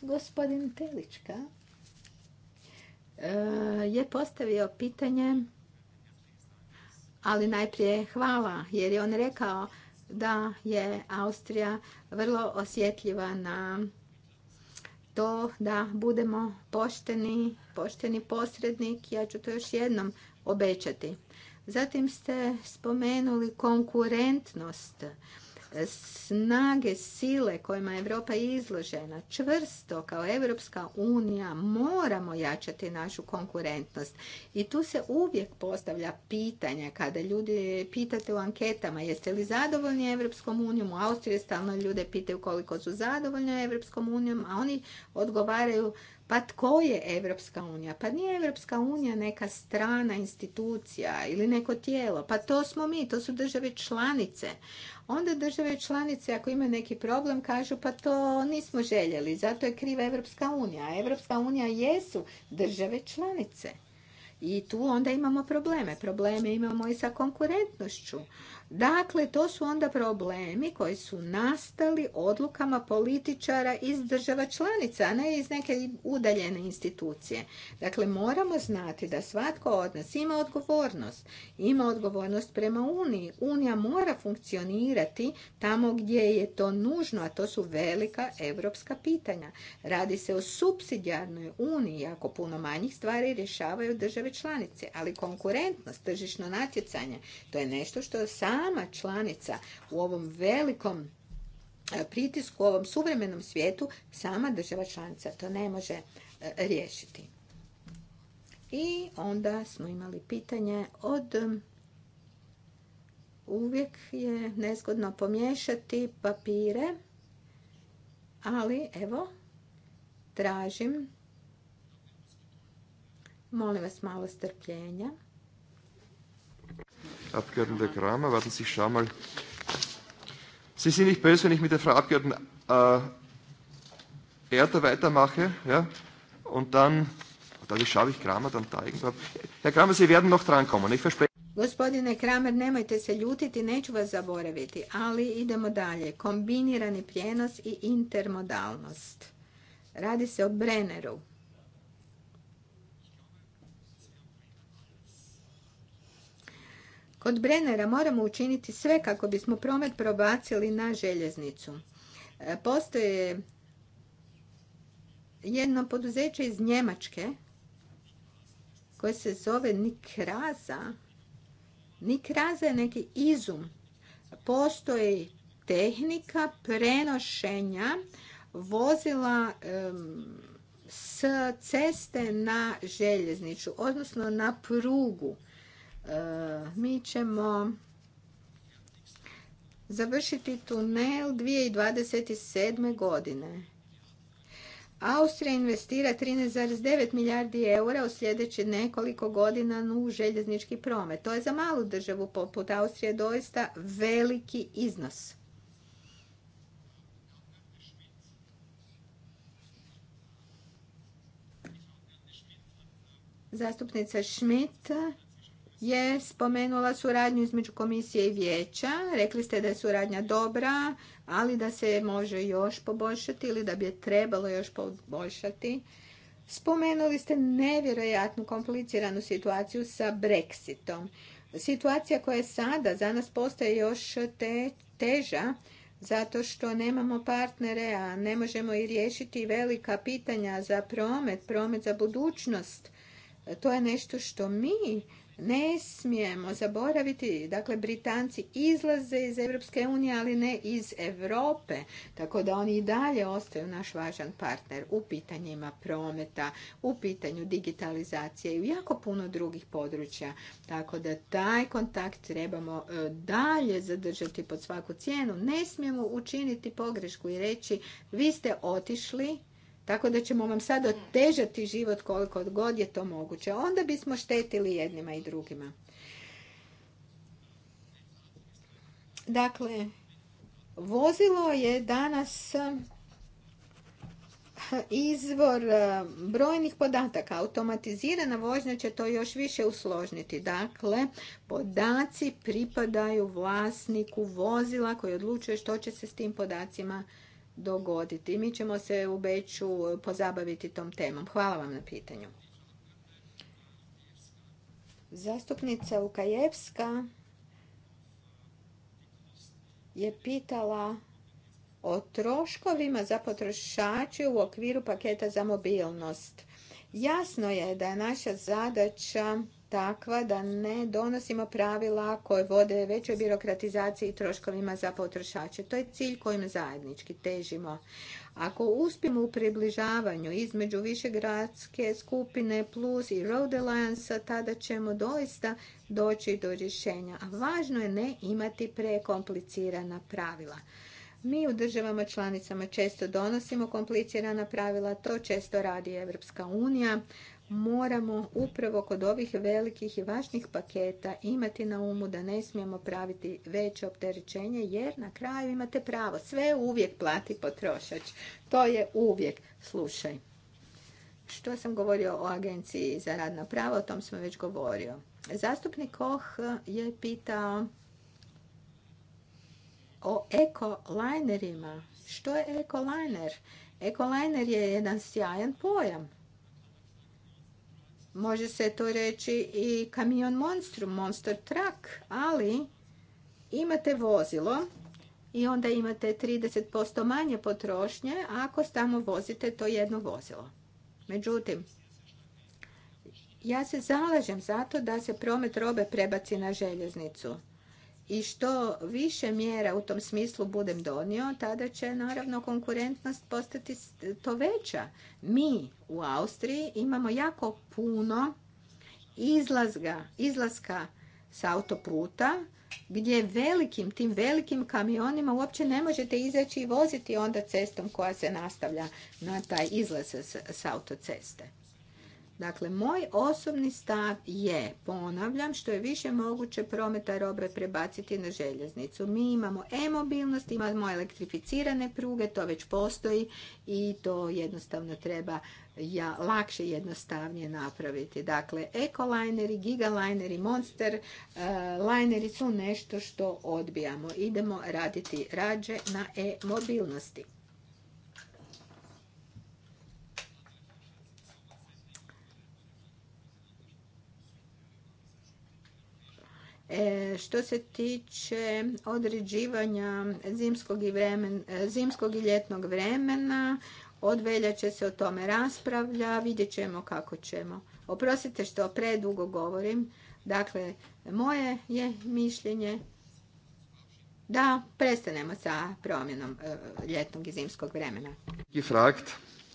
Gospodin Telička Eh, je postavio pitanje, ali najprije hvala, jer je on rekao da je Austrija vrlo osjetljiva na to da budemo pošteni, pošteni posrednik, ja ću to još jednom obećati. Zatim ste spomenuli konkurentnost snage sile kojima je Europa izložena čvrsto kao Europska unija moramo jačati našu konkurentnost. I tu se uvijek postavlja pitanje kada ljudi pitate u anketama jeste li zadovoljni Europskom unijom, u Austriji stalno ljude pitaju koliko su zadovoljni Europskom unijom, a oni odgovaraju pa tko je Evropska unija? Pa nije Evropska unija neka strana institucija ili neko tijelo. Pa to smo mi, to su države članice. Onda države članice ako imaju neki problem kažu pa to nismo željeli, zato je kriva Evropska unija. Evropska unija jesu države članice. I tu onda imamo probleme. Probleme imamo i sa konkurentnošću. Dakle, to su onda problemi koji su nastali odlukama političara iz država članica, a ne iz neke udaljene institucije. Dakle, moramo znati da svatko od nas ima odgovornost. Ima odgovornost prema Uniji. Unija mora funkcionirati tamo gdje je to nužno, a to su velika evropska pitanja. Radi se o subsidijarnoj Uniji, ako puno manjih stvari rješavaju države članice, ali konkurentnost, tržišno natjecanje, to je nešto što sam sama članica u ovom velikom e, pritisku, u ovom suvremenom svijetu, sama država članica to ne može e, riješiti. I onda smo imali pitanje od uvijek je nezgodno pomiješati papire, ali evo, tražim, molim vas malo strpljenja. Abgeordneter Kramer, warten Sie, ich schaue mal. Sie sind nicht böse, wenn ich mit der Frau Abgeordneten äh, Erter weitermache, ja? Und dann, dadurch schaue ich Kramer dann da irgendwo. Herr Kramer, Sie werden noch drankommen, ich verspreche. Gospodine Kramer, nemojte se ljutiti, neću vas zaboraviti, ali idemo dalje. Kombinirani prijenos i intermodalnost. Radi se o Brenneru. Od Brennera moramo učiniti sve kako bismo promet probacili na željeznicu. E, postoje jedno poduzeće iz Njemačke koje se zove Nikraza. Nikraza je neki izum. Postoji tehnika prenošenja vozila s ceste na željezniču, odnosno na prugu. E, mi ćemo završiti tunel 2027. godine. Austrija investira 13,9 milijardi eura u sljedeće nekoliko godina u željeznički promet. To je za malu državu poput Austrije doista veliki iznos. Zastupnica Schmidt je spomenula suradnju između komisije i vijeća. Rekli ste da je suradnja dobra, ali da se može još poboljšati ili da bi je trebalo još poboljšati. Spomenuli ste nevjerojatnu kompliciranu situaciju sa Brexitom. Situacija koja je sada za nas postaje još te, teža zato što nemamo partnere, a ne možemo i riješiti velika pitanja za promet, promet za budućnost. To je nešto što mi ne smijemo zaboraviti, dakle, Britanci izlaze iz Europske unije, ali ne iz Europe, tako da oni i dalje ostaju naš važan partner u pitanjima prometa, u pitanju digitalizacije i u jako puno drugih područja, tako da taj kontakt trebamo e, dalje zadržati pod svaku cijenu. Ne smijemo učiniti pogrešku i reći vi ste otišli, tako da ćemo vam sad otežati život koliko god je to moguće. Onda bismo štetili jednima i drugima. Dakle, vozilo je danas eh, izvor eh, brojnih podataka. Automatizirana vožnja će to još više usložniti. Dakle, podaci pripadaju vlasniku vozila koji odlučuje što će se s tim podacima dogoditi. Mi ćemo se u Beću pozabaviti tom temom. Hvala vam na pitanju. Zastupnica Ukajevska je pitala o troškovima za potrošače u okviru paketa za mobilnost. Jasno je da je naša zadaća takva da ne donosimo pravila koje vode većoj birokratizaciji i troškovima za potrošače. To je cilj kojim zajednički težimo. Ako uspijemo u približavanju između višegradske skupine plus i Road Alliance, tada ćemo doista doći do rješenja. A važno je ne imati prekomplicirana pravila. Mi u državama članicama često donosimo komplicirana pravila, to često radi Evropska unija, moramo upravo kod ovih velikih i važnih paketa imati na umu da ne smijemo praviti veće opterećenje jer na kraju imate pravo. Sve uvijek plati potrošač. To je uvijek slušaj. Što sam govorio o agenciji za radno pravo, o tom sam već govorio. Zastupnik Koh je pitao o ekolajnerima. Što je ekolajner? Ekolajner je jedan sjajan pojam Može se to reći i kamion monstrum, monster truck, ali imate vozilo i onda imate 30% manje potrošnje ako samo vozite to jedno vozilo. Međutim, ja se zalažem zato da se promet robe prebaci na željeznicu i što više mjera u tom smislu budem donio, tada će naravno konkurentnost postati to veća. Mi u Austriji imamo jako puno izlazga, izlaska s autoputa gdje velikim, tim velikim kamionima uopće ne možete izaći i voziti onda cestom koja se nastavlja na taj izlaz s autoceste. Dakle, moj osobni stav je, ponavljam, što je više moguće prometa robe prebaciti na željeznicu. Mi imamo e-mobilnost, imamo elektrificirane pruge, to već postoji i to jednostavno treba ja, lakše i jednostavnije napraviti. Dakle, ekolajneri, gigalajneri, monster e, lineri lajneri su nešto što odbijamo. Idemo raditi rađe na e-mobilnosti. E, što se tiče određivanja zimskog i, e, zimskog i ljetnog vremena, od veljače se o tome raspravlja, vidjet ćemo kako ćemo. Oprostite što predugo govorim. Dakle, moje je mišljenje da prestanemo sa promjenom e, ljetnog i zimskog vremena.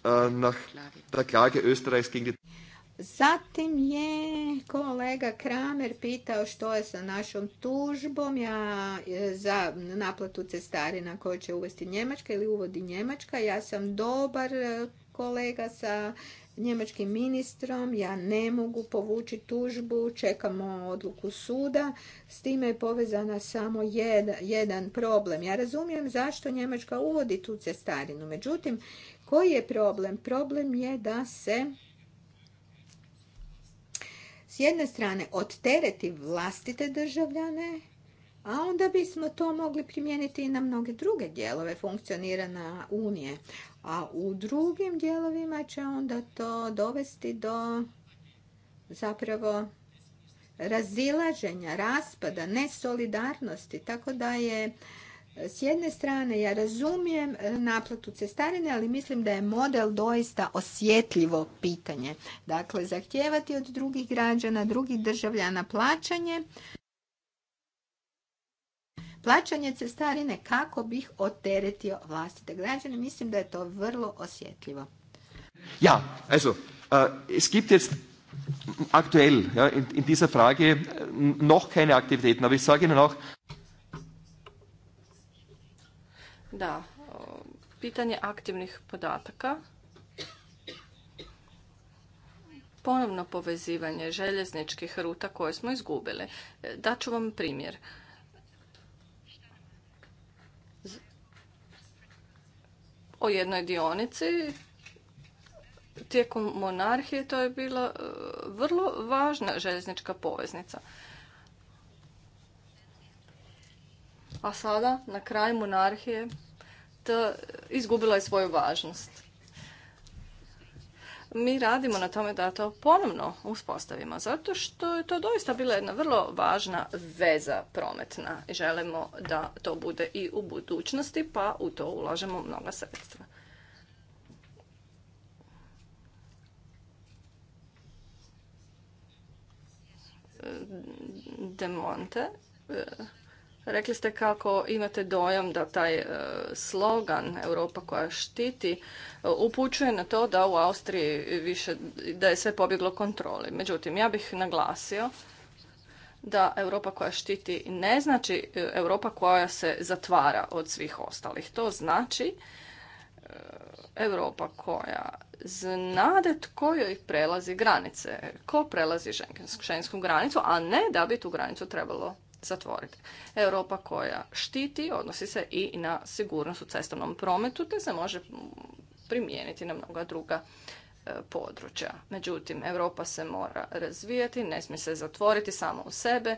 Äh, Zatim je kolega Kramer pitao što je sa našom tužbom ja, e, za naplatu cestarina koje će uvesti Njemačka ili uvodi Njemačka. Ja sam dobar e, kolega sa njemačkim ministrom, ja ne mogu povući tužbu, čekamo odluku suda. S time je povezana samo jedan problem. Ja razumijem zašto Njemačka uvodi tu cestarinu, međutim, koji je problem? Problem je da se jedne strane odtereti vlastite državljane, a onda bismo to mogli primijeniti i na mnoge druge dijelove funkcionirana Unije. A u drugim dijelovima će onda to dovesti do zapravo razilaženja, raspada, nesolidarnosti. Tako da je s jedne strane ja razumijem e, naplatu cestarine, ali mislim da je model doista osjetljivo pitanje. Dakle, zahtijevati od drugih građana, drugih državljana plaćanje plaćanje cestarine kako bih oteretio vlastite građane. Mislim da je to vrlo osjetljivo. Ja, also, äh, es gibt jetzt aktuell in, dieser Frage äh, noch keine Aktivitäten, aber ich sage Ihnen auch, Da, pitanje aktivnih podataka. Ponovno povezivanje željezničkih ruta koje smo izgubili. E, Daću vam primjer. O jednoj dionici tijekom monarhije to je bila e, vrlo važna željeznička poveznica. A sada, na kraju monarhije, izgubila je svoju važnost. Mi radimo na tome da to ponovno uspostavimo, zato što je to doista bila jedna vrlo važna veza prometna. Želimo da to bude i u budućnosti, pa u to ulažemo mnoga sredstva. Demonte e, Rekli ste kako imate dojam da taj e, slogan Europa koja štiti e, upućuje na to da u Austriji više, da je sve pobjeglo kontroli. Međutim, ja bih naglasio da Europa koja štiti ne znači e, Europa koja se zatvara od svih ostalih. To znači Europa koja znade tko joj prelazi granice, ko prelazi šengensku granicu, a ne da bi tu granicu trebalo zatvoriti. Europa koja štiti odnosi se i na sigurnost u cestovnom prometu te se može primijeniti na mnoga druga e, područja. Međutim, Europa se mora razvijati, ne smije se zatvoriti samo u sebe e,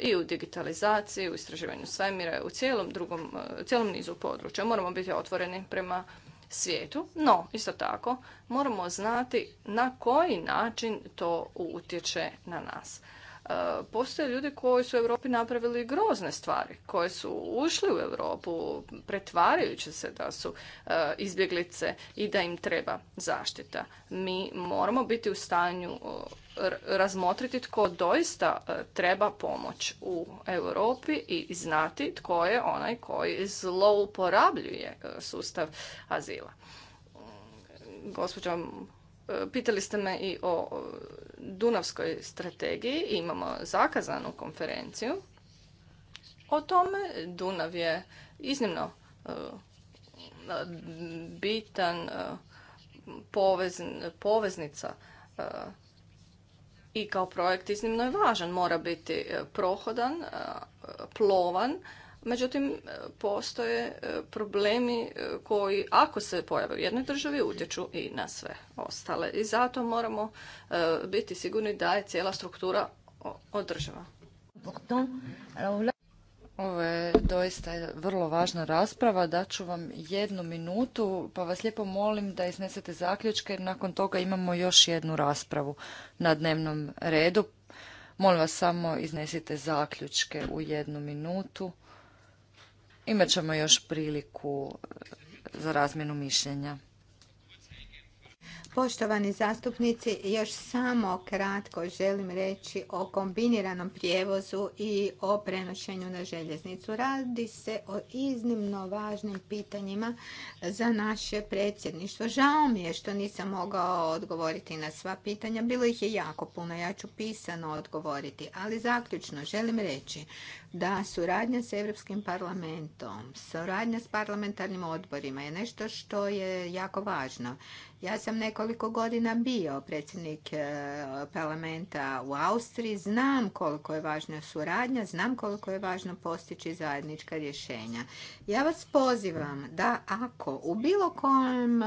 i u digitalizaciji, u istraživanju svemira, u cijelom, drugom, e, cijelom nizu područja. Moramo biti otvoreni prema svijetu, no isto tako moramo znati na koji način to utječe na nas postoje ljudi koji su u Europi napravili grozne stvari, koji su ušli u Europu pretvarajući se da su e, izbjeglice i da im treba zaštita. Mi moramo biti u stanju e, razmotriti tko doista e, treba pomoć u Europi i znati tko je onaj koji zlouporabljuje sustav azila. Gospođa Pitali ste me i o Dunavskoj strategiji. Imamo zakazanu konferenciju o tome. Dunav je iznimno e, bitan e, poveznica e, i kao projekt iznimno je važan. Mora biti prohodan, plovan Međutim, e, postoje e, problemi e, koji, ako se pojave u jednoj državi, utječu i na sve ostale. I zato moramo biti sigurni da je cijela struktura održava. Ovo je doista vrlo važna rasprava. Daću vam jednu minutu, pa vas lijepo molim da iznesete zaključke. nakon toga imamo još jednu raspravu na dnevnom redu. Molim vas samo iznesite zaključke u jednu minutu. Imat ćemo još priliku eh, za razmjenu mišljenja. Poštovani zastupnici, još samo kratko želim reći o kombiniranom prijevozu i o prenošenju na željeznicu. Radi se o iznimno važnim pitanjima za naše predsjedništvo. Žao mi je što nisam mogao odgovoriti na sva pitanja. Bilo ih je jako puno, ja ću pisano odgovoriti. Ali zaključno želim reći da suradnja s Europskim parlamentom, suradnja s parlamentarnim odborima je nešto što je jako važno. Ja sam nekoliko godina bio predsjednik e, parlamenta u Austriji, znam koliko je važna suradnja, znam koliko je važno postići zajednička rješenja. Ja vas pozivam da ako u bilo kojem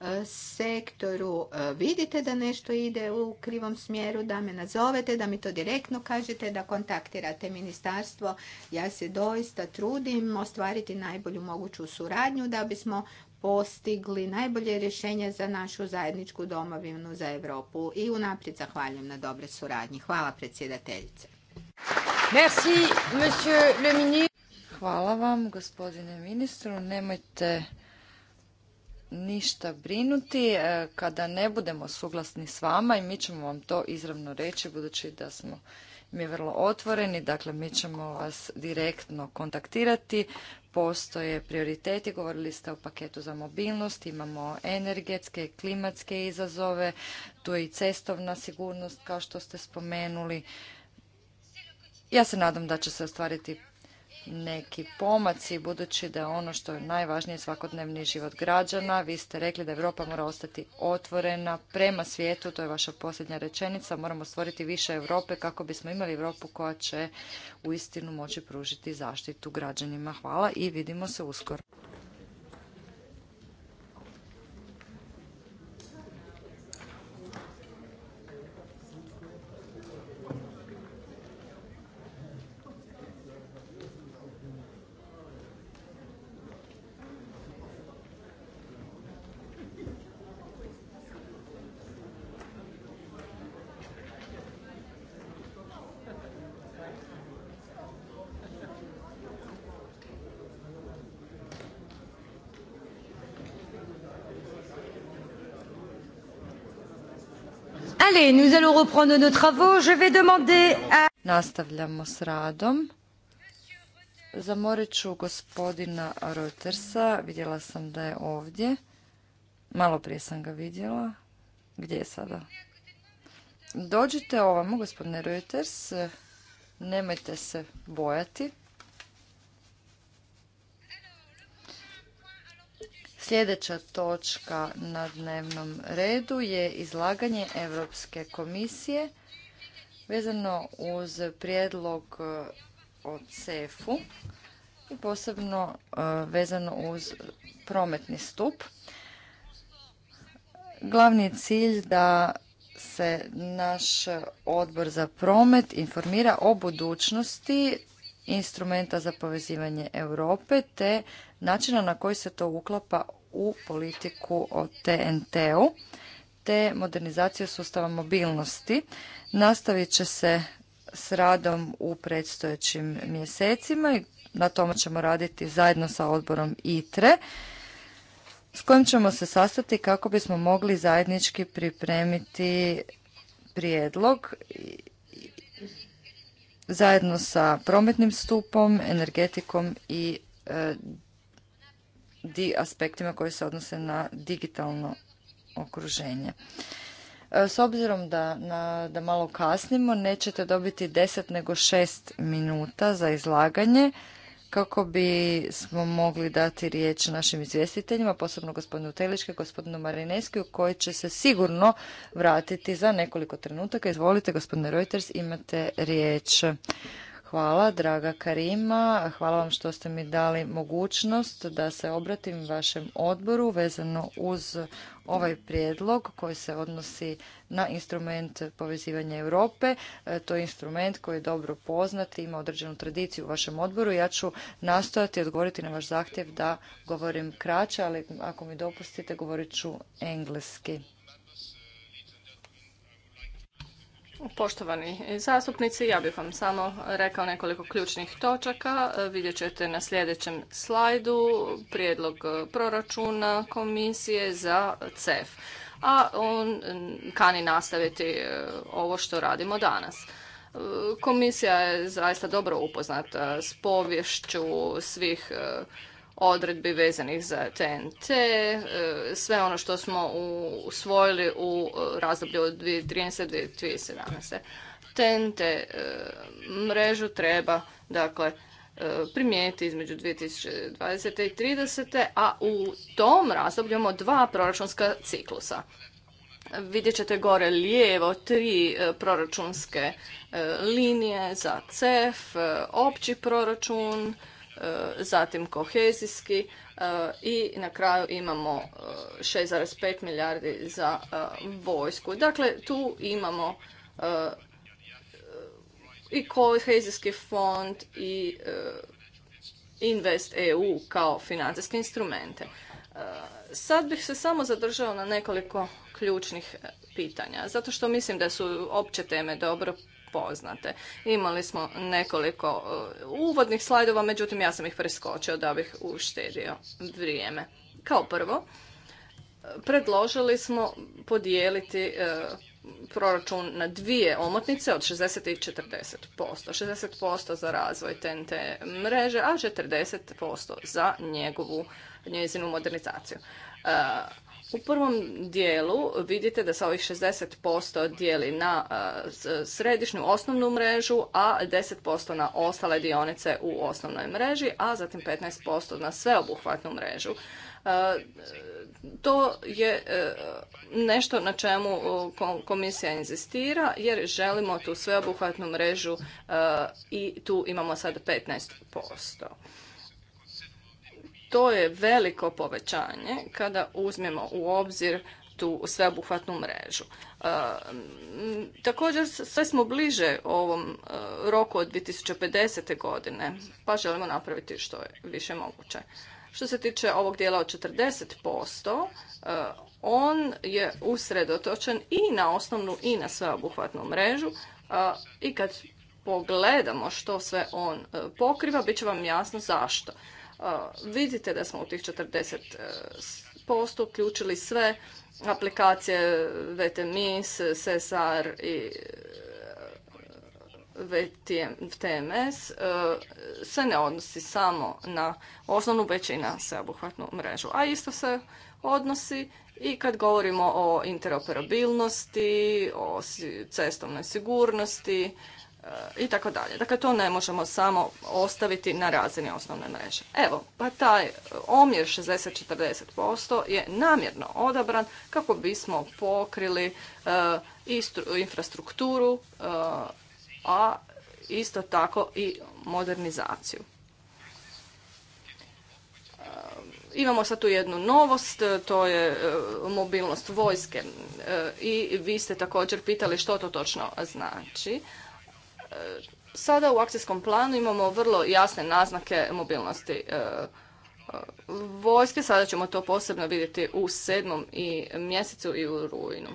E, sektoru e, vidite da nešto ide u krivom smjeru, da me nazovete, da mi to direktno kažete, da kontaktirate ministarstvo. Ja se doista trudim ostvariti najbolju moguću suradnju da bismo postigli najbolje rješenje za našu zajedničku domovinu za Europu i unaprijed zahvaljujem na dobre suradnji. Hvala predsjedateljice. Hvala vam, gospodine ministru. Nemojte ništa brinuti e, kada ne budemo suglasni s vama i mi ćemo vam to izravno reći budući da smo mi vrlo otvoreni, dakle mi ćemo vas direktno kontaktirati. Postoje prioriteti, govorili ste o paketu za mobilnost, imamo energetske, klimatske izazove, tu je i cestovna sigurnost kao što ste spomenuli. Ja se nadam da će se ostvariti neki pomaci budući da je ono što je najvažnije svakodnevni život građana. Vi ste rekli da Europa mora ostati otvorena prema svijetu, to je vaša posljednja rečenica. Moramo stvoriti više Europe kako bismo imali Europu koja će uistinu moći pružiti zaštitu građanima. Hvala i vidimo se uskoro. nous allons reprendre nos Nastavljamo s radom. Zamorit ću gospodina Reutersa. Vidjela sam da je ovdje. Malo prije sam ga vidjela. Gdje je sada? Dođite ovamo, gospodine Reuters. Nemojte se bojati. Sljedeća točka na dnevnom redu je izlaganje Europske komisije vezano uz prijedlog e, o CEF-u i posebno e, vezano uz prometni stup. Glavni je cilj da se naš odbor za promet informira o budućnosti instrumenta za povezivanje Europe te načina na koji se to uklapa u politiku o TNT-u te modernizaciju sustava mobilnosti. Nastavit će se s radom u predstojećim mjesecima i na tome ćemo raditi zajedno sa odborom ITRE s kojim ćemo se sastati kako bismo mogli zajednički pripremiti prijedlog zajedno sa prometnim stupom, energetikom i e, di aspektima koji se odnose na digitalno okruženje. E, s obzirom da, na, da malo kasnimo, nećete dobiti 10 nego 6 minuta za izlaganje kako bi smo mogli dati riječ našim izvjestiteljima, posebno gospodinu Teliške, gospodinu Marineskiju, koji će se sigurno vratiti za nekoliko trenutaka. Izvolite, gospodine Reuters, imate riječ. Hvala, draga Karima. Hvala vam što ste mi dali mogućnost da se obratim vašem odboru vezano uz ovaj prijedlog koji se odnosi na instrument povezivanja Europe. E, to je instrument koji je dobro poznat i ima određenu tradiciju u vašem odboru. Ja ću nastojati odgovoriti na vaš zahtjev da govorim kraće, ali ako mi dopustite govorit ću engleski. Poštovani zastupnici, ja bih vam samo rekao nekoliko ključnih točaka. E, vidjet ćete na sljedećem slajdu prijedlog e, proračuna komisije za CEF, a on kani nastaviti e, ovo što radimo danas. Komisija je zaista dobro upoznata s povješću svih odredbi vezanih za TNT, e, sve ono što smo usvojili u e, razdoblju od 2013. do 2017. TNT e, mrežu treba dakle primijeniti između 2020. i 2030. a u tom razdoblju imamo dva proračunska ciklusa. Vidjet ćete gore lijevo tri proračunske linije za CEF, opći proračun, E, zatim kohezijski e, i na kraju imamo 6,5 e, milijardi za vojsku. Dakle, tu imamo i kohezijski fond i Invest EU kao financijske instrumente. Sad bih se samo zadržao na nekoliko ključnih pitanja, zato što mislim da su opće teme dobro poznate. Imali smo nekoliko uh, uvodnih slajdova, međutim ja sam ih preskočio da bih uštedio vrijeme. Kao prvo, predložili smo podijeliti uh, proračun na dvije omotnice od 60 i 40%. 60% za razvoj TNT mreže, a 40% za njegovu, njezinu modernizaciju. Uh, u prvom dijelu vidite da se ovih 60% dijeli na središnju osnovnu mrežu, a 10% na ostale dionice u osnovnoj mreži, a zatim 15% na sveobuhvatnu mrežu. To je e, nešto na čemu komisija inzistira jer želimo tu sveobuhvatnu mrežu e, i tu imamo sad 15% to je veliko povećanje kada uzmemo u obzir tu sveobuhvatnu mrežu. E, također sve smo bliže ovom e, roku od 2050. godine, pa želimo napraviti što je više moguće. Što se tiče ovog dijela od 40%, e, on je usredotočen i na osnovnu i na sveobuhvatnu mrežu i kad pogledamo što sve on pokriva, bit će vam jasno zašto. Vidite da smo u tih 40% e, uključili sve aplikacije VTMIS, SESAR i VTMS e, e, se ne odnosi samo na osnovnu već i na sveobuhvatnu mrežu. A isto se odnosi i kad govorimo o interoperabilnosti, o cestovnoj sigurnosti, i tako dalje. Dakle, to ne možemo samo ostaviti na razini osnovne mreže. Evo, pa taj omjer 60-40% je namjerno odabran kako bismo pokrili e, infrastrukturu, e, a isto tako i modernizaciju. E, imamo sad tu jednu novost, to je mobilnost vojske i vi ste također pitali što to točno znači. Sada u akcijskom planu imamo vrlo jasne naznake mobilnosti e, e, vojske. Sada ćemo to posebno vidjeti u sedmom i mjesecu i u rujnu.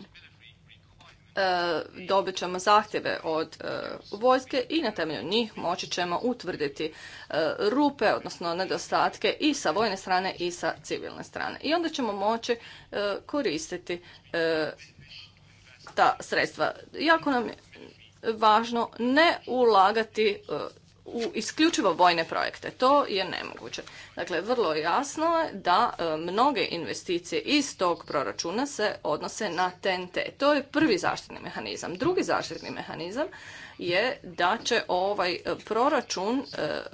E, dobit ćemo zahtjeve od vojske i na temelju njih moći ćemo utvrditi rupe, odnosno nedostatke i sa vojne strane i sa civilne strane. I onda ćemo moći koristiti ta sredstva. Jako nam je važno ne ulagati e, u isključivo vojne projekte. To je nemoguće. Dakle, vrlo jasno je da e, mnoge investicije iz tog proračuna se odnose na TNT. To je prvi zaštitni mehanizam. Drugi zaštitni mehanizam je da će ovaj e, proračun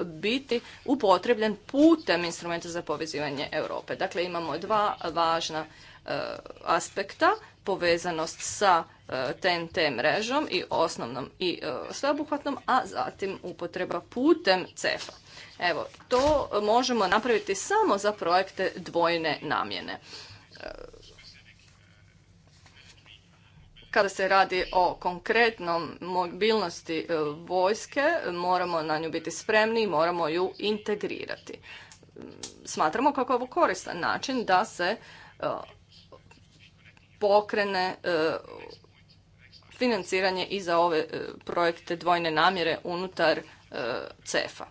biti upotrebljen putem instrumenta za povezivanje Europe. Dakle, imamo dva važna aspekta povezanost sa TNT e, mrežom i osnovnom i e, sveobuhvatnom, a zatim upotreba putem CEFA. Evo, to možemo napraviti samo za projekte dvojne namjene. E, kada se radi o konkretnom mobilnosti vojske, moramo na nju biti spremni i moramo ju integrirati. Smatramo kako je ovo koristan način da se pokrene e, financiranje i za ove e, projekte dvojne namjere unutar e, CEFA.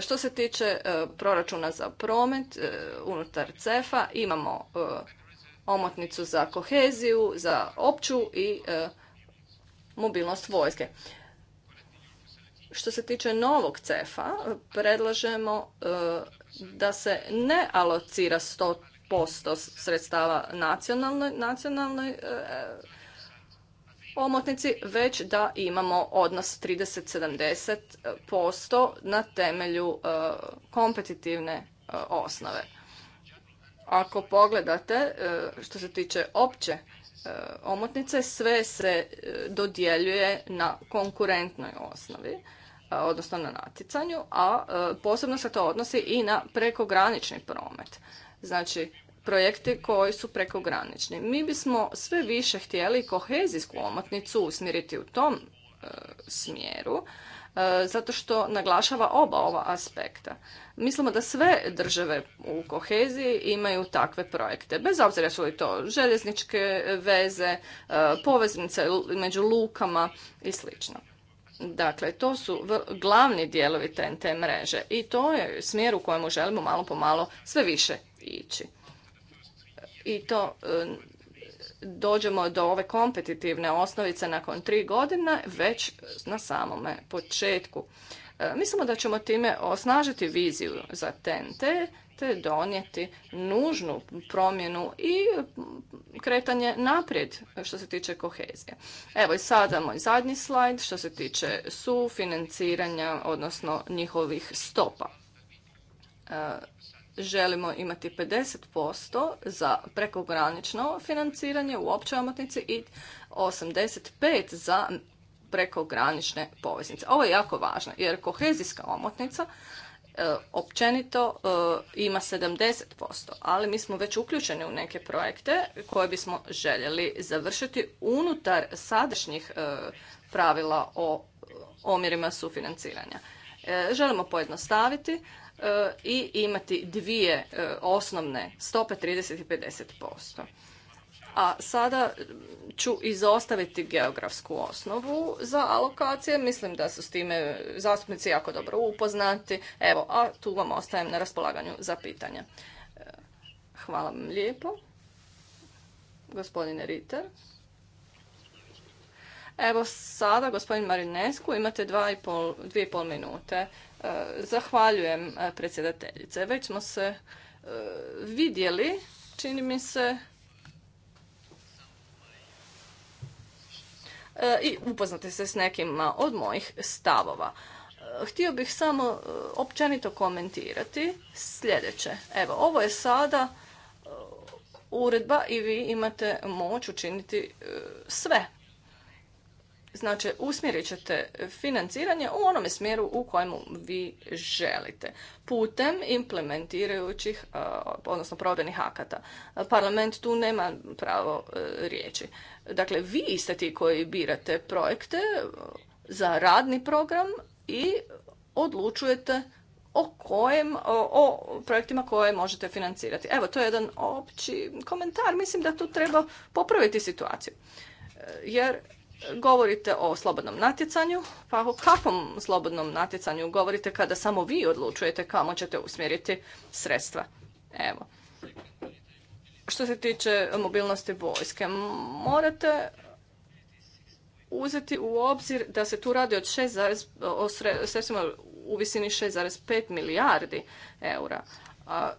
Što se tiče proračuna za promet unutar CEFA, imamo omotnicu za koheziju, za opću i mobilnost vojske. Što se tiče novog CEFA, predlažemo da se ne alocira 100 posto sredstava nacionalnoj, nacionalnoj e, omotnici, već da imamo odnos 30-70 posto na temelju e, kompetitivne e, osnove. Ako pogledate što se tiče opće omotnice, sve se dodjeljuje na konkurentnoj osnovi odnosno na natjecanju, a posebno se to odnosi i na prekogranični promet. Znači, projekti koji su prekogranični. Mi bismo sve više htjeli kohezijsku omotnicu usmjeriti u tom e, smjeru, e, zato što naglašava oba ova aspekta. Mislimo da sve države u koheziji imaju takve projekte, bez obzira su li to željezničke veze, e, poveznice među lukama i sl. Dakle, to su glavni dijelovi te mreže i to je smjer u kojemu želimo malo po malo sve više ići. I to e, dođemo do ove kompetitivne osnovice nakon tri godina već na samome početku. E, mislimo da ćemo time osnažiti viziju za TNT, te donijeti nužnu promjenu i kretanje naprijed što se tiče kohezije. Evo i sada moj zadnji slajd što se tiče sufinanciranja, odnosno njihovih stopa. E, želimo imati 50% za prekogranično financiranje u općoj omotnici i 85% za prekogranične poveznice. Ovo je jako važno jer kohezijska omotnica e, općenito e, ima 70%, ali mi smo već uključeni u neke projekte koje bismo željeli završiti unutar sadašnjih e, pravila o omjerima sufinanciranja. Želimo pojednostaviti E, i imati dvije e, osnovne stope 30 i 50%. A sada ću izostaviti geografsku osnovu za alokacije. Mislim da su s time zastupnici jako dobro upoznati. Evo, a tu vam ostajem na raspolaganju za pitanja. E, hvala vam lijepo. Gospodine Ritter. Evo sada, gospodin Marinesku, imate dvije i pol minute. Zahvaljujem e, predsjedateljice. Već smo se e, vidjeli, čini mi se, e, i upoznati se s nekima od mojih stavova. Htio bih samo općenito komentirati sljedeće. Evo, ovo je sada uredba i vi imate moć učiniti sve Znači, usmjerit ćete financiranje u onome smjeru u kojem vi želite. Putem implementirajućih, e, odnosno provedbenih akata. Parlament tu nema pravo e, riječi. Dakle, vi ste ti koji birate projekte e, za radni program i odlučujete o kojem, o, o projektima koje možete financirati. Evo, to je jedan opći komentar. Mislim da tu treba popraviti situaciju. Jer govorite o slobodnom natjecanju, pa o kakvom slobodnom natjecanju govorite kada samo vi odlučujete kamo ćete usmjeriti sredstva? Evo. Što se tiče mobilnosti vojske, morate uzeti u obzir da se tu radi od 6, o sredstvima u visini 6,5 milijardi eura a,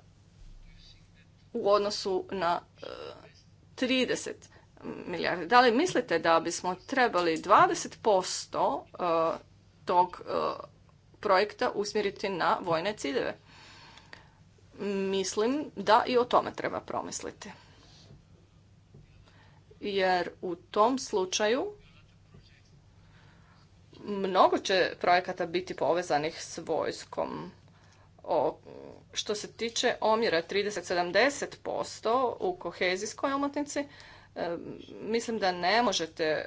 u odnosu na 30 e, milijardi. Da li mislite da bismo trebali 20% e, tog e, projekta usmjeriti na vojne ciljeve? Mislim da i o tome treba promisliti. Jer u tom slučaju mnogo će projekata biti povezanih s vojskom. O, što se tiče omjera 30-70% u kohezijskoj omotnici, mislim da ne možete e,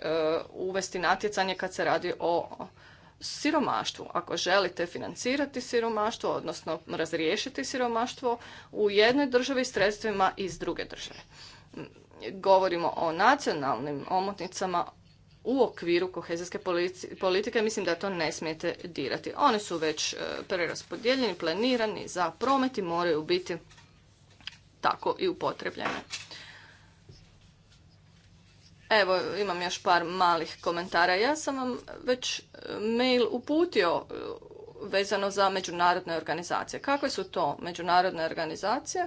uvesti natjecanje kad se radi o siromaštvu. Ako želite financirati siromaštvo, odnosno razriješiti siromaštvo u jednoj državi sredstvima iz druge države. Govorimo o nacionalnim omotnicama u okviru kohezijske politike, mislim da to ne smijete dirati. One su već e, preraspodijeljeni, planirani za promet i moraju biti tako i upotrebljene. Evo, imam još par malih komentara. Ja sam vam već e, mail uputio e, vezano za međunarodne organizacije. Kakve su to međunarodne organizacije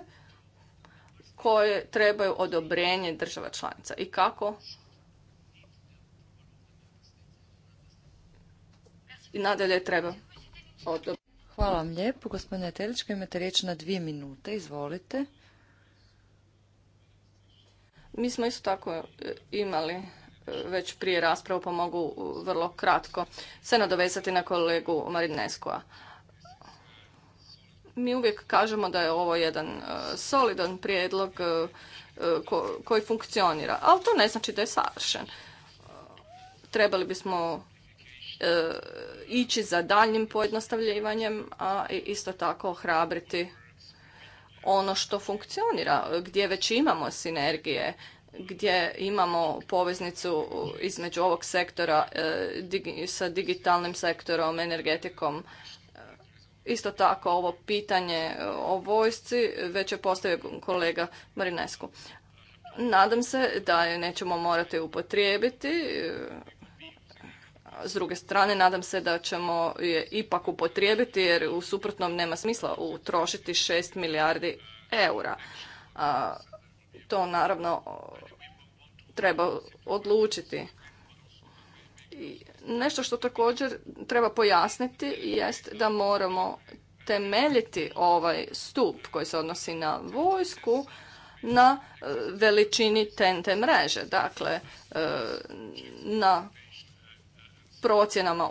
koje trebaju odobrenje država članica i kako? I nadalje treba odobrenje. Hvala vam lijepo. Gospodine Telička, imate riječ na dvije minute. Izvolite. Mi smo isto tako e, imali e, već prije raspravu, pa mogu vrlo kratko se nadovezati na kolegu Marineskoa. Mi uvijek kažemo da je ovo jedan e, solidan prijedlog koji funkcionira, ali to ne znači da je savršen. Trebali bismo ići za daljnjim pojednostavljivanjem, a isto tako ohrabriti ono što funkcionira, gdje već imamo sinergije, gdje imamo poveznicu između ovog sektora e, sa digitalnim sektorom, energetikom. E, isto tako ovo pitanje o vojsci već je postavio kolega Marinesku. Nadam se da je nećemo morati upotrijebiti s druge strane nadam se da ćemo je ipak upotrijebiti jer u suprotnom nema smisla utrošiti 6 milijardi eura. to naravno treba odlučiti. I nešto što također treba pojasniti jest da moramo temeljiti ovaj stup koji se odnosi na vojsku na e, veličini TNT mreže, dakle e, na procjenama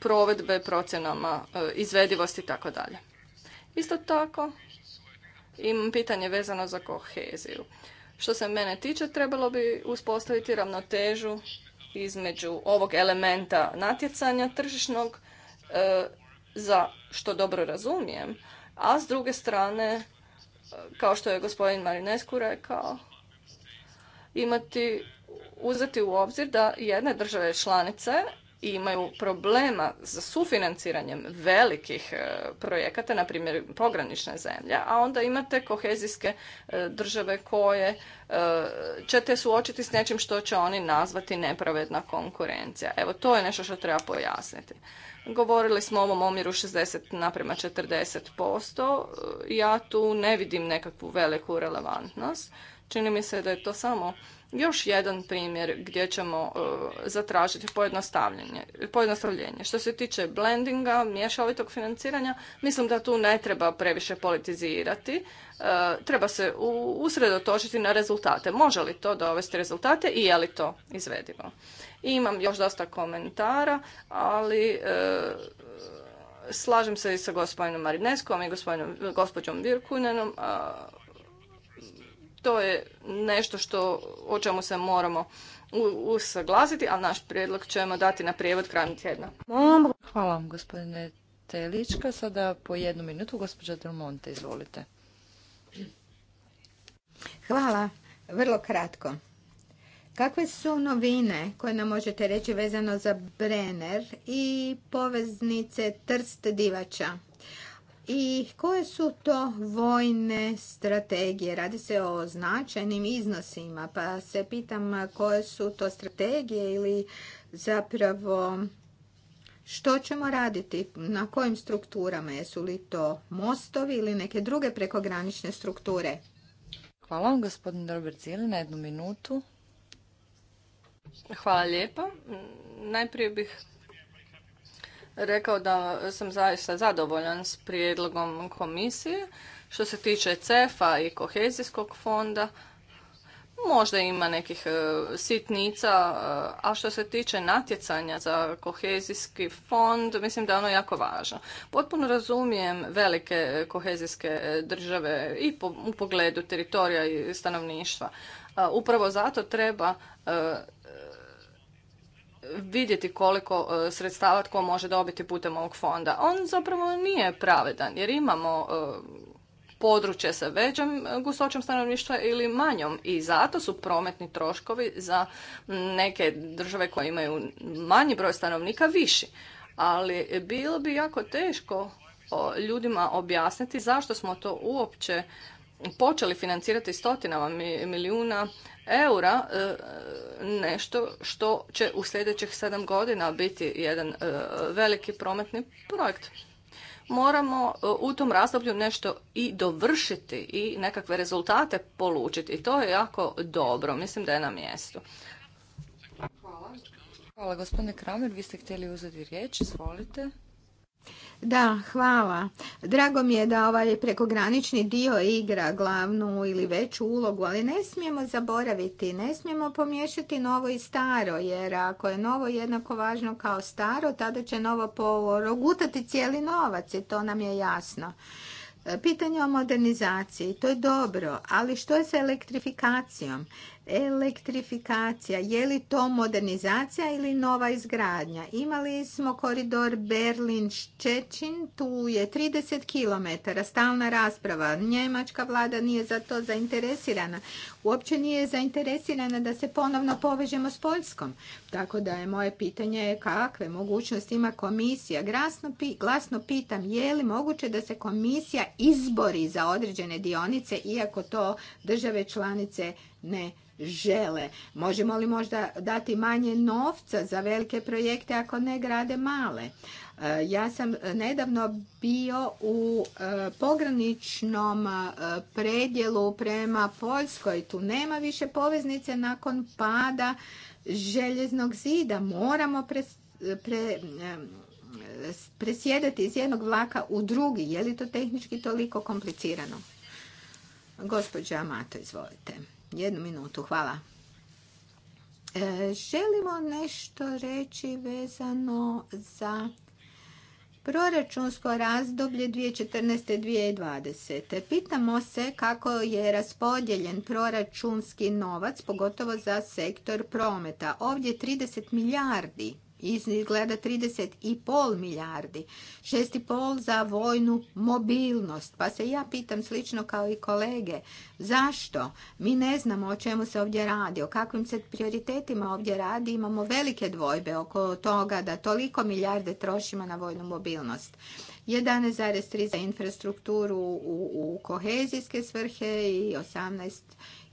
provedbe, procjenama e, izvedivosti i tako dalje. Isto tako, imam pitanje vezano za koheziju. Što se mene tiče, trebalo bi uspostaviti ravnotežu između ovog elementa natjecanja tržišnog, e, za što dobro razumijem, a s druge strane, e, kao što je gospodin Marinescu rekao, imati uzeti u obzir da jedne države članice imaju problema za sufinanciranjem velikih e, projekata, na primjer pogranične zemlje, a onda imate kohezijske e, države koje e, ćete suočiti s nečim što će oni nazvati nepravedna konkurencija. Evo, to je nešto što treba pojasniti. Govorili smo o ovom omjeru 60 naprema 40%. Ja tu ne vidim nekakvu veliku relevantnost. Čini mi se da je to samo još jedan primjer gdje ćemo e, zatražiti pojednostavljenje, Što se tiče blendinga, mješovitog financiranja, mislim da tu ne treba previše politizirati. E, treba se usredotočiti na rezultate. Može li to dovesti rezultate i je li to izvedivo? imam još dosta komentara, ali e, slažem se i sa gospodinom Marineskom i gospodinom, gospođom Virkunenom. To je nešto što, o čemu se moramo usaglasiti, a naš prijedlog ćemo dati na prijevod krajem tjedna. Hvala vam gospodine Telička. Sada po jednu minutu gospođa Del Monte, izvolite. Hvala. Vrlo kratko. Kakve su novine koje nam možete reći vezano za Brenner i poveznice Trst Divača? i koje su to vojne strategije? Radi se o značajnim iznosima, pa se pitam koje su to strategije ili zapravo što ćemo raditi, na kojim strukturama, jesu li to mostovi ili neke druge prekogranične strukture? Hvala vam, gospodin Robert na jednu minutu. Hvala lijepo. Najprije bih rekao da sam zaista zadovoljan s prijedlogom komisije. Što se tiče CEFA i kohezijskog fonda, možda ima nekih e, sitnica, e, a što se tiče natjecanja za kohezijski fond, mislim da je ono jako važno. Potpuno razumijem velike kohezijske države i u pogledu teritorija i stanovništva. E, upravo zato treba vidjeti koliko e, sredstava tko može dobiti putem ovog fonda. On zapravo nije pravedan jer imamo e, područje sa većom gustoćom stanovništva ili manjom i zato su prometni troškovi za neke države koje imaju manji broj stanovnika viši. Ali bilo bi jako teško ljudima objasniti zašto smo to uopće počeli financirati stotinama milijuna eura e, nešto što će u sljedećih sedam godina biti jedan e, veliki prometni projekt. Moramo e, u tom razdoblju nešto i dovršiti i nekakve rezultate polučiti. I to je jako dobro. Mislim da je na mjestu. Hvala. Hvala gospodine Kramer. Vi ste htjeli uzeti riječ. Izvolite. Da, hvala. Drago mi je da ovaj prekogranični dio igra glavnu ili veću ulogu, ali ne smijemo zaboraviti, ne smijemo pomiješati novo i staro, jer ako je novo jednako važno kao staro, tada će novo porogutati cijeli novac i to nam je jasno. E, pitanje o modernizaciji, to je dobro, ali što je sa elektrifikacijom? elektrifikacija, je li to modernizacija ili nova izgradnja? Imali smo koridor Berlin-Ščečin, tu je 30 km, stalna rasprava. Njemačka vlada nije za to zainteresirana. Uopće nije zainteresirana da se ponovno povežemo s Poljskom. Tako da je moje pitanje kakve mogućnosti ima komisija. Glasno, glasno pitam je li moguće da se komisija izbori za određene dionice, iako to države članice ne žele. Možemo li možda dati manje novca za velike projekte ako ne grade male? E, ja sam nedavno bio u e, pograničnom e, predjelu prema Poljskoj. Tu nema više poveznice nakon pada željeznog zida. Moramo presjedati iz jednog vlaka u drugi. Je li to tehnički toliko komplicirano? Gospođa Amato, izvolite jednu minutu, hvala. E, želimo nešto reći vezano za proračunsko razdoblje 2014-2020. Pitamo se kako je raspodijeljen proračunski novac, pogotovo za sektor prometa. Ovdje 30 milijardi izgleda 30,5 milijardi, 6,5 za vojnu mobilnost. Pa se ja pitam slično kao i kolege, zašto? Mi ne znamo o čemu se ovdje radi, o kakvim se prioritetima ovdje radi, imamo velike dvojbe oko toga da toliko milijarde trošimo na vojnu mobilnost. 11,3 za infrastrukturu u, kohezijske svrhe i 18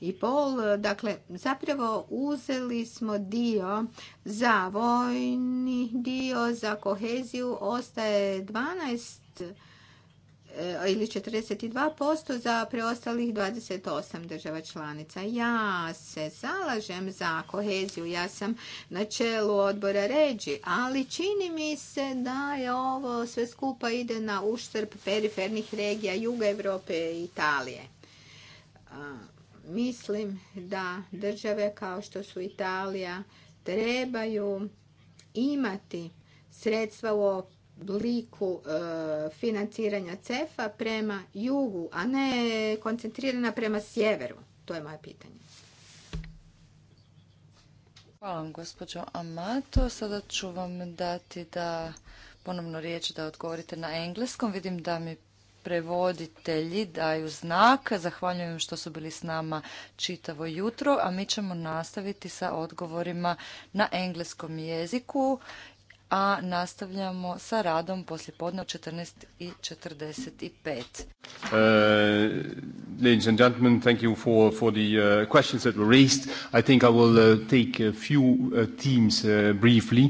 i pol. Dakle, zapravo uzeli smo dio za vojni dio, za koheziju ostaje 12 eh, ili 42% za preostalih 28 država članica. Ja se zalažem za koheziju, ja sam na čelu odbora ređi, ali čini mi se da je ovo sve skupa ide na uštrb perifernih regija Juga Europe i Italije mislim da države kao što su Italija trebaju imati sredstva u obliku e, financiranja cefa prema jugu, a ne koncentrirana prema sjeveru? To je moje pitanje. Hvala vam, gospođo Amato. Sada ću vam dati da ponovno riječ da odgovorite na engleskom. Vidim da mi prevoditelji daju znak. Zahvaljujem što su bili s nama čitavo jutro, a mi ćemo nastaviti sa odgovorima na engleskom jeziku, a nastavljamo sa radom poslje podne u 14.45. Uh, ladies and gentlemen, thank you for, for the uh, questions that were raised. I think I will uh, take a few uh, themes uh, briefly.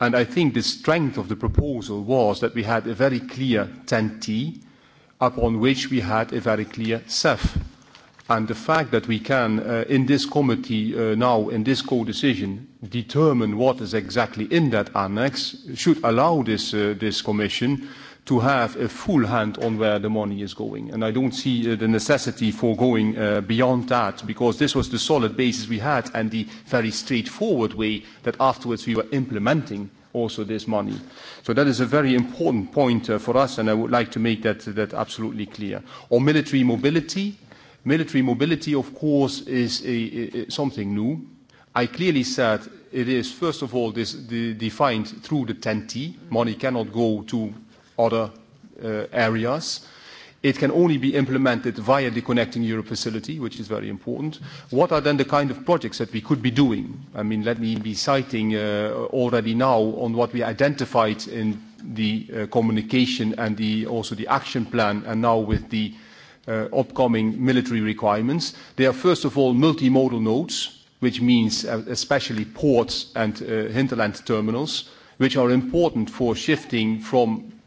And I think the strength of the proposal was that we had a very clear 10T, upon which we had a very clear CEF. And the fact that we can, uh, in this committee uh, now, in this co-decision, determine what is exactly in that annex should allow this, uh, this commission to have a full hand on where the money is going. And I don't see uh, the necessity for going uh, beyond that because this was the solid basis we had and the very straightforward way that afterwards we were implementing also this money. So that is a very important point uh, for us and I would like to make that, that absolutely clear. On military mobility, military mobility of course is something new. I clearly said it is first of all this, defined through the 10T. Money cannot go to other uh, areas. It can only be implemented via the Connecting Europe facility, which is very important. What are then the kind of projects that we could be doing? I mean, let me be citing uh, already now on what we identified in the uh, communication and the, also the action plan, and now with the upcoming military requirements. They are, first of all, multimodal nodes, which means especially ports and hinterland terminals, which are important for shifting from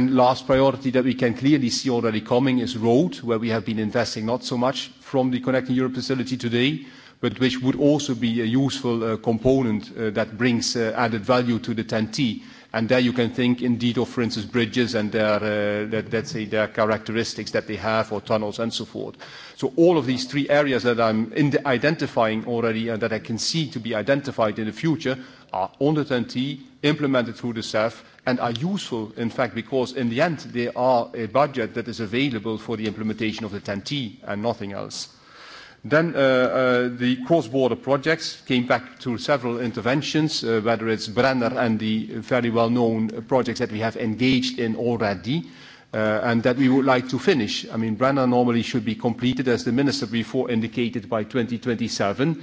last priority that we can clearly see already coming is road, where we have been investing not so much from the Connecting Europe facility today, but which would also be a useful uh, component uh, that brings uh, added value to the TEN-T. And there you can think indeed of, for instance, bridges and their, let's say, their characteristics that they have, or tunnels and so forth. So all of these three areas that I'm identifying already and that I can see to be identified in the future are on the TEN-T, implemented through the CEF, and are useful, in fact, because in the end they are a budget that is available for the implementation of the TEN-T and nothing else. Then uh, uh, the cross-border projects came back to several interventions, uh, whether it's Brenner and the very well-known projects that we have engaged in already, uh, and that we would like to finish. I mean, Brenner normally should be completed, as the minister before indicated, by 2027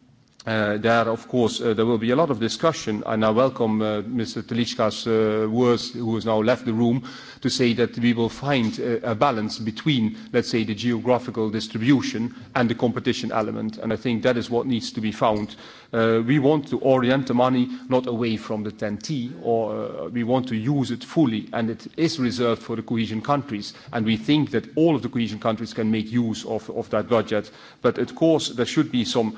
Uh, there, of course, uh, there will be a lot of discussion, and I welcome uh, Mr. Telichka's words, who has now left the room, to say that we will find a balance between, let's say, the geographical distribution and the competition element, and I think that is what needs to be found. We want to orient the money not away from the TEN-T, or we want to use it fully, and it is reserved for the cohesion countries, and we think that all of the cohesion countries can make use of, of that budget. But of course, there should be some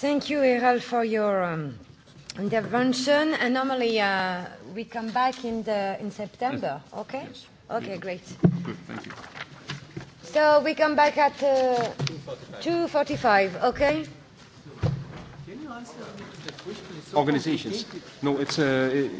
Thank you, Errol, for your um, intervention. And normally uh, we come back in, the, in September, yes. okay? Yes. Okay, yes. great. Good, thank you. So we come back at uh, 2.45, okay? Can you answer the question? Organizations. No, it's... Uh, it